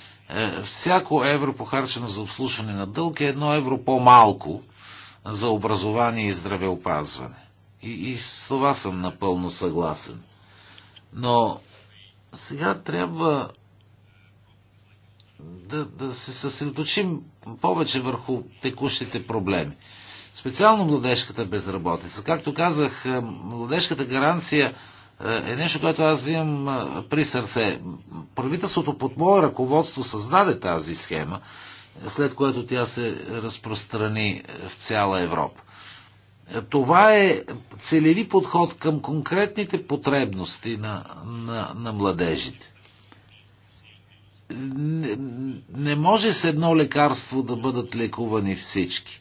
всяко евро похарчено за обслужване на дълг е едно евро по-малко за образование и здравеопазване. И, и с това съм напълно съгласен. Но сега трябва да, да се съсредоточим повече върху текущите проблеми. Специално младежката безработица. Както казах, е, младежката гаранция е, е нещо, което аз имам е, при сърце. Правителството под мое ръководство създаде тази схема, след което тя се разпространи в цяла Европа. Това е целеви подход към конкретните потребности на, на, на младежите. Не, не може с едно лекарство да бъдат лекувани всички.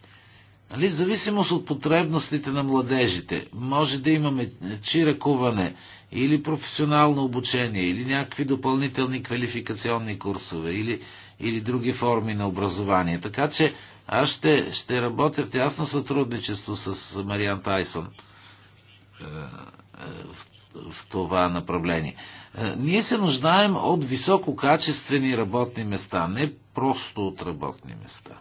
Нали? В зависимост от потребностите на младежите, може да имаме чиракуване или професионално обучение, или някакви допълнителни квалификационни курсове, или или други форми на образование. Така че аз ще, ще работя в тясно сътрудничество с Мариан Тайсън е, е, в, в това направление. Е, ние се нуждаем от висококачествени работни места, не просто от работни места.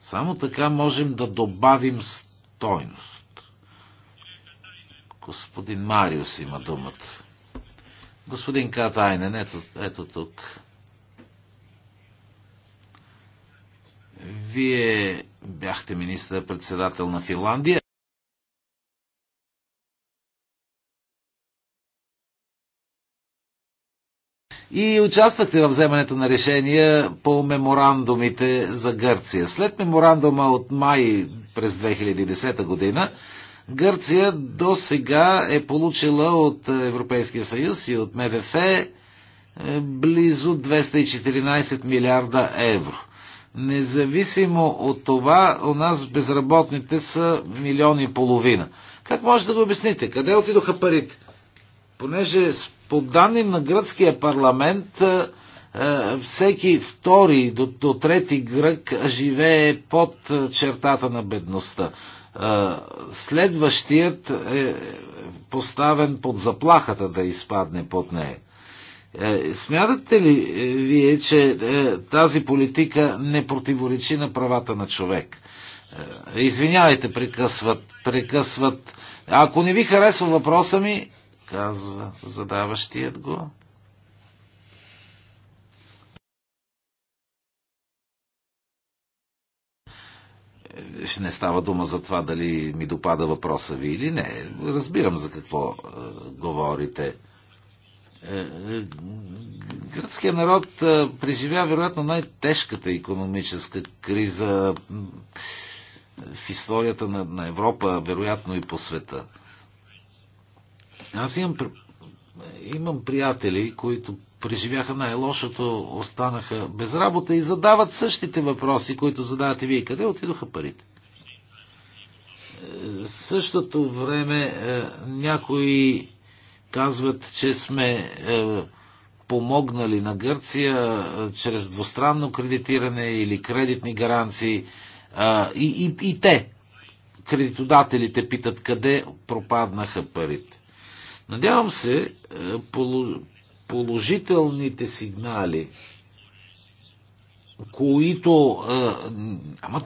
Само така можем да добавим стойност. Господин Мариус има думата. Господин Катайнен, ето, ето тук. Вие бяхте министър-председател на Финландия. и участвахте в вземането на решения по меморандумите за Гърция. След меморандума от май през 2010 година, Гърция до сега е получила от Европейския съюз и от МВФ е, близо 214 милиарда евро. Независимо от това, у нас безработните са милиони и половина. Как може да го обясните? Къде отидоха парите? Понеже по данни на гръцкия парламент всеки втори до, до трети грък живее под чертата на бедността. Следващият е, е поставен под заплахата да изпадне под нея. Е, смятате ли е, вие, че е, тази политика не противоречи на правата на човек? Извинявайте, прекъсват, прекъсват. Ако не ви харесва въпроса ми, казва задаващият го. не става дума за това дали ми допада въпроса ви или не. Разбирам за какво говорите. Е, е, гръцкият народ е, преживя вероятно най-тежката економическа криза в историята на, на Европа, вероятно и по света. Аз имам, имам приятели, които преживяха най-лошото, останаха без работа и задават същите въпроси, които задавате вие. Къде отидоха парите? В същото време някои казват, че сме е, помогнали на Гърция е, чрез двустранно кредитиране или кредитни гаранции. Е, и, и, и те, кредитодателите, питат къде пропаднаха парите. Надявам се, е, положителните сигнали, които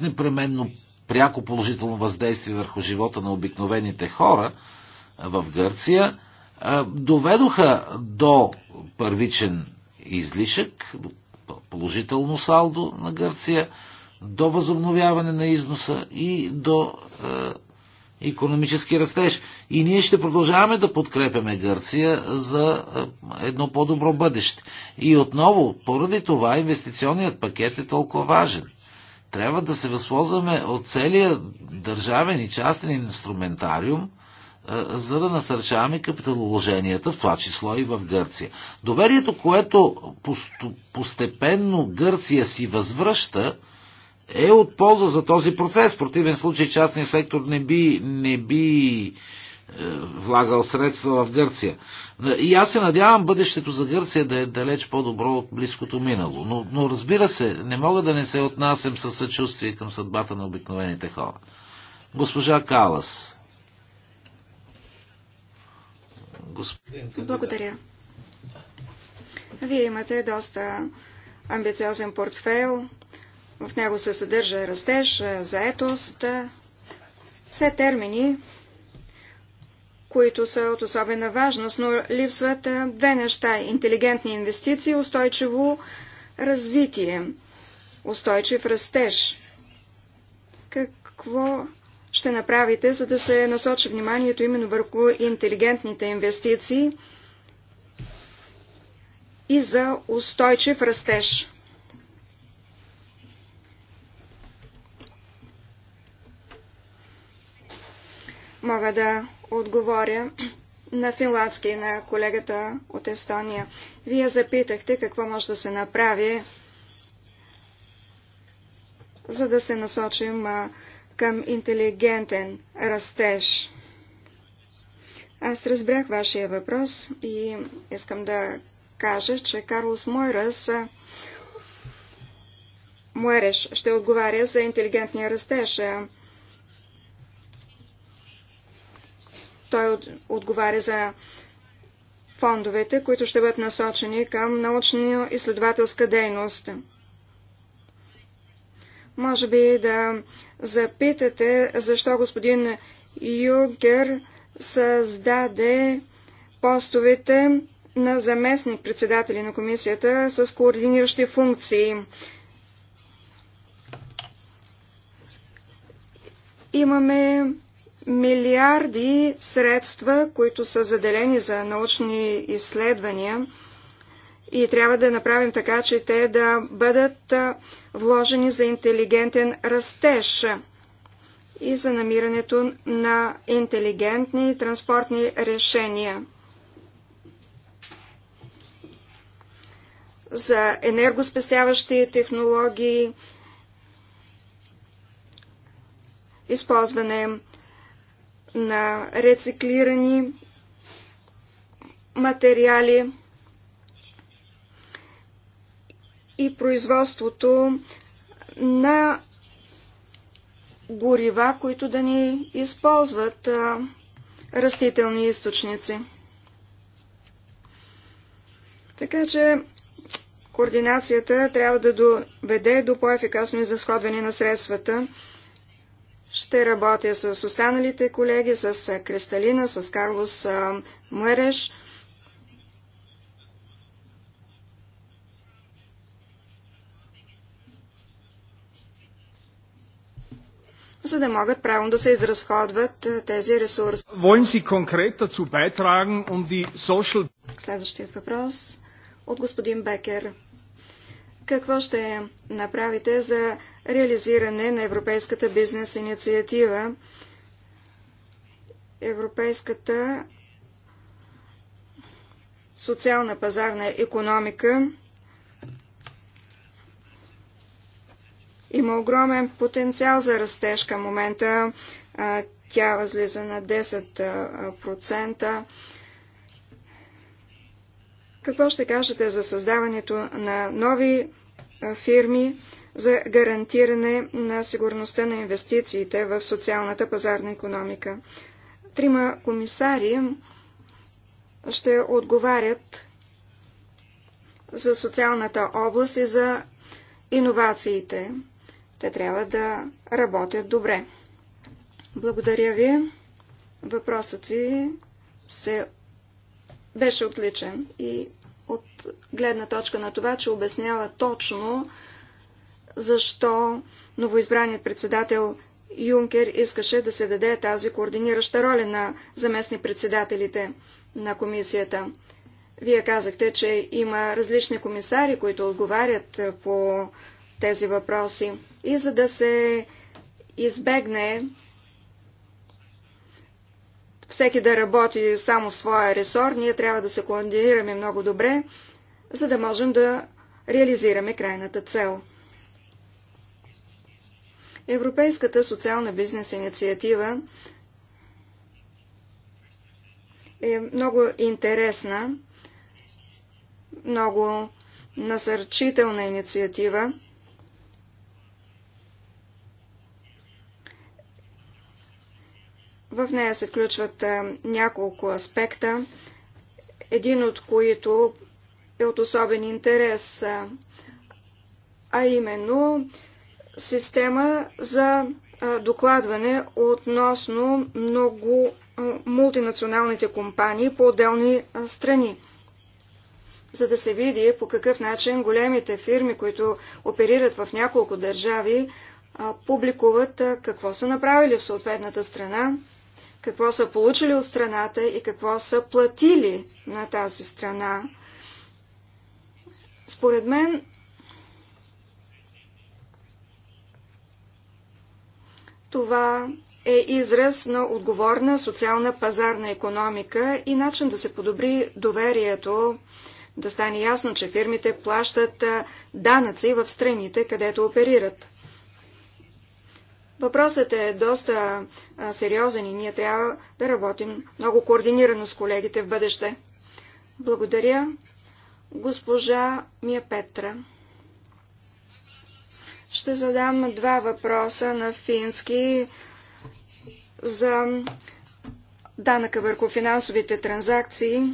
е, непременно пряко положително въздействие върху живота на обикновените хора е, в Гърция, доведоха до първичен излишък, положително салдо на Гърция, до възобновяване на износа и до е, економически растеж. И ние ще продължаваме да подкрепяме Гърция за едно по-добро бъдеще. И отново, поради това инвестиционният пакет е толкова важен. Трябва да се възползваме от целия държавен и частен инструментариум – е, за да насърчаваме капиталоложенията, в това число и в Гърция. Доверието, което постепенно Гърция си възвръща, е от полза за този процес. В противен случай частният сектор не би, не би е, влагал средства в Гърция. И аз се надявам бъдещето за Гърция да е далеч по-добро от близкото минало. Но, но разбира се, не мога да не се отнасям със съчувствие към съдбата на обикновените хора. Госпожа Калас. Господин Благодаря. Вие имате доста амбициозен портфейл. В него се съдържа растеж, заетост, все термини, които са от особена важност, но липсват две неща – интелигентни инвестиции, устойчиво развитие, устойчив растеж. Какво ще направите, за да се насочи вниманието именно върху интелигентните инвестиции и за устойчив растеж? Мога да отговоря на финландски и на колегата от Естония. Вие запитахте какво може да се направи, за да се насочим към интелигентен растеж. Аз разбрах вашия въпрос и искам да кажа, че Карлос Мойрас Муереш ще отговаря за интелигентния растеж. Той отговаря за фондовете, които ще бъдат насочени към научно-изследователска дейност. Може би да запитате защо господин Юнкер създаде постовете на заместник-председатели на комисията с координиращи функции. Имаме милиарди средства, които са заделени за научни изследвания и трябва да направим така, че те да бъдат вложени за интелигентен растеж и за намирането на интелигентни транспортни решения. за енергоспестяващи технологии, използване на рециклирани материали. и производството на горива, които да ни използват а, растителни източници. Така че координацията трябва да доведе до по-ефикасно изразходване на средствата. Ще работя с останалите колеги, с Кристалина, с Карлос Муереш. за да могат правилно да се изразходват е, тези ресурси. Следващият въпрос от господин Бекер. Какво ще направите за реализиране на Европейската бизнес инициатива? Европейската социална пазарна економика Има огромен потенциал за растеж към момента. Тя възлиза на 10%. Какво ще кажете за създаването на нови фирми за гарантиране на сигурността на инвестициите в социалната пазарна економика? Трима комисари ще отговарят за социалната област и за иновациите. Те трябва да работят добре. Благодаря ви. Въпросът ви се беше отличен и от гледна точка на това, че обяснява точно защо новоизбраният председател Юнкер искаше да се даде тази координираща роля на заместни председателите на комисията. Вие казахте, че има различни комисари, които отговарят по тези въпроси. И за да се избегне всеки да работи само в своя ресор, ние трябва да се координираме много добре, за да можем да реализираме крайната цел. Европейската социална бизнес инициатива е много интересна, много насърчителна инициатива. В нея се включват няколко аспекта, един от които е от особен интерес, а именно система за докладване относно много мултинационалните компании по отделни страни за да се види по какъв начин големите фирми, които оперират в няколко държави, публикуват какво са направили в съответната страна какво са получили от страната и какво са платили на тази страна. Според мен, това е израз на отговорна социална пазарна економика и начин да се подобри доверието, да стане ясно, че фирмите плащат данъци в страните, където оперират. Въпросът е доста а, сериозен и ние трябва да работим много координирано с колегите в бъдеще. Благодаря, госпожа Мия Петра. Ще задам два въпроса на фински за данъка върху финансовите транзакции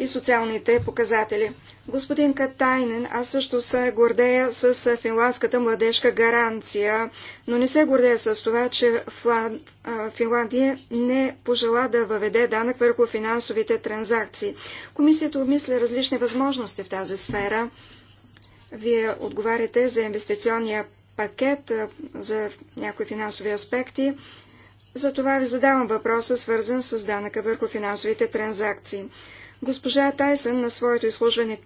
и социалните показатели. Господин Катайнен, аз също се гордея с финландската младежка гаранция, но не се гордея с това, че Финландия не пожела да въведе данък върху финансовите транзакции. Комисията обмисля различни възможности в тази сфера. Вие отговаряте за инвестиционния пакет, за някои финансови аспекти. Затова ви задавам въпроса, свързан с данъка върху финансовите транзакции. Госпожа Тайсън на своето изслужване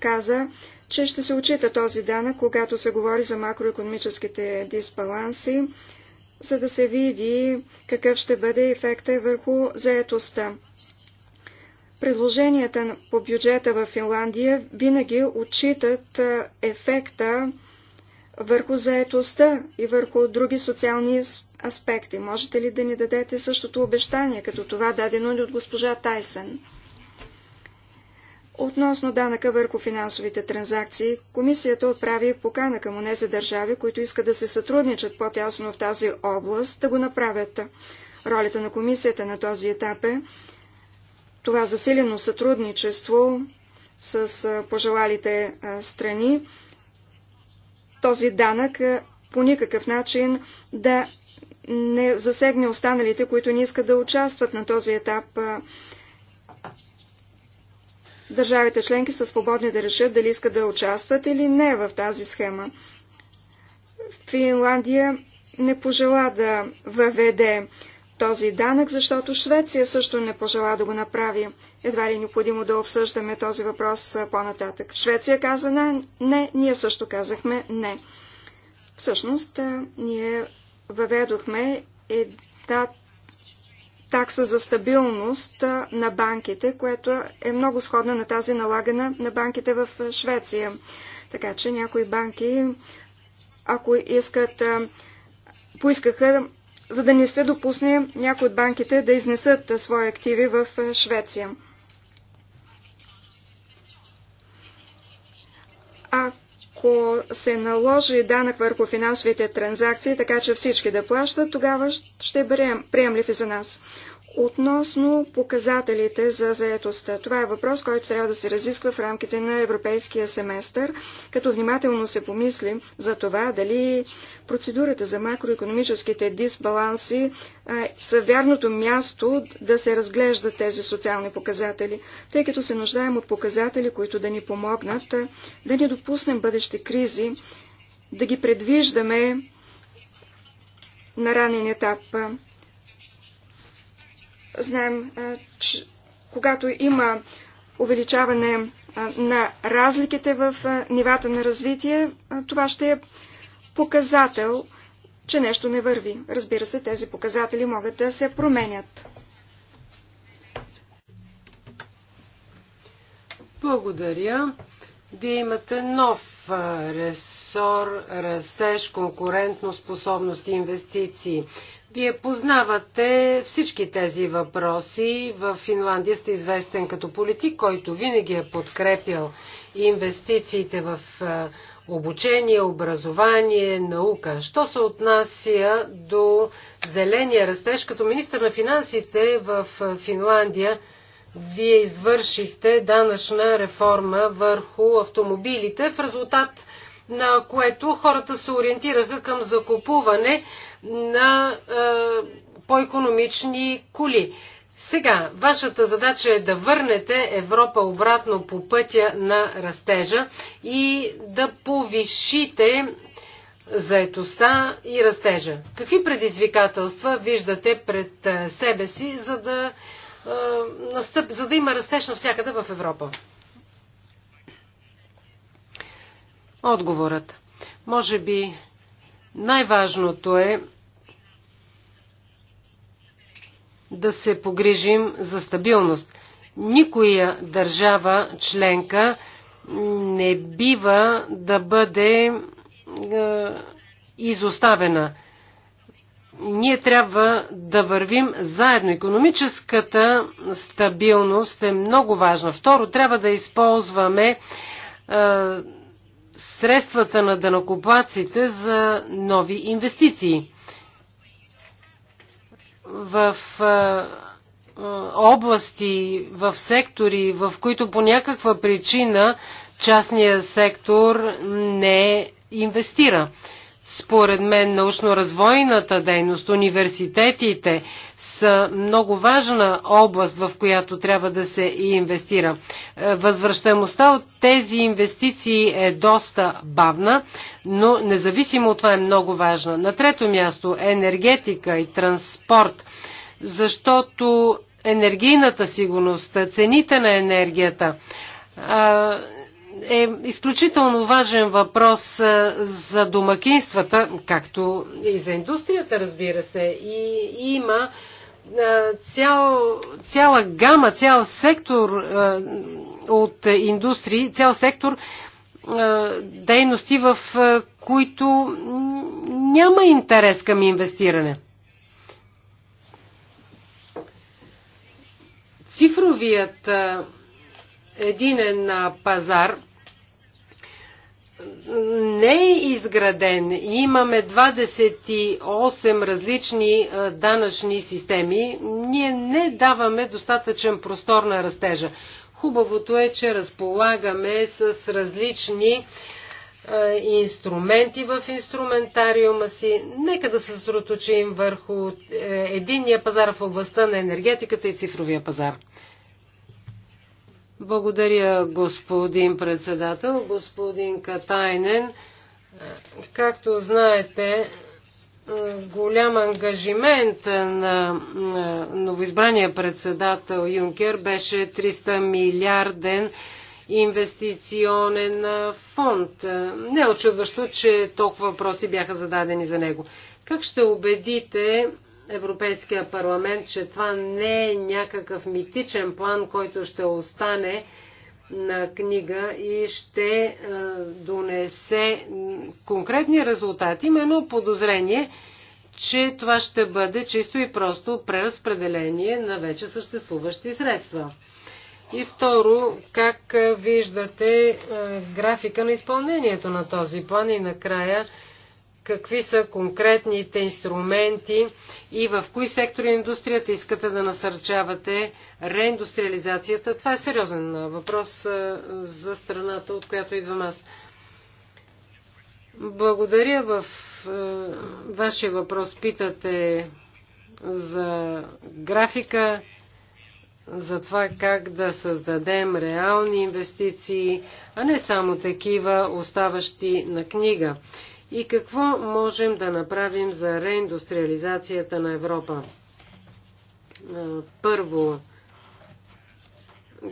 каза, че ще се отчита този данък, когато се говори за макроекономическите дисбаланси, за да се види какъв ще бъде ефекта върху заетостта. Предложенията по бюджета в Финландия винаги отчитат ефекта върху заетостта и върху други социални аспекти. Можете ли да ни дадете същото обещание, като това дадено ли от госпожа Тайсън? Относно данъка върху финансовите транзакции, комисията отправи покана към онези държави, които искат да се сътрудничат по-тясно в тази област, да го направят. Ролята на комисията на този етап е това засилено сътрудничество с пожелалите страни, този данък по никакъв начин да не засегне останалите, които не искат да участват на този етап Държавите членки са свободни да решат дали искат да участват или не в тази схема. Финландия не пожела да въведе този данък, защото Швеция също не пожела да го направи. Едва ли е необходимо да обсъждаме този въпрос по-нататък. Швеция каза не, не, ние също казахме не. Всъщност, ние въведохме една такса за стабилност на банките, което е много сходна на тази налагана на банките в Швеция. Така че някои банки, ако искат, поискаха, за да не се допусне някои от банките да изнесат свои активи в Швеция. А ако се наложи данък върху финансовите транзакции, така че всички да плащат, тогава ще бъде приемлив и за нас. Относно показателите за заетостта, това е въпрос, който трябва да се разисква в рамките на европейския семестър, като внимателно се помислим за това дали процедурата за макроекономическите дисбаланси а, са вярното място да се разглеждат тези социални показатели, тъй като се нуждаем от показатели, които да ни помогнат да не допуснем бъдещи кризи, да ги предвиждаме на ранен етап. Знаем, че когато има увеличаване на разликите в нивата на развитие, това ще е показател, че нещо не върви. Разбира се, тези показатели могат да се променят. Благодаря. Вие имате нов ресор, растеж, конкурентно способност и инвестиции. Вие познавате всички тези въпроси. В Финландия сте известен като политик, който винаги е подкрепил инвестициите в е, обучение, образование, наука. Що се отнася до зеления растеж, като министр на финансите в е, Финландия, вие извършихте данъчна реформа върху автомобилите в резултат на което хората се ориентираха към закупуване на е, по-економични коли. Сега, вашата задача е да върнете Европа обратно по пътя на растежа и да повишите заетостта и растежа. Какви предизвикателства виждате пред е, себе си, за да, е, настъп, за да има растеж навсякъде в Европа? Отговорът. Може би най-важното е да се погрижим за стабилност. Никоя държава членка не бива да бъде е, изоставена. Ние трябва да вървим заедно. Економическата стабилност е много важна. Второ, трябва да използваме е, средствата на данокопаците за нови инвестиции. В области, в сектори, в които по някаква причина частния сектор не инвестира. Според мен научно-развойната дейност, университетите са много важна област, в която трябва да се инвестира. Е, възвръщаемостта от тези инвестиции е доста бавна, но независимо от това е много важна. На трето място енергетика и транспорт, защото енергийната сигурност, цените на енергията, е изключително важен въпрос е, за домакинствата, както и за индустрията, разбира се. И има е, цял, цяла гама, цял сектор е, от индустрии, цял сектор дейности, в които няма интерес към инвестиране. Цифровият единен пазар – не е изграден. Имаме 28 различни данъчни системи. Ние не даваме достатъчен простор на растежа. Хубавото е, че разполагаме с различни инструменти в инструментариума си. Нека да се съсредоточим върху е, единния пазар в областта на енергетиката и цифровия пазар. Благодаря, господин председател. Господин Катайнен, както знаете, голям ангажимент на новоизбрания председател Юнкер беше 300 милиарден инвестиционен фонд. Не е очудващо, че толкова въпроси бяха зададени за него. Как ще убедите Европейския парламент, че това не е някакъв митичен план, който ще остане на книга и ще е, донесе конкретни резултати. Има едно подозрение, че това ще бъде чисто и просто преразпределение на вече съществуващи средства. И второ, как е, виждате е, графика на изпълнението на този план и накрая какви са конкретните инструменти и в кои сектори на индустрията искате да насърчавате реиндустриализацията? Това е сериозен въпрос за страната, от която идвам аз. Благодаря в вашия въпрос. Питате за графика, за това как да създадем реални инвестиции, а не само такива, оставащи на книга и какво можем да направим за реиндустриализацията на Европа. Първо,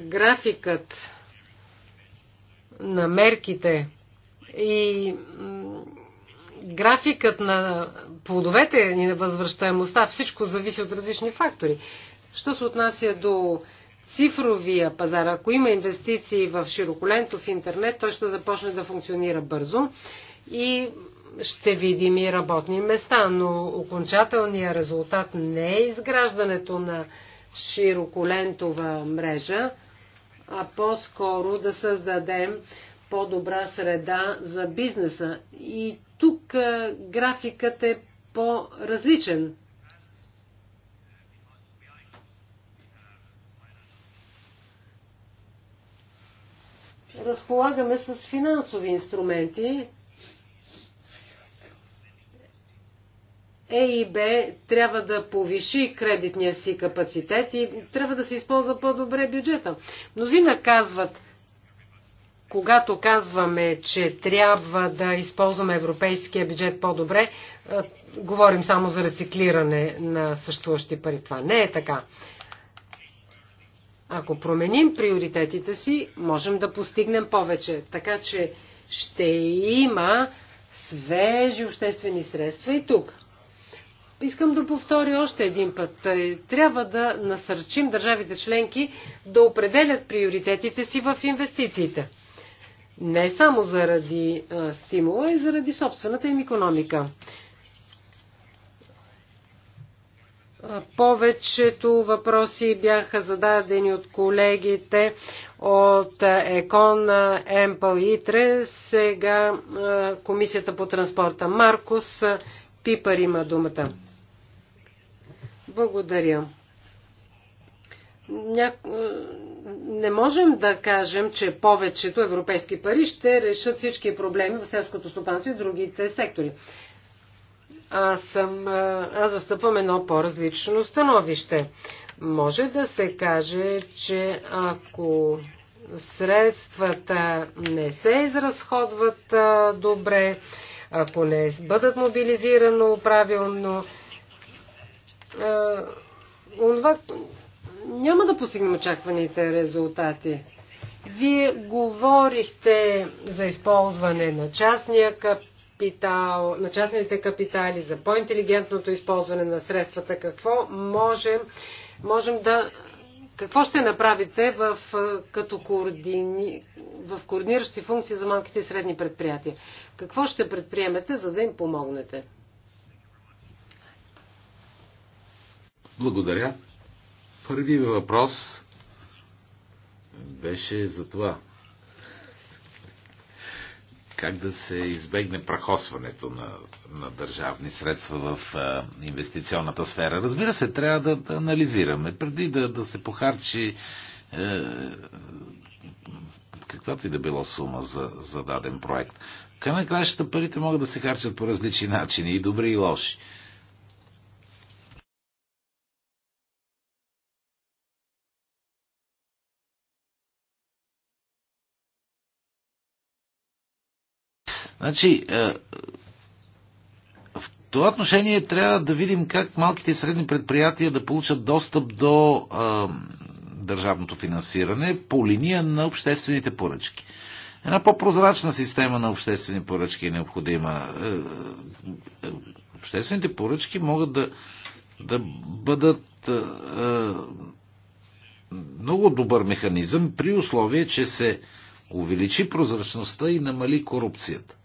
графикът на мерките и графикът на плодовете и на възвръщаемостта, всичко зависи от различни фактори. Що се отнася до цифровия пазар, ако има инвестиции в широколентов интернет, той ще започне да функционира бързо и ще видим и работни места, но окончателният резултат не е изграждането на широколентова мрежа, а по-скоро да създадем по-добра среда за бизнеса. И тук графикът е по-различен. Разполагаме с финансови инструменти, ЕИБ трябва да повиши кредитния си капацитет и трябва да се използва по-добре бюджета. Мнозина казват, когато казваме, че трябва да използваме европейския бюджет по-добре, говорим само за рециклиране на съществуващи пари. Това не е така. Ако променим приоритетите си, можем да постигнем повече. Така че ще има свежи обществени средства и тук. Искам да повторя още един път. Е, трябва да насърчим държавите членки да определят приоритетите си в инвестициите. Не само заради стимула, а и заради собствената им економика. Повечето въпроси бяха зададени от колегите от ЕКОН, ЕМПЛ и ИТРЕ. Сега Комисията по транспорта Маркус Пипър има думата. Благодаря. Ня... Не можем да кажем, че повечето европейски пари ще решат всички проблеми в селското стопанство и другите сектори. Аз, съм, аз застъпвам едно по-различно становище. Може да се каже, че ако средствата не се изразходват добре, ако не бъдат мобилизирано правилно, е, онова, няма да постигнем очакваните резултати. Вие говорихте за използване на частния капитал, на частните капитали, за по-интелигентното използване на средствата. Какво можем, можем да. Какво ще направите в, е, като координи, в координиращи функции за малките и средни предприятия? Какво ще предприемете, за да им помогнете? Благодаря. Първи въпрос беше за това. Как да се избегне прахосването на, на държавни средства в а, инвестиционната сфера? Разбира се, трябва да, да анализираме. Преди да, да се похарчи е, каквато и да било сума за, за даден проект. Към на кращата парите могат да се харчат по различни начини, и добри, и лоши. Е, Значи, е, в това отношение трябва да видим как малките и средни предприятия да получат достъп до е, държавното финансиране по линия на обществените поръчки. Една по-прозрачна система на обществени поръчки е необходима. Е, обществените поръчки могат да, да бъдат е, много добър механизъм при условие, че се увеличи прозрачността и намали корупцията.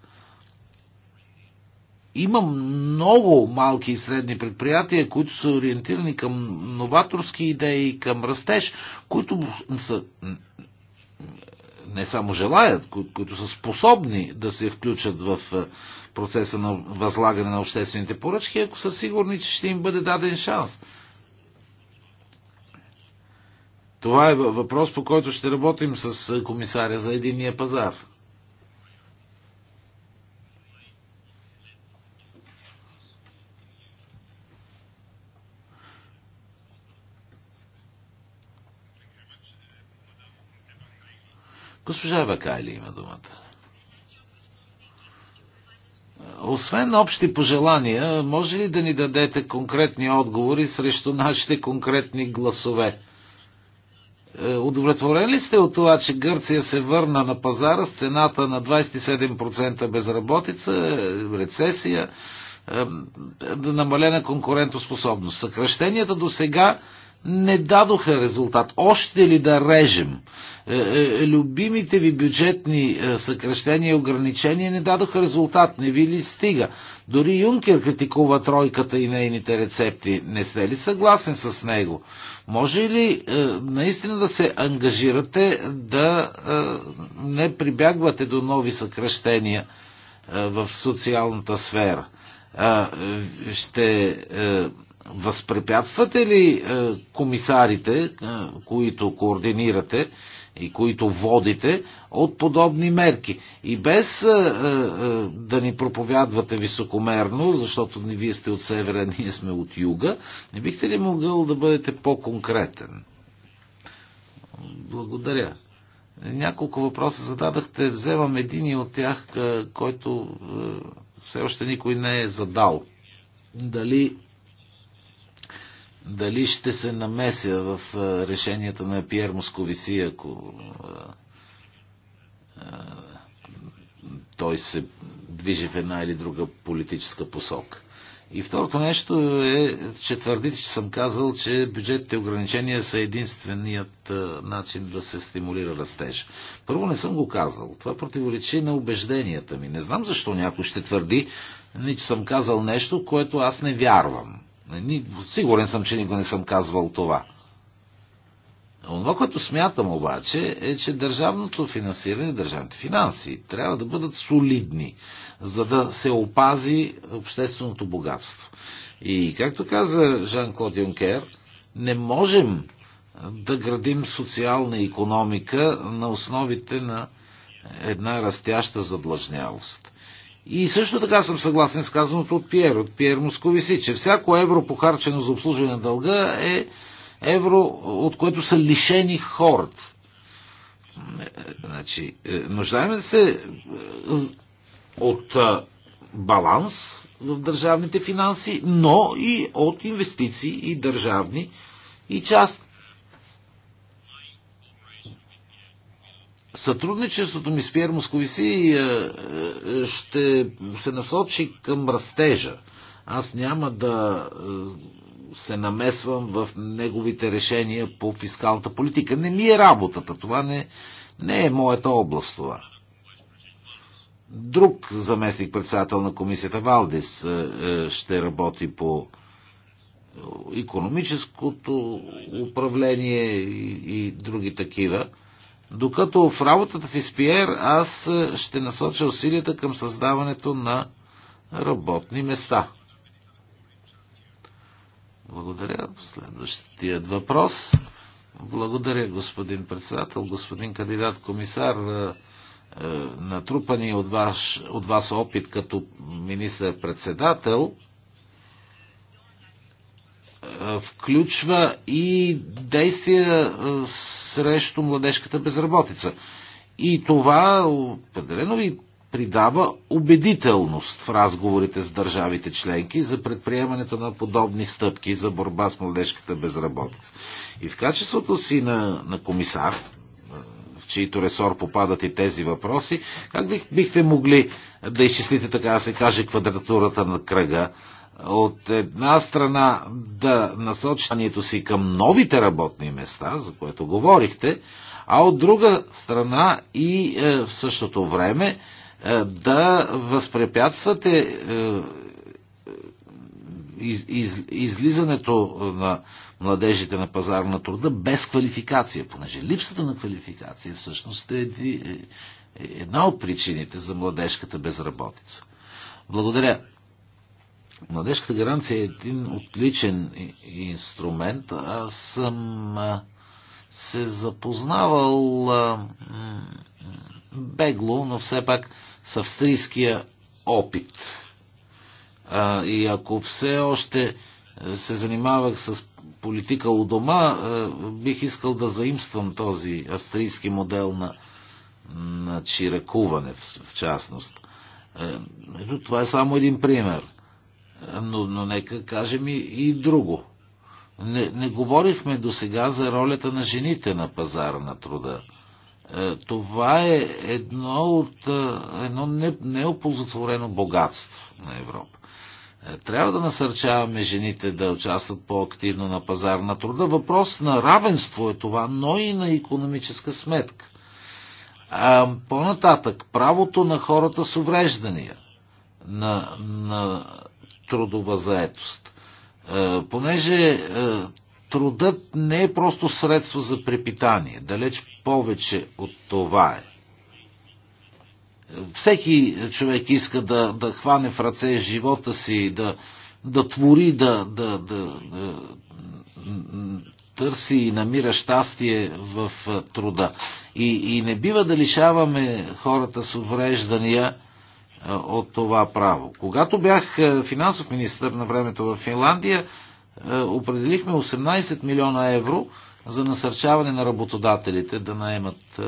Има много малки и средни предприятия, които са ориентирани към новаторски идеи, към растеж, които са не само желаят, които са способни да се включат в е, процеса на възлагане на обществените поръчки, ако са сигурни, че ще им бъде даден шанс. Това е въпрос, по който ще работим с е, комисаря за единия пазар. Госпожа Бакайли има думата. Освен общи пожелания, може ли да ни дадете конкретни отговори срещу нашите конкретни гласове? Е, Удовлетворен ли сте от това, че Гърция се върна на пазара с цената на 27% безработица, рецесия, е, намалена конкурентоспособност? Съкръщенията до сега не дадоха резултат. Още ли да режем? Е, е, любимите ви бюджетни е, съкрещения и ограничения не дадоха резултат, не ви ли стига? Дори Юнкер критикува тройката и нейните рецепти. Не сте ли съгласен с него? Може ли наистина да се ангажирате да не прибягвате до нови съкрещения в социалната сфера? Ще Възпрепятствате ли е, комисарите, е, които координирате и които водите от подобни мерки? И без е, да ни проповядвате високомерно, защото вие сте от севера, ние сме от юга, не бихте ли могъл да бъдете по-конкретен? Благодаря. Няколко въпроса зададахте. Вземам един от тях, който все още никой не е задал. Дали дали ще се намеся в решенията на Пьер Московиси, ако той се движи в една или друга политическа посока. И второто нещо е, че твърдите, че съм казал, че бюджетните ограничения са единственият начин да се стимулира растеж. Първо не съм го казал. Това противоречи на убежденията ми. Не знам защо някой ще твърди, че съм казал нещо, което аз не вярвам. Сигурен съм, че никога не съм казвал това. Онова, което смятам обаче, е, че държавното финансиране, държавните финанси трябва да бъдат солидни, за да се опази общественото богатство. И както каза Жан-Клод Юнкер, не можем да градим социална економика на основите на една растяща задлъжнявост. И също така съм съгласен с казаното от Пиер, от Пиер Московиси, че всяко евро похарчено за обслужване на дълга е евро, от което са лишени хората. Е, значи, е, нуждаем се е, от баланс в държавните финанси, но и от инвестиции и държавни и част. Сътрудничеството ми с Пьер Московиси е, е, ще се насочи към растежа. Аз няма да е, се намесвам в неговите решения по фискалната политика. Не ми е работата. Това не, не е моята област това. Друг заместник председател на комисията Валдис ще работи по економическото управление и, и други такива. Докато в работата си с Пиер аз е, ще насоча усилията към създаването на работни места. Благодаря. Следващият въпрос. Благодаря, господин председател, господин кандидат комисар. Е, е, натрупани от, ваш, от вас опит като министър-председател, включва и действия срещу младежката безработица. И това определено и придава убедителност в разговорите с държавите членки за предприемането на подобни стъпки за борба с младежката безработица. И в качеството си на, на комисар, в чието ресор попадат и тези въпроси, как бихте могли да изчислите, така да се каже, квадратурата на кръга от една страна да насочването си към новите работни места, за което говорихте, а от друга страна и е, в същото време е, да възпрепятствате е, из, из, излизането на младежите на пазар на труда без квалификация, понеже липсата на квалификация всъщност е една от причините за младежката безработица. Благодаря. Младежката гаранция е един отличен инструмент. Аз съм се запознавал бегло, но все пак с австрийския опит. И ако все още се занимавах с политика у дома, бих искал да заимствам този австрийски модел на, на чиракуване, в, частност. Е, ето, това е само един пример но, но нека кажем и, и друго. Не, не говорихме до сега за ролята на жените на пазара на труда. Е, това е едно от е, едно не, неопозотворено богатство на Европа. Е, трябва да насърчаваме жените да участват по-активно на пазар на труда. Въпрос на равенство е това, но и на економическа сметка. А, по-нататък, правото на хората с увреждания, на, на трудова заетост. Е, понеже е, трудът не е просто средство за препитание, далеч повече от това е. Всеки човек иска да, да хване в ръце живота си, да, да твори, да, да, да, да търси и намира щастие в е, труда. И, и не бива да лишаваме хората с увреждания от това право. Когато бях финансов министр на времето в Финландия, определихме 18 милиона евро за насърчаване на работодателите да наемат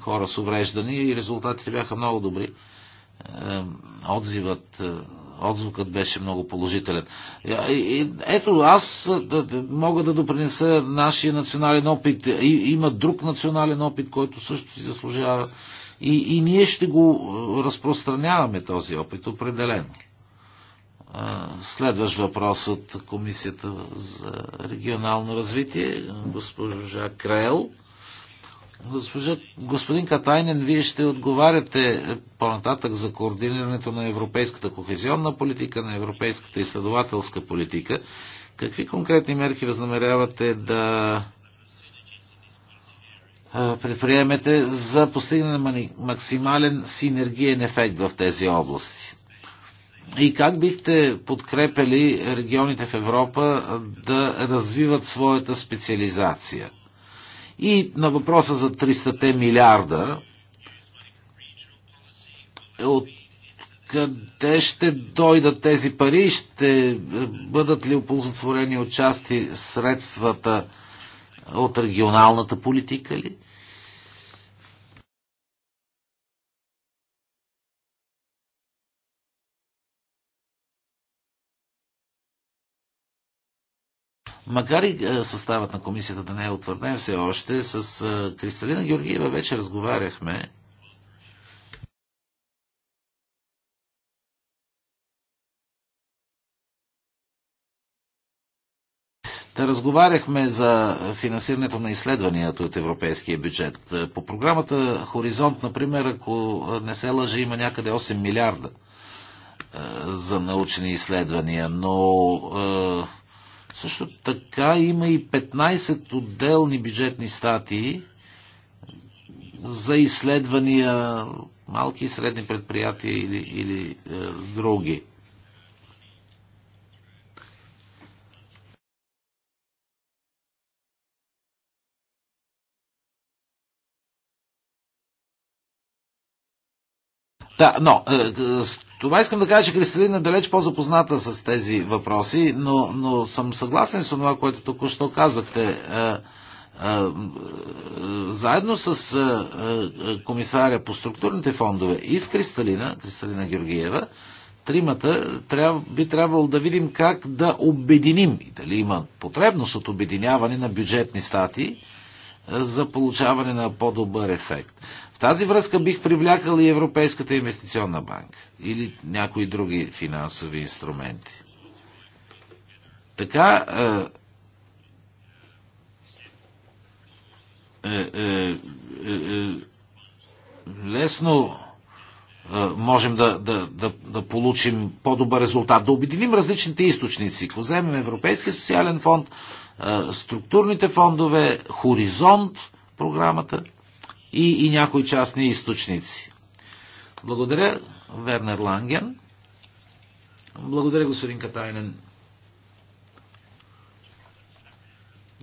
хора с увреждани и резултатите бяха много добри. Отзивът, отзвукът беше много положителен. Ето, аз мога да допринеса нашия национален опит. Има друг национален опит, който също си заслужава и, и ние ще го е, разпространяваме този опит, определено. Е, следващ въпрос от Комисията за регионално развитие, госпожа Крел. Госпожа, господин Катайнен, вие ще отговаряте по-нататък за координирането на европейската кохезионна политика, на европейската изследователска политика. Какви конкретни мерки възнамерявате да предприемете за постигане на максимален синергиен ефект в тези области? И как бихте подкрепили регионите в Европа да развиват своята специализация? И на въпроса за 300 милиарда, от къде ще дойдат тези пари? Ще бъдат ли оползотворени от части средствата от регионалната политика ли? Макар и е, съставът на комисията да не е утвърден все още, с е, Кристалина Георгиева вече разговаряхме разговаряхме за финансирането на изследванията от европейския бюджет. По програмата Хоризонт, например, ако не се лъжи, има някъде 8 милиарда е, за научни изследвания, но е, също така има и 15 отделни бюджетни статии за изследвания малки и средни предприятия или, или е, други. Да, но е, е, това искам да кажа, че Кристалина е далеч по-запозната с тези въпроси, но, но съм съгласен с това, което току-що казахте. Е, заедно с комисаря по структурните фондове и с Кристалина, Кристалина Георгиева, тримата трябва, би трябвало да видим как да обединим и дали има потребност от обединяване на бюджетни стати за получаване на по-добър ефект тази връзка бих привлякал и Европейската инвестиционна банка или някои други финансови инструменти. Така е, е, е, е, е лесно е, можем да, да, да, да получим по-добър резултат, да обединим различните източници. Ако вземем Европейския социален фонд, структурните фондове, Хоризонт, програмата – и, и някои частни източници. Благодаря, Вернер Ланген. Благодаря, господин Катайнен.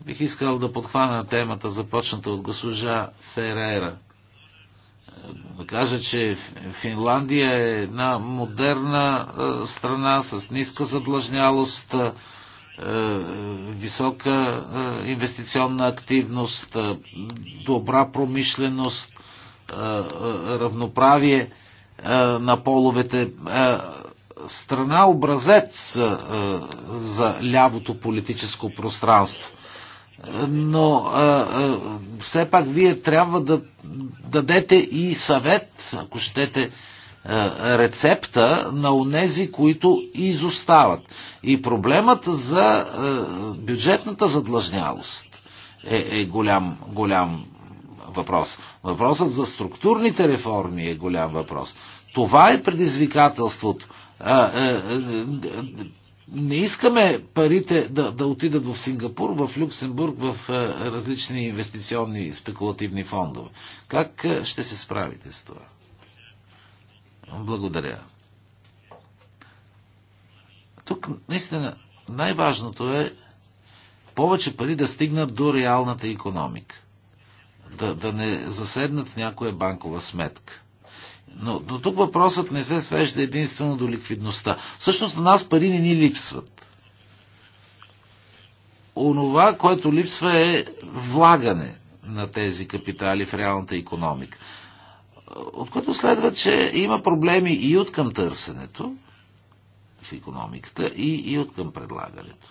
Бих искал да подхвана темата, започната от госпожа Ферера. Да кажа, че Финландия е една модерна страна с ниска задлъжнялост, е, е, висока е, инвестиционна активност, добра промишленост, равноправие на половете. Страна образец за лявото политическо пространство. Но все пак вие трябва да дадете и съвет, ако щете, е, рецепта на онези, които изостават. И проблемът за е, бюджетната задлъжнялост е, е голям, голям въпрос. Въпросът за структурните реформи е голям въпрос. Това е предизвикателството. Е, не искаме парите да, да отидат в Сингапур, в Люксембург, в различни инвестиционни спекулативни фондове. Как ще се справите с това? Благодаря. Тук наистина най-важното е повече пари да стигнат до реалната економика. Да, да не заседнат в някоя банкова сметка. Но, но тук въпросът не се свежда единствено до ликвидността. Всъщност на нас пари не ни липсват. Онова, което липсва е влагане на тези капитали в реалната економика от което следва, че има проблеми и от към търсенето в економиката, и, и от към предлагането.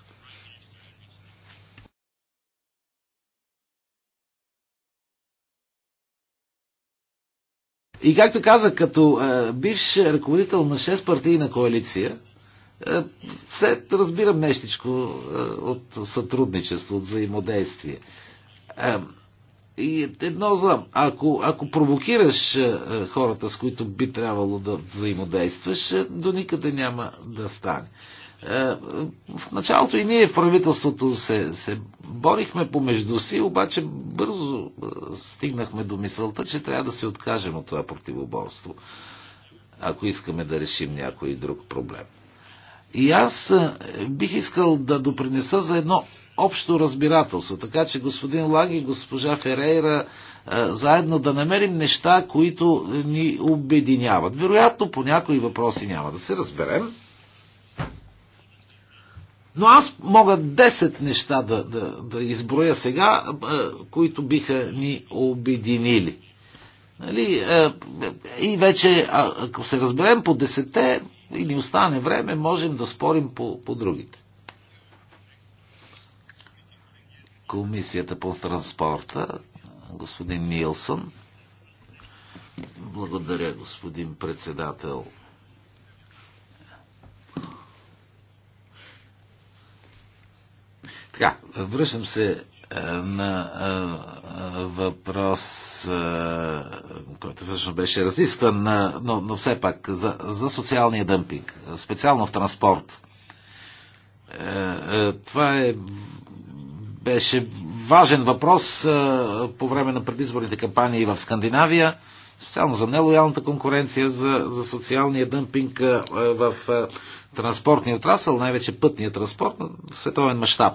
И както казах, като е, бивш ръководител на 6 партийна коалиция, е, все разбирам нещичко е, от сътрудничество, от взаимодействие. Е, и едно знам, ако, ако провокираш е, е, хората, с които би трябвало да взаимодействаш, е, до никъде няма да стане. В началото и ние в правителството се, се борихме помежду си, обаче бързо стигнахме до мисълта, че трябва да се откажем от това противоборство, ако искаме да решим някой друг проблем. И аз е, бих искал да допринеса за едно общо разбирателство. Така че господин Лаги и госпожа Ферейра е, заедно да намерим неща, които ни обединяват. Вероятно по някои въпроси няма да се разберем. Но аз мога 10 неща да, да, да изброя сега, е, които биха ни обединили. Нали? И вече, ако се разберем по 10 и ни остане време, можем да спорим по, по другите. Комисията по транспорта, господин Нилсън. Благодаря, господин председател. Така, връщам се е, на е, е, въпрос, който всъщност беше разискван, но, но все пак за, за социалния дъмпинг, специално в транспорт. Това е, беше важен въпрос по време на предизборните кампании в Скандинавия, специално за нелоялната конкуренция, за, за социалния дъмпинг в транспортния отрасъл, най-вече пътния транспорт в световен мащаб.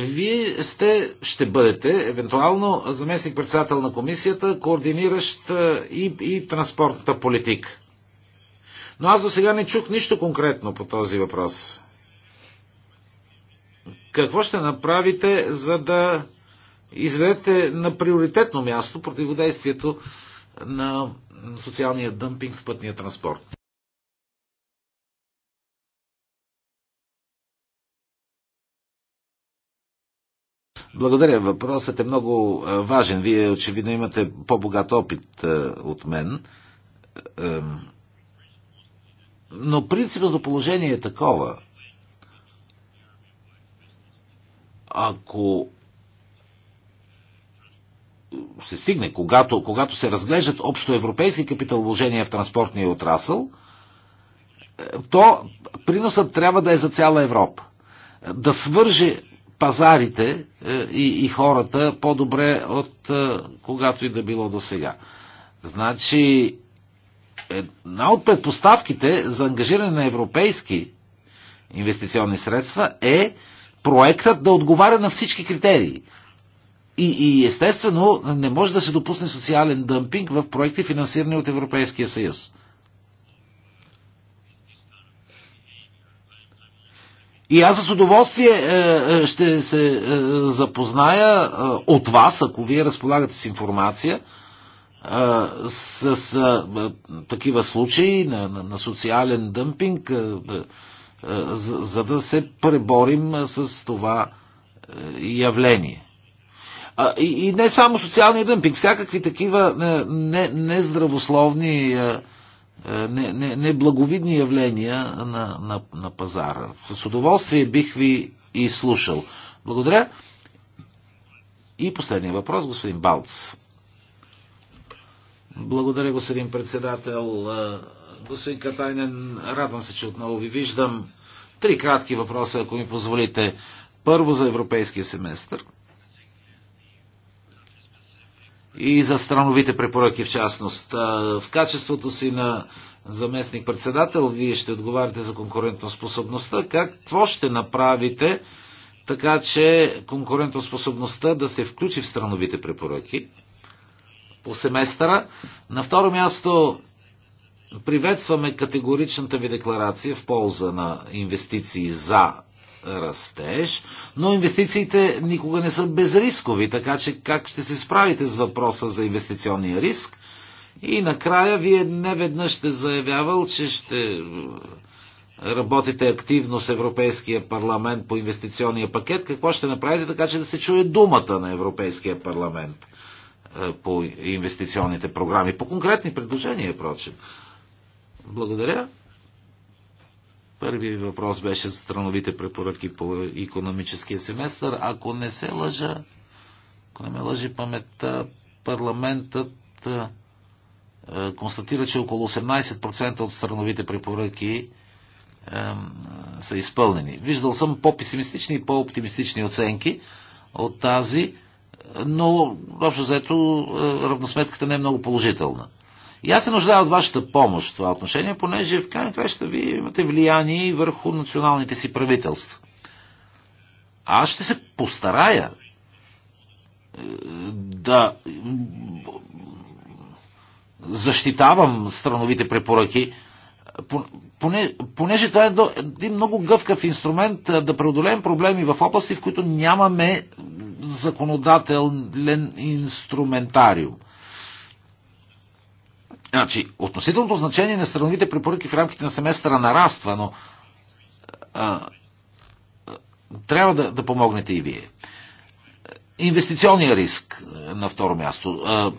Вие сте, ще бъдете, евентуално, заместник председател на комисията, координиращ и, и транспортната политика. Но аз до сега не чух нищо конкретно по този въпрос. Какво ще направите, за да изведете на приоритетно място противодействието на социалния дъмпинг в пътния транспорт? Благодаря. Въпросът е много важен. Вие очевидно имате по-богат опит от мен. Но принципното положение е такова. Ако се стигне, когато, когато се разглеждат общоевропейски вложения в транспортния отрасъл, то приносът трябва да е за цяла Европа. Да свърже пазарите е, и, и хората по-добре от е, когато и да било до сега. Значи, една от предпоставките за ангажиране на европейски инвестиционни средства е проектът да отговаря на всички критерии. И, и естествено не може да се допусне социален дъмпинг в проекти, финансирани от Европейския съюз. И аз с удоволствие е, е, ще се е, запозная от вас, ако вие разполагате с информация, с такива случаи на, на, на социален дъмпинг, за, за да се преборим с това явление. И, и не само социалния дъмпинг, всякакви такива нездравословни не, не неблаговидни не, не явления на, на, на пазара. С удоволствие бих ви и слушал. Благодаря. И последния въпрос, господин Балц. Благодаря, господин председател. Е, господин Катайнен, радвам се, че отново ви виждам. Три кратки въпроса, ако ми позволите. Първо за европейския семестър и за страновите препоръки в частност. В качеството си на заместник-председател, вие ще отговаряте за конкурентоспособността. Какво ще направите така, че конкурентоспособността да се включи в страновите препоръки по семестъра? На второ място, приветстваме категоричната ви декларация в полза на инвестиции за растеж, но инвестициите никога не са безрискови, така че как ще се справите с въпроса за инвестиционния риск? И накрая вие не веднъж сте заявявал, че ще е, работите активно с Европейския парламент по инвестиционния пакет. Какво ще направите така, че да се чуе думата на Европейския парламент е, по инвестиционните програми, по конкретни предложения, прочим? Благодаря. Първи въпрос беше за страновите препоръки по економическия семестър. Ако не се лъжа, ако не ме лъжи паметта, парламентът констатира, че около 18% от страновите препоръки са изпълнени. Виждал съм по-песимистични и по-оптимистични оценки от тази, но общо взето равносметката не е много положителна. И аз се нуждая от вашата помощ в това отношение, понеже в крайна краща вие имате влияние върху националните си правителства. Аз ще се постарая е, да защитавам страновите препоръки, понеже това е един много гъвкав инструмент е, да преодолеем проблеми в области, в които нямаме законодателен инструментариум. Значи, относителното значение на страновите препоръки в рамките на семестъра нараства, но а, а, трябва да, да помогнете и вие. Инвестиционния риск е, на второ място. А,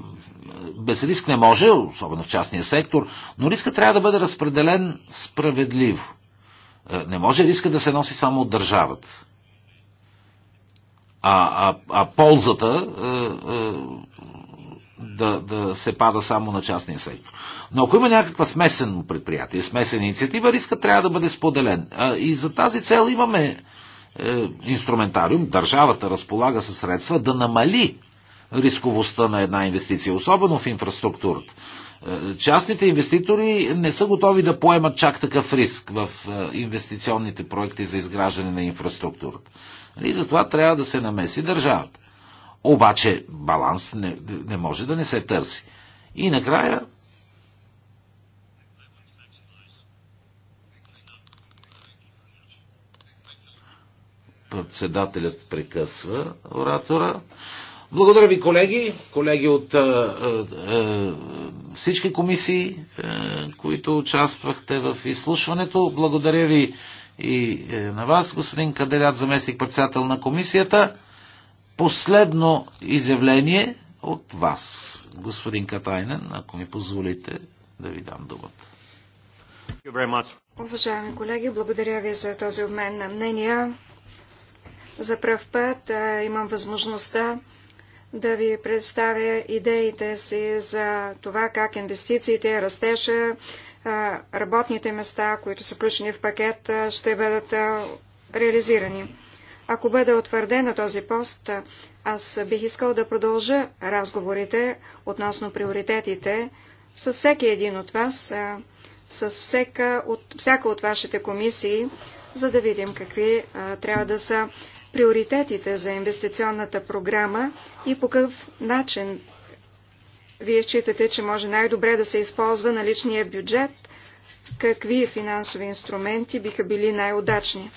без риск не може, особено в частния сектор, но риска трябва да бъде разпределен справедливо. Е, не може риска да се носи само от държавата. А, а, а ползата А, е, а, да, да се пада само на частния сектор. Но ако има някаква смесено предприятие, смесена инициатива, риска трябва да бъде споделен. И за тази цел имаме е, инструментариум, държавата разполага със средства да намали рисковостта на една инвестиция, особено в инфраструктурата. Е, частните инвеститори не са готови да поемат чак такъв риск в е, инвестиционните проекти за изграждане на инфраструктурата. И затова трябва да се намеси държавата. Обаче баланс не, не може да не се търси. И накрая председателят прекъсва оратора. Благодаря ви, колеги, колеги от а, а, всички комисии, а, които участвахте в изслушването. Благодаря ви и е, на вас, господин Каделят, заместник председател на комисията. Последно изявление от вас, господин Катайнен, ако ми позволите да ви дам думата. Уважаеми колеги, благодаря ви за този обмен на мнения. За пръв път а, имам възможността да ви представя идеите си за това как инвестициите, растежа, работните места, които са включени в пакет, ще бъдат реализирани. Ако бъде утвърден на този пост, аз бих искал да продължа разговорите относно приоритетите с всеки един от вас, с всяка от, всяка от вашите комисии, за да видим какви а, трябва да са приоритетите за инвестиционната програма и по какъв начин вие считате, че може най-добре да се използва наличния бюджет, какви финансови инструменти биха били най-удачни.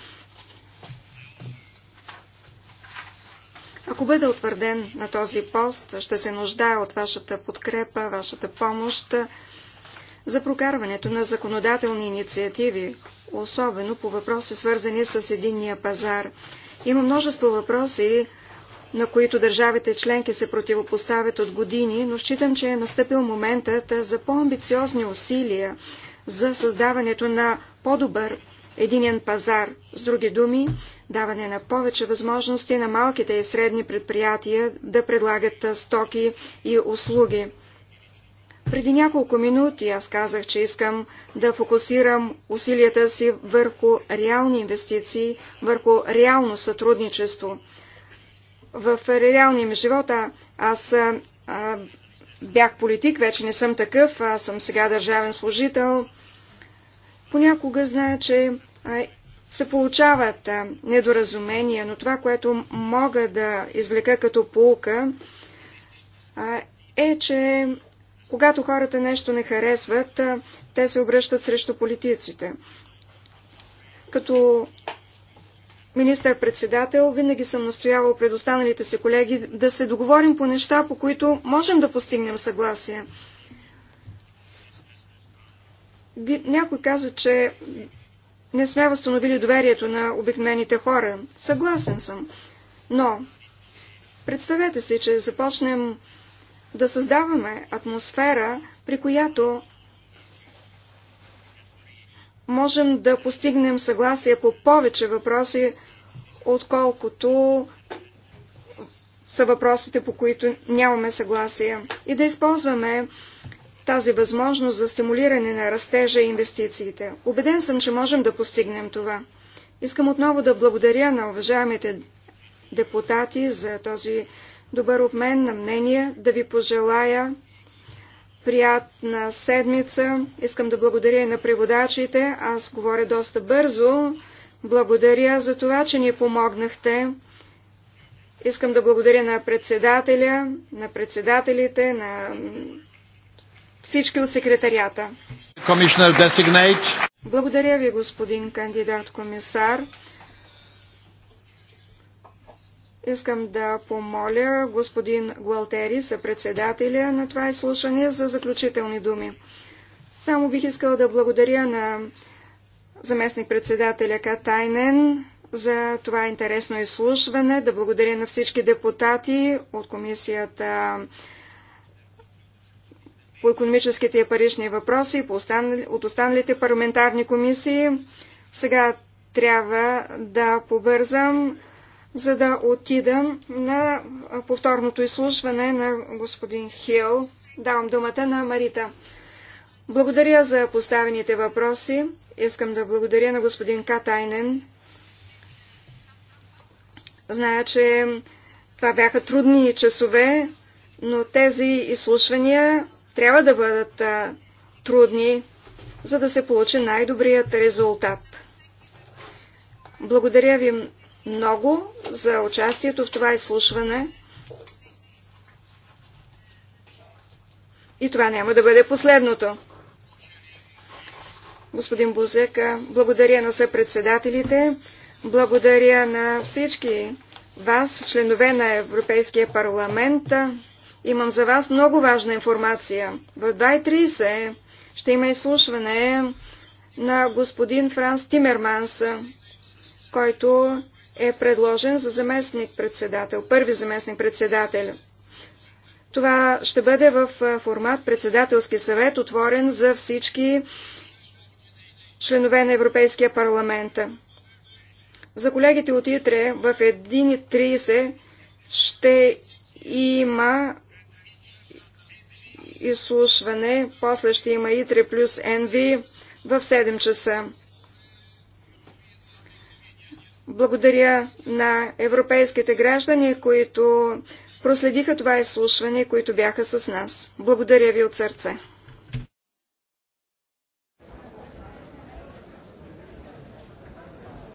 Ако бъде утвърден на този пост, ще се нуждая от вашата подкрепа, вашата помощ за прокарването на законодателни инициативи, особено по въпроси свързани с единния пазар. Има множество въпроси, на които държавите членки се противопоставят от години, но считам, че е настъпил моментът за по-амбициозни усилия за създаването на по-добър единен пазар. С други думи, даване на повече възможности на малките и средни предприятия да предлагат стоки и услуги. Преди няколко минути аз казах, че искам да фокусирам усилията си върху реални инвестиции, върху реално сътрудничество. В реалния ми живота аз а, бях политик, вече не съм такъв, аз съм сега държавен служител, Понякога знае, че се получават недоразумения, но това, което мога да извлека като полка, е, че когато хората нещо не харесват, те се обръщат срещу политиците. Като министър-председател винаги съм настоявал пред останалите си колеги да се договорим по неща, по които можем да постигнем съгласие. Някой каза, че не сме възстановили доверието на обикновените хора. Съгласен съм. Но представете си, че започнем да създаваме атмосфера, при която можем да постигнем съгласие по повече въпроси, отколкото са въпросите, по които нямаме съгласие. И да използваме тази възможност за стимулиране на растежа и инвестициите. Обеден съм, че можем да постигнем това. Искам отново да благодаря на уважаемите депутати за този добър обмен на мнения, да ви пожелая приятна седмица. Искам да благодаря и на преводачите. Аз говоря доста бързо. Благодаря за това, че ни помогнахте. Искам да благодаря на председателя, на председателите, на всички от секретарията. Благодаря ви, господин кандидат комисар. Искам да помоля господин Гуалтери, съпредседателя на това изслушане, за заключителни думи. Само бих искала да благодаря на заместник-председателя Катайнен за това интересно изслушване, да благодаря на всички депутати от комисията по економическите и парични въпроси по останали, от останалите парламентарни комисии. Сега трябва да побързам, за да отида на повторното изслушване на господин Хил. Давам думата на Марита. Благодаря за поставените въпроси. Искам да благодаря на господин Катайнен. Зная, че това бяха трудни часове, но тези изслушвания трябва да бъдат трудни, за да се получи най-добрият резултат. Благодаря ви много за участието в това изслушване. И това няма да бъде последното. Господин Бузека, благодаря на съпредседателите, благодаря на всички вас, членове на Европейския парламент. Имам за вас много важна информация. В 2.30 ще има изслушване на господин Франс Тимерманс, който е предложен за заместник-председател, първи заместник-председател. Това ще бъде в формат председателски съвет, отворен за всички членове на Европейския парламент. За колегите от ИТРЕ в 1.30 ще има изслушване. После ще има ИТРЕ плюс НВ в 7 часа. Благодаря на европейските граждани, които проследиха това изслушване, които бяха с нас. Благодаря ви от сърце.